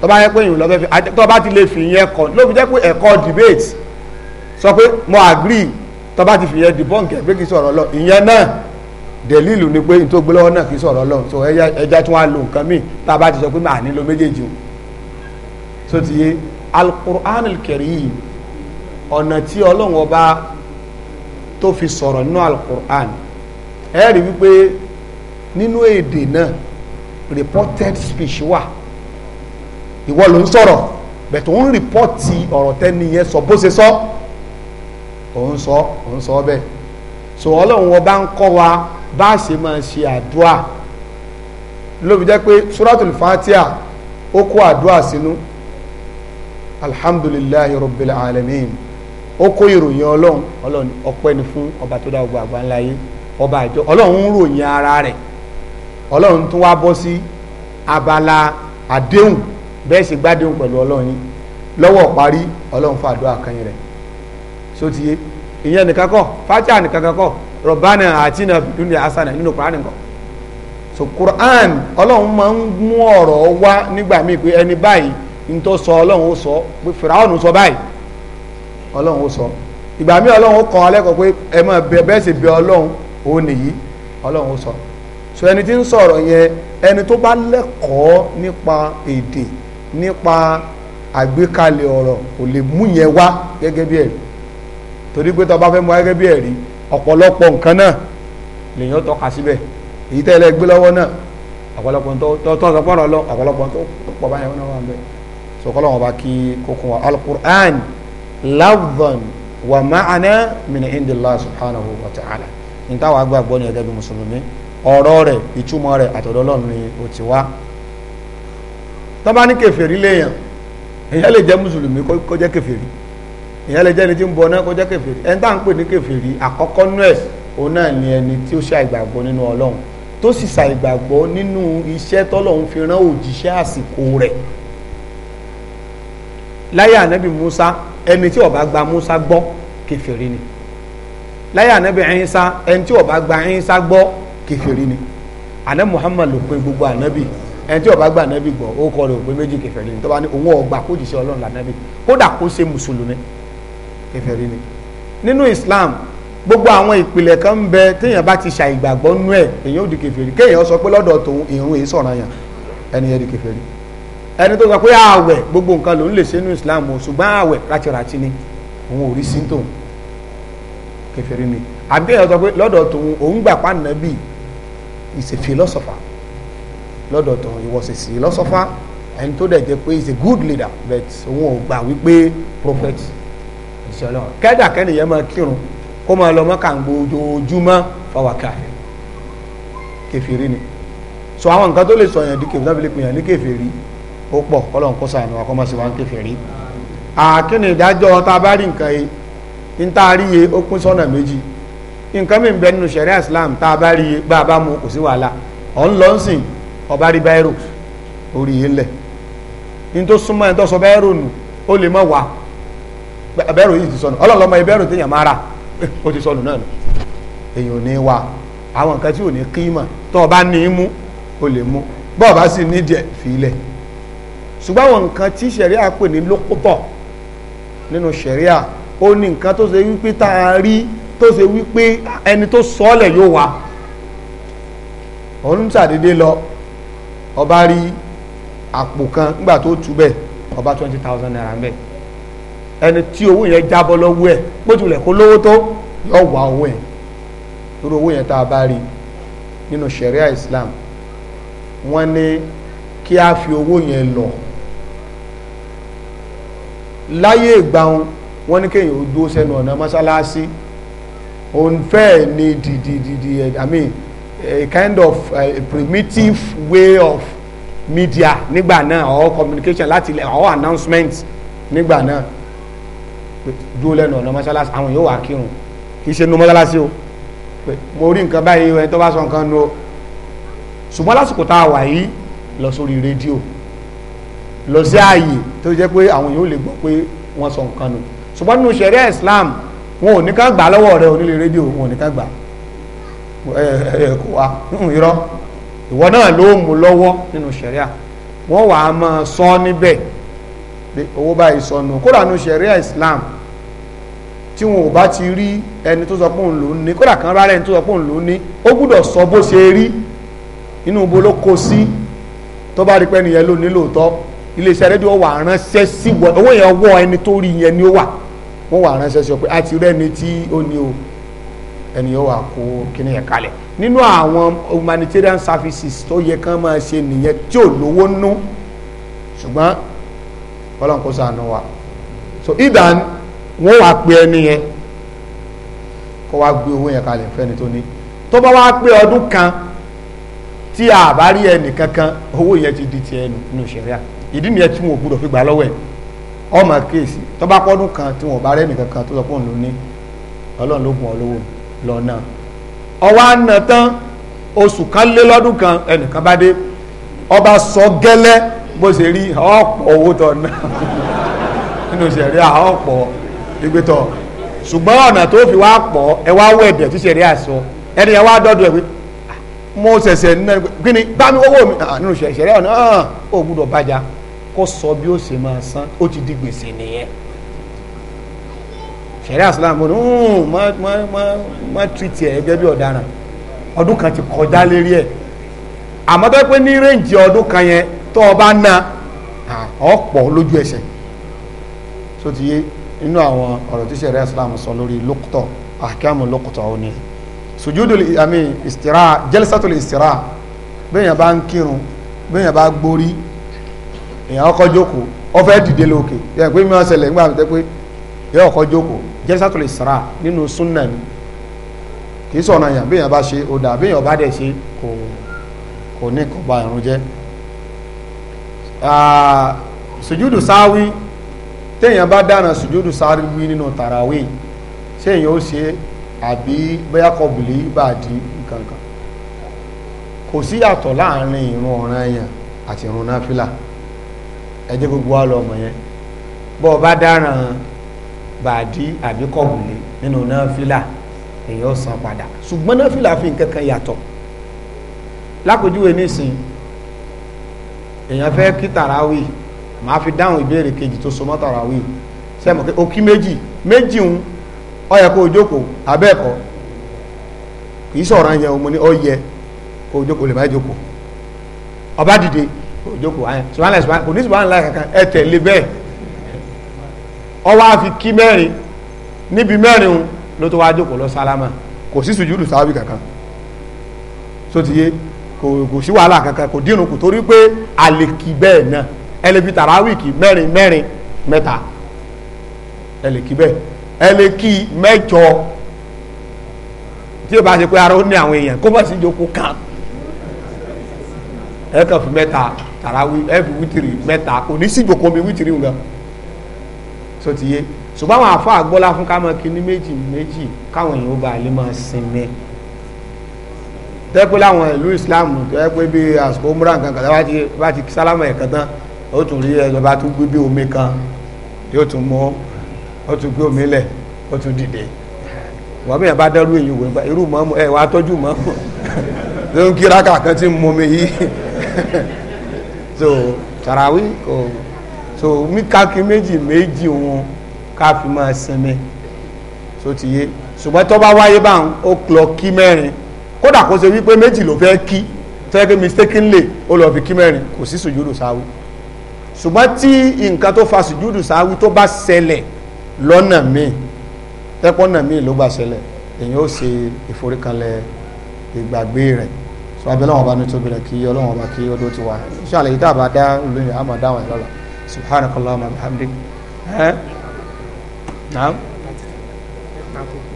tó bá yẹ pé èyàn lọ́fẹ́ fi tó bá ti lè fi yẹn kọ ló fi jẹ́ pé ẹ̀kọ́ debate sọ pé mo agree tó bá ti fi yẹn debunk ẹ̀ pé kì í sọ̀rọ̀ lọ ìyẹn náà dẹ̀lílù ni pé nítorí gbólọ́wọ́ náà kì í sọ̀rọ̀ lọ so ẹja tí wọ́n á lo nǹkan míì tá a bá ti sọ pé màá nílò méjèèjì o so ti yé alukur'an kẹrìm ọ̀nà tí ọlọ́run ọba tó fi sọ̀rọ̀ nínú alukur'an ẹ̀rí wípé nínú èdè náà reported speech wà ìwọ ló ń sọ̀rọ̀ bẹ̀t òun rìpọ́tì ọ̀rọ̀ tẹ́ni yẹn sọ bó ṣe sọ òun sọ òun sọ bẹ́ẹ̀ so ọlọ́run ọba ń kọ́ wa bá a ṣe máa ṣe àdúrà lóbi jẹ́ pé suratul fatiha ó kó àdúrà sínú alhamdulillahi rabbil alamin ó kó ìròyìn ọlọ́run ọlọ́run ọpẹ́ ni fún ọba tó dá gbogbo àgbáńlá yìí ọba àjọ ọlọ́run ń ròyìn ara rẹ̀ ọlọ́run tún wá bọ́ sí abala àdéhùn bẹ́ẹ̀ sì gbádéhùn pẹ̀lú ọlọ́run yín lọ́wọ́ parí ọlọ́run fàdúrà kẹyìn rẹ̀ sótìyé ìyẹn nìkan kọ́ fatiha nìkan kan rọ̀bánà àti ìdúnnì asana nínú kùránì nìkan so ọlọ́run máa ń mú ọ̀rọ̀ wá nígbà míì pé ẹni báyìí tó sọ ọlọ́run ó sọ pé fìràwọ̀n sọ báyìí ọlọ́run ó sọ ìgbà míì ọlọ́run ó kọ́ pé ẹ máa bẹ́ẹ̀ sì bẹ ọlọ́run òun nìyí so ẹni tí ń sọ̀rọ̀ yẹn ẹni tó bá lẹ́kọ̀ọ́ nípa èdè nípa àgbékalẹ̀ ọ̀rọ̀ kò lè mú yẹn wá gẹ́gẹ́ bí ẹ̀rí torí pé tó bá fẹ́ mú gẹ́gẹ́ bí ẹ̀rí ọ̀pọ̀lọpọ̀ nǹkan náà lèyàn tọ́ka síbẹ̀ èyí tẹ́lẹ̀ gbé lọ́wọ́ náà ọ̀pọ̀lọpọ̀ tó tọ́ sọ pọ̀rọ̀ lọ ọ̀pọ̀lọpọ̀ tó pọ̀ báyẹn náà wà ń bẹ̀ sọkọlọ́ wọn bá kí kókó wa alukur'an lafdhan wa ma'ana min Allah subhanahu wa ta'ala n táwọn agbàgbọ́ ni gẹ́gẹ́ bí mùsùlùmí ọ̀rọ̀ rẹ̀ ìtumọ̀ rẹ̀ àtọ̀dọ̀ ni ó ti wá tó bá ní kèfèrí léèyàn èyàn lè jẹ́ mùsùlùmí kó jẹ́ kèfèrí èyàn lè jẹ́ ẹni tí ń bọ náà kó jẹ́ kèfèrí ẹni tá à ń pè ní kèfèrí àkọ́kọ́ nú ẹ̀ òun náà ni ẹni tí ó ṣàìgbàgbọ́ nínú Ọlọ́run tó sì ṣàìgbàgbọ́ nínú iṣẹ́ tọ́lọ́run fi rán òjíṣẹ́ àsìkò rẹ̀ láyé ànábì Musa ẹni tí ó gba Musa gbọ́ kèfèrí ni láyé ànábì Ìsá ẹni tí ó bá gba Ìsá gbọ́ kèfèrí ni àná Muhammad ló pé gbogbo ànábì ẹni tí ó bá gba ànábì gbọ́ ó kọ rẹ ò pé méjì kèfèrí ni tó bá òun ọgbà kó jìṣẹ́ Ọlọ́run lànábì kódà kó ṣe mùsùlùmí kèfèrí ni nínú Islam gbogbo àwọn ìpìlẹ̀ kan ń bẹ téèyàn bá ti ṣàìgbàgbọ́ nú ẹ̀ èèyàn ò di kèfèrí kéèyàn sọ pé lọ́dọ̀ tòun ìrun èyí sọ̀ràn yàn ẹni yẹn di kèfèrí ẹni tó sọ pé ààwẹ̀ gbogbo nǹkan lòún lè ṣe nínú Islam o ṣùgbọ́n ààwẹ̀ ràtìràtì ni òun ò rí sí tòun kèfèrí ni àbí kéèyàn sọ pé lọ́dọ̀ tòun òun gbà pàǹdà bíi is a philosopher lọ́dọ̀ he was a philosopher and tó dẹ̀ jẹ́ he is a good leader but òun ò gbà wípé prophet ìṣẹ́ ọlọ́run kẹ́dà kẹ́nìyẹn máa kírun kó máa lọ mọ́kà gbójoojúmọ́ fáwákà kẹfìrí ni so àwọn nǹkan tó lè sọ yẹn di kẹfìrí tábìlì pìyàn ní kẹfìrí ó pọ̀ kọ́lọ̀ ń kó sàánú wa kó máa ṣe wá ń kẹfìrí àkínní ìdájọ́ tá a bá rí nǹkan yìí ń tá a rí yẹ ó pín sọ́nà méjì nǹkan mi bẹ nínú sẹ̀rí islam tá a bá rí bá a bá mu kò sí wàhálà ọ̀n lọ sìn ọba rí báírò orí yìí lẹ̀ ní tó súnmọ́ ẹ̀ tó sọ báírò nù ó lè mọ̀ wá báírò yìí ti sọnù ọlọ́lọ́mọ ẹ báírò téèyàn máa rà ó ti sọnù náà nù èyàn ò ní wá àwọn nǹkan tí ò ní kí mà tó o bá ní í mú o lè mú bó o bá sì ní díẹ̀ fi lẹ̀ ṣùgbọ́n àwọn nǹkan tí sẹ̀rí à pè ní lókútọ̀ nínú sẹ̀rí à ó ní nǹkan tó ṣe wípé tá a rí tó ṣe wípé ẹni tó sọ́ọ̀lẹ̀ yóò wá òun ṣàdédé lọ ọba rí àpò kan nígbà tó tú bẹ́ẹ̀ ọba twenty thousand naira ń bẹ ẹni tí owó yẹn jábọ́ lọ́wọ́ ẹ̀ pójúlẹ̀ kó lówó tó yọ wá owó ẹ̀ lórí owó yẹn tá a bá rí nínú sharia islam wọ́n ní kí a fi owó yẹn lọ láyé ìgbà wọn ní kéèyàn ó dúró sẹ́nu ọ̀nà mọ́sálásí òun fẹ́ ni dìdìdìdì i mean a kind of a primitive way of media nígbà náà or communication láti ilẹ̀ or announcement nígbà náà dúró lẹ́nu ọ̀nà mọ́ṣáláṣí àwọn yóò wá kírun kì í ṣe nu mọ́ṣáláṣí o mo rí nǹkan báyìí ẹni tó bá sọ nǹkan nu o ṣùgbọ́n lásìkò tá a wà yìí lọ sórí rédíò lọ sí ààyè tó jẹ́ pé àwọn yóò lè gbọ́ pé wọ́n sọ nǹkan nu ṣùgbọ́n nínú ṣẹ̀ríà Islam wọn ò ní ká gbà lọ́wọ́ rẹ onílé rédíò wọn ò ní ká gbà ẹ̀ẹ́kọ́ wa irọ́ ìwọ náà ló mú lọ́wọ́ nínú ṣẹ̀ríà wọ́n wàá máa sọ níbẹ̀ owó báyìí sọnù kódà nínú ṣẹ̀ríà Islam tí wọn ò bá ti rí ẹni tó sọ pé òun ló ń ní kódà kan rárẹ̀ ẹni tó sọ pé òun ló ń ní ó gbúdọ̀ sọ bó ṣe rí inú ibo ló kó sí tó bá rí pé ẹnìyẹn ló ní lóòótọ́ iléeṣẹ́ rédíò wà ránṣẹ́ sí owó yẹn wọ ẹni tó rí yẹn ni ó wà wọ́n wà ránṣẹ́ sọ pé a ti rẹ́ni tí ó ní o ẹnìyàn wà kó kíní yẹn kalẹ̀ nínú àwọn humanitarian services tó yẹ kán máa ṣe nìyẹn tí ò lówó nú ṣùgbọ́n ọlọ́run kó ṣàánú wa so idan wọ́n wà pé ẹni yẹn kó wá gbé owó yẹn kalẹ̀ fẹ́ni tó ní tó bá wá pé ọdún kan tí a bá rí ẹnì kankan owó yẹn ti di tiẹ̀ nù ṣẹ̀ríà ìdí nìyẹn tí wọn ò gbúdọ̀ fi gbà lọ́wọ́ ẹ̀ ọmọ kéèsì tó bá ọdún kan tí wọn bá rẹ́ nìkan tó sọ pé òun ní ọlọ́run ló gun ọ lówó lọ́nà ọwọ́ àna tán oṣù kan lé lọ́dún kan ẹnìkan bá dé ọba sọ gẹ́lẹ́ bó ṣe rí ọ̀pọ̀ owó tọ̀ náà [LAUGHS] nínú ìṣẹ̀rí ọ̀pọ̀ ṣùgbọ́n ọ̀nà tó fi wá pọ̀ ẹ wá wọ ẹ̀bẹ̀ tí àṣọ ẹni ẹ wá dọ́dọ̀ ẹ̀ pé ah, mo ṣẹ̀ṣẹ̀ ní kí ni bá mi owó mi ah, nínú ìṣẹ̀rí ọ̀nà ah, gbúdọ̀ kó sọ bí ó ṣe máa san ó ti di gbèsè nìyẹn sẹ̀rí àsìlámù ní má má má má tìrìtì ẹ̀ gẹ́gẹ́ bí ọ̀daràn ọdún kan ti kọjá lérí ẹ̀ àmọ́ tó pé ní rẹ́ǹjì ọdún kan yẹn tó o bá na ọ̀pọ̀ lójú ẹsẹ̀ tó ti yé nínú àwọn ọ̀rọ̀ tí sẹ̀rí àsìlámù sọ lórí lókùtọ̀ àkíámù lókùtọ̀ ò ní sùjúdù àmì ìsìtìrà jẹ́lísàtò ìsìtìrà bẹ́ẹ̀ yẹn bá ń kírun bẹ́ẹ̀ yẹn bá gbórí èèyàn ọkọ̀ jókòó ó dìde lókè yẹ pé mi ò ṣẹlẹ̀ nígbà tó pé sara nínú súnà mi kì í sọ̀nà yàn béèyàn bá ṣe ó dà bá dẹ̀ ṣe kò kò ní kò ba ìrun sùjúdù sáwí téèyàn bá dáná sùjúdù sáwí ṣe àbí bóyá nǹkan kan kò sí yàtọ̀ láàrin àti ẹjẹ́ gbogbo wa lọ ọmọ yẹn bọ́ ọ bá dáràn bàdí àbí kọ̀wùlé nínú náfìlà èyí ó san padà ṣùgbọ́n náfìlà fi nǹkan kan yàtọ̀ lápèjúwe nísìn èèyàn fẹ́ kí tàràwì màá fi dáhùn ìbéèrè kejì tó so mọ́ tàràwì sẹ́mu pé òkí méjì méjì ń ó kó o jókòó abẹ́ẹ̀kọ́ kì í sọ̀rọ̀ yẹn o mo ní ó yẹ kó o jókòó lè má jókòó ó dìde òjòkó ayẹ subhanallah subhanallah kò ní subhanallah kankan ẹ tẹ̀lé bẹ́ẹ̀ ọwọ́ àfi kí mẹ́rin níbi mẹ́rin ló tó wáá jókòó lọ sálámà kò sí sùjúdù sáwábì kankan so ti yé kò kò sí wàhálà kankan kò dínú kò torí pé àlè kì bẹ́ẹ̀ náà ẹlẹ́bi tàràwì kì mẹ́rin mẹ́rin mẹ́ta ẹlẹ́ kì bẹ́ẹ̀ ẹlẹ́ kì mẹ́jọ tí o bá ṣe pé ara ó ní àwọn èèyàn kó bá sì jókòó kan ẹ kàn fún mẹ́ta tàràwí ẹ̀fì wítìrì mẹ́ta kò ní sí ìjòkó mi wítìrì nǹkan so ti yé ṣùgbọ́n àwọn àfọ àgbọ́lá fún ká máa kíní méjì méjì káwọn èèyàn ó ba lè máa sinmi tẹ́pẹ́ láwọn ìlú Islam tẹ́pẹ́ bí àsìkò múra nǹkan kan bá ti bá ti sálámà ẹ̀kan tán ó tún rí ẹ̀jọ̀ bá tún gbé bí omi kan yóò tún mú ó tún gbé omi lẹ̀ ó tún dìde wọ́n bí yẹn bá dẹ́rù èyí wò irú mọ́mú ẹ̀ wá tọ́jú mọ́mú [LAUGHS] ló ń kíra kàkan tí ń mú mi yìí [LAUGHS] so tàràwí kò so mí káàkiri méjì méjì wọn ká fi máa sinmi so ti yé ṣùgbọ́n tó bá wáyé báwọn ó lọ kí mẹ́rin kódà kó ṣe wípé méjì ló fẹ́ kí tó yẹ kí mistakenly ó lọ fi kí mẹ́rin kò sí sùjúdù sáwù ṣùgbọ́n tí nǹkan tó fa sùjúdù sáwù tó bá ṣẹlẹ̀ lọ́nà míì tẹ́pọ́nà míì ló bá ṣẹlẹ̀ èyàn ó ṣe ìforíkanlẹ̀ ìgbàgbé rẹ̀ so abẹ́lẹ́wọ̀n ọba ní tóbi rẹ̀ kí ọlọ́wọ̀n ọba kí ọdún ti wá ṣàlẹ̀ ìdá àbá dá olóyìn àmọ̀ dáwọn ìlọ́la subhanakallah wa bihamdik ẹ́ naam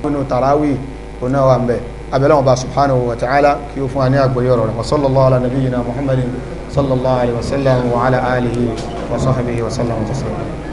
nínú tàràwì oná wa mbẹ abẹ́lẹ́wọ̀n ọba subhanahu wa ta'ala kí ó fún wa ní àgbọ́yé ọ̀rọ̀ rẹ̀ wa sallallahu ala nabiyyina muhammadin sallallahu alaihi wa sallam wa ala alihi wa sahbihi wa sallam wa sallam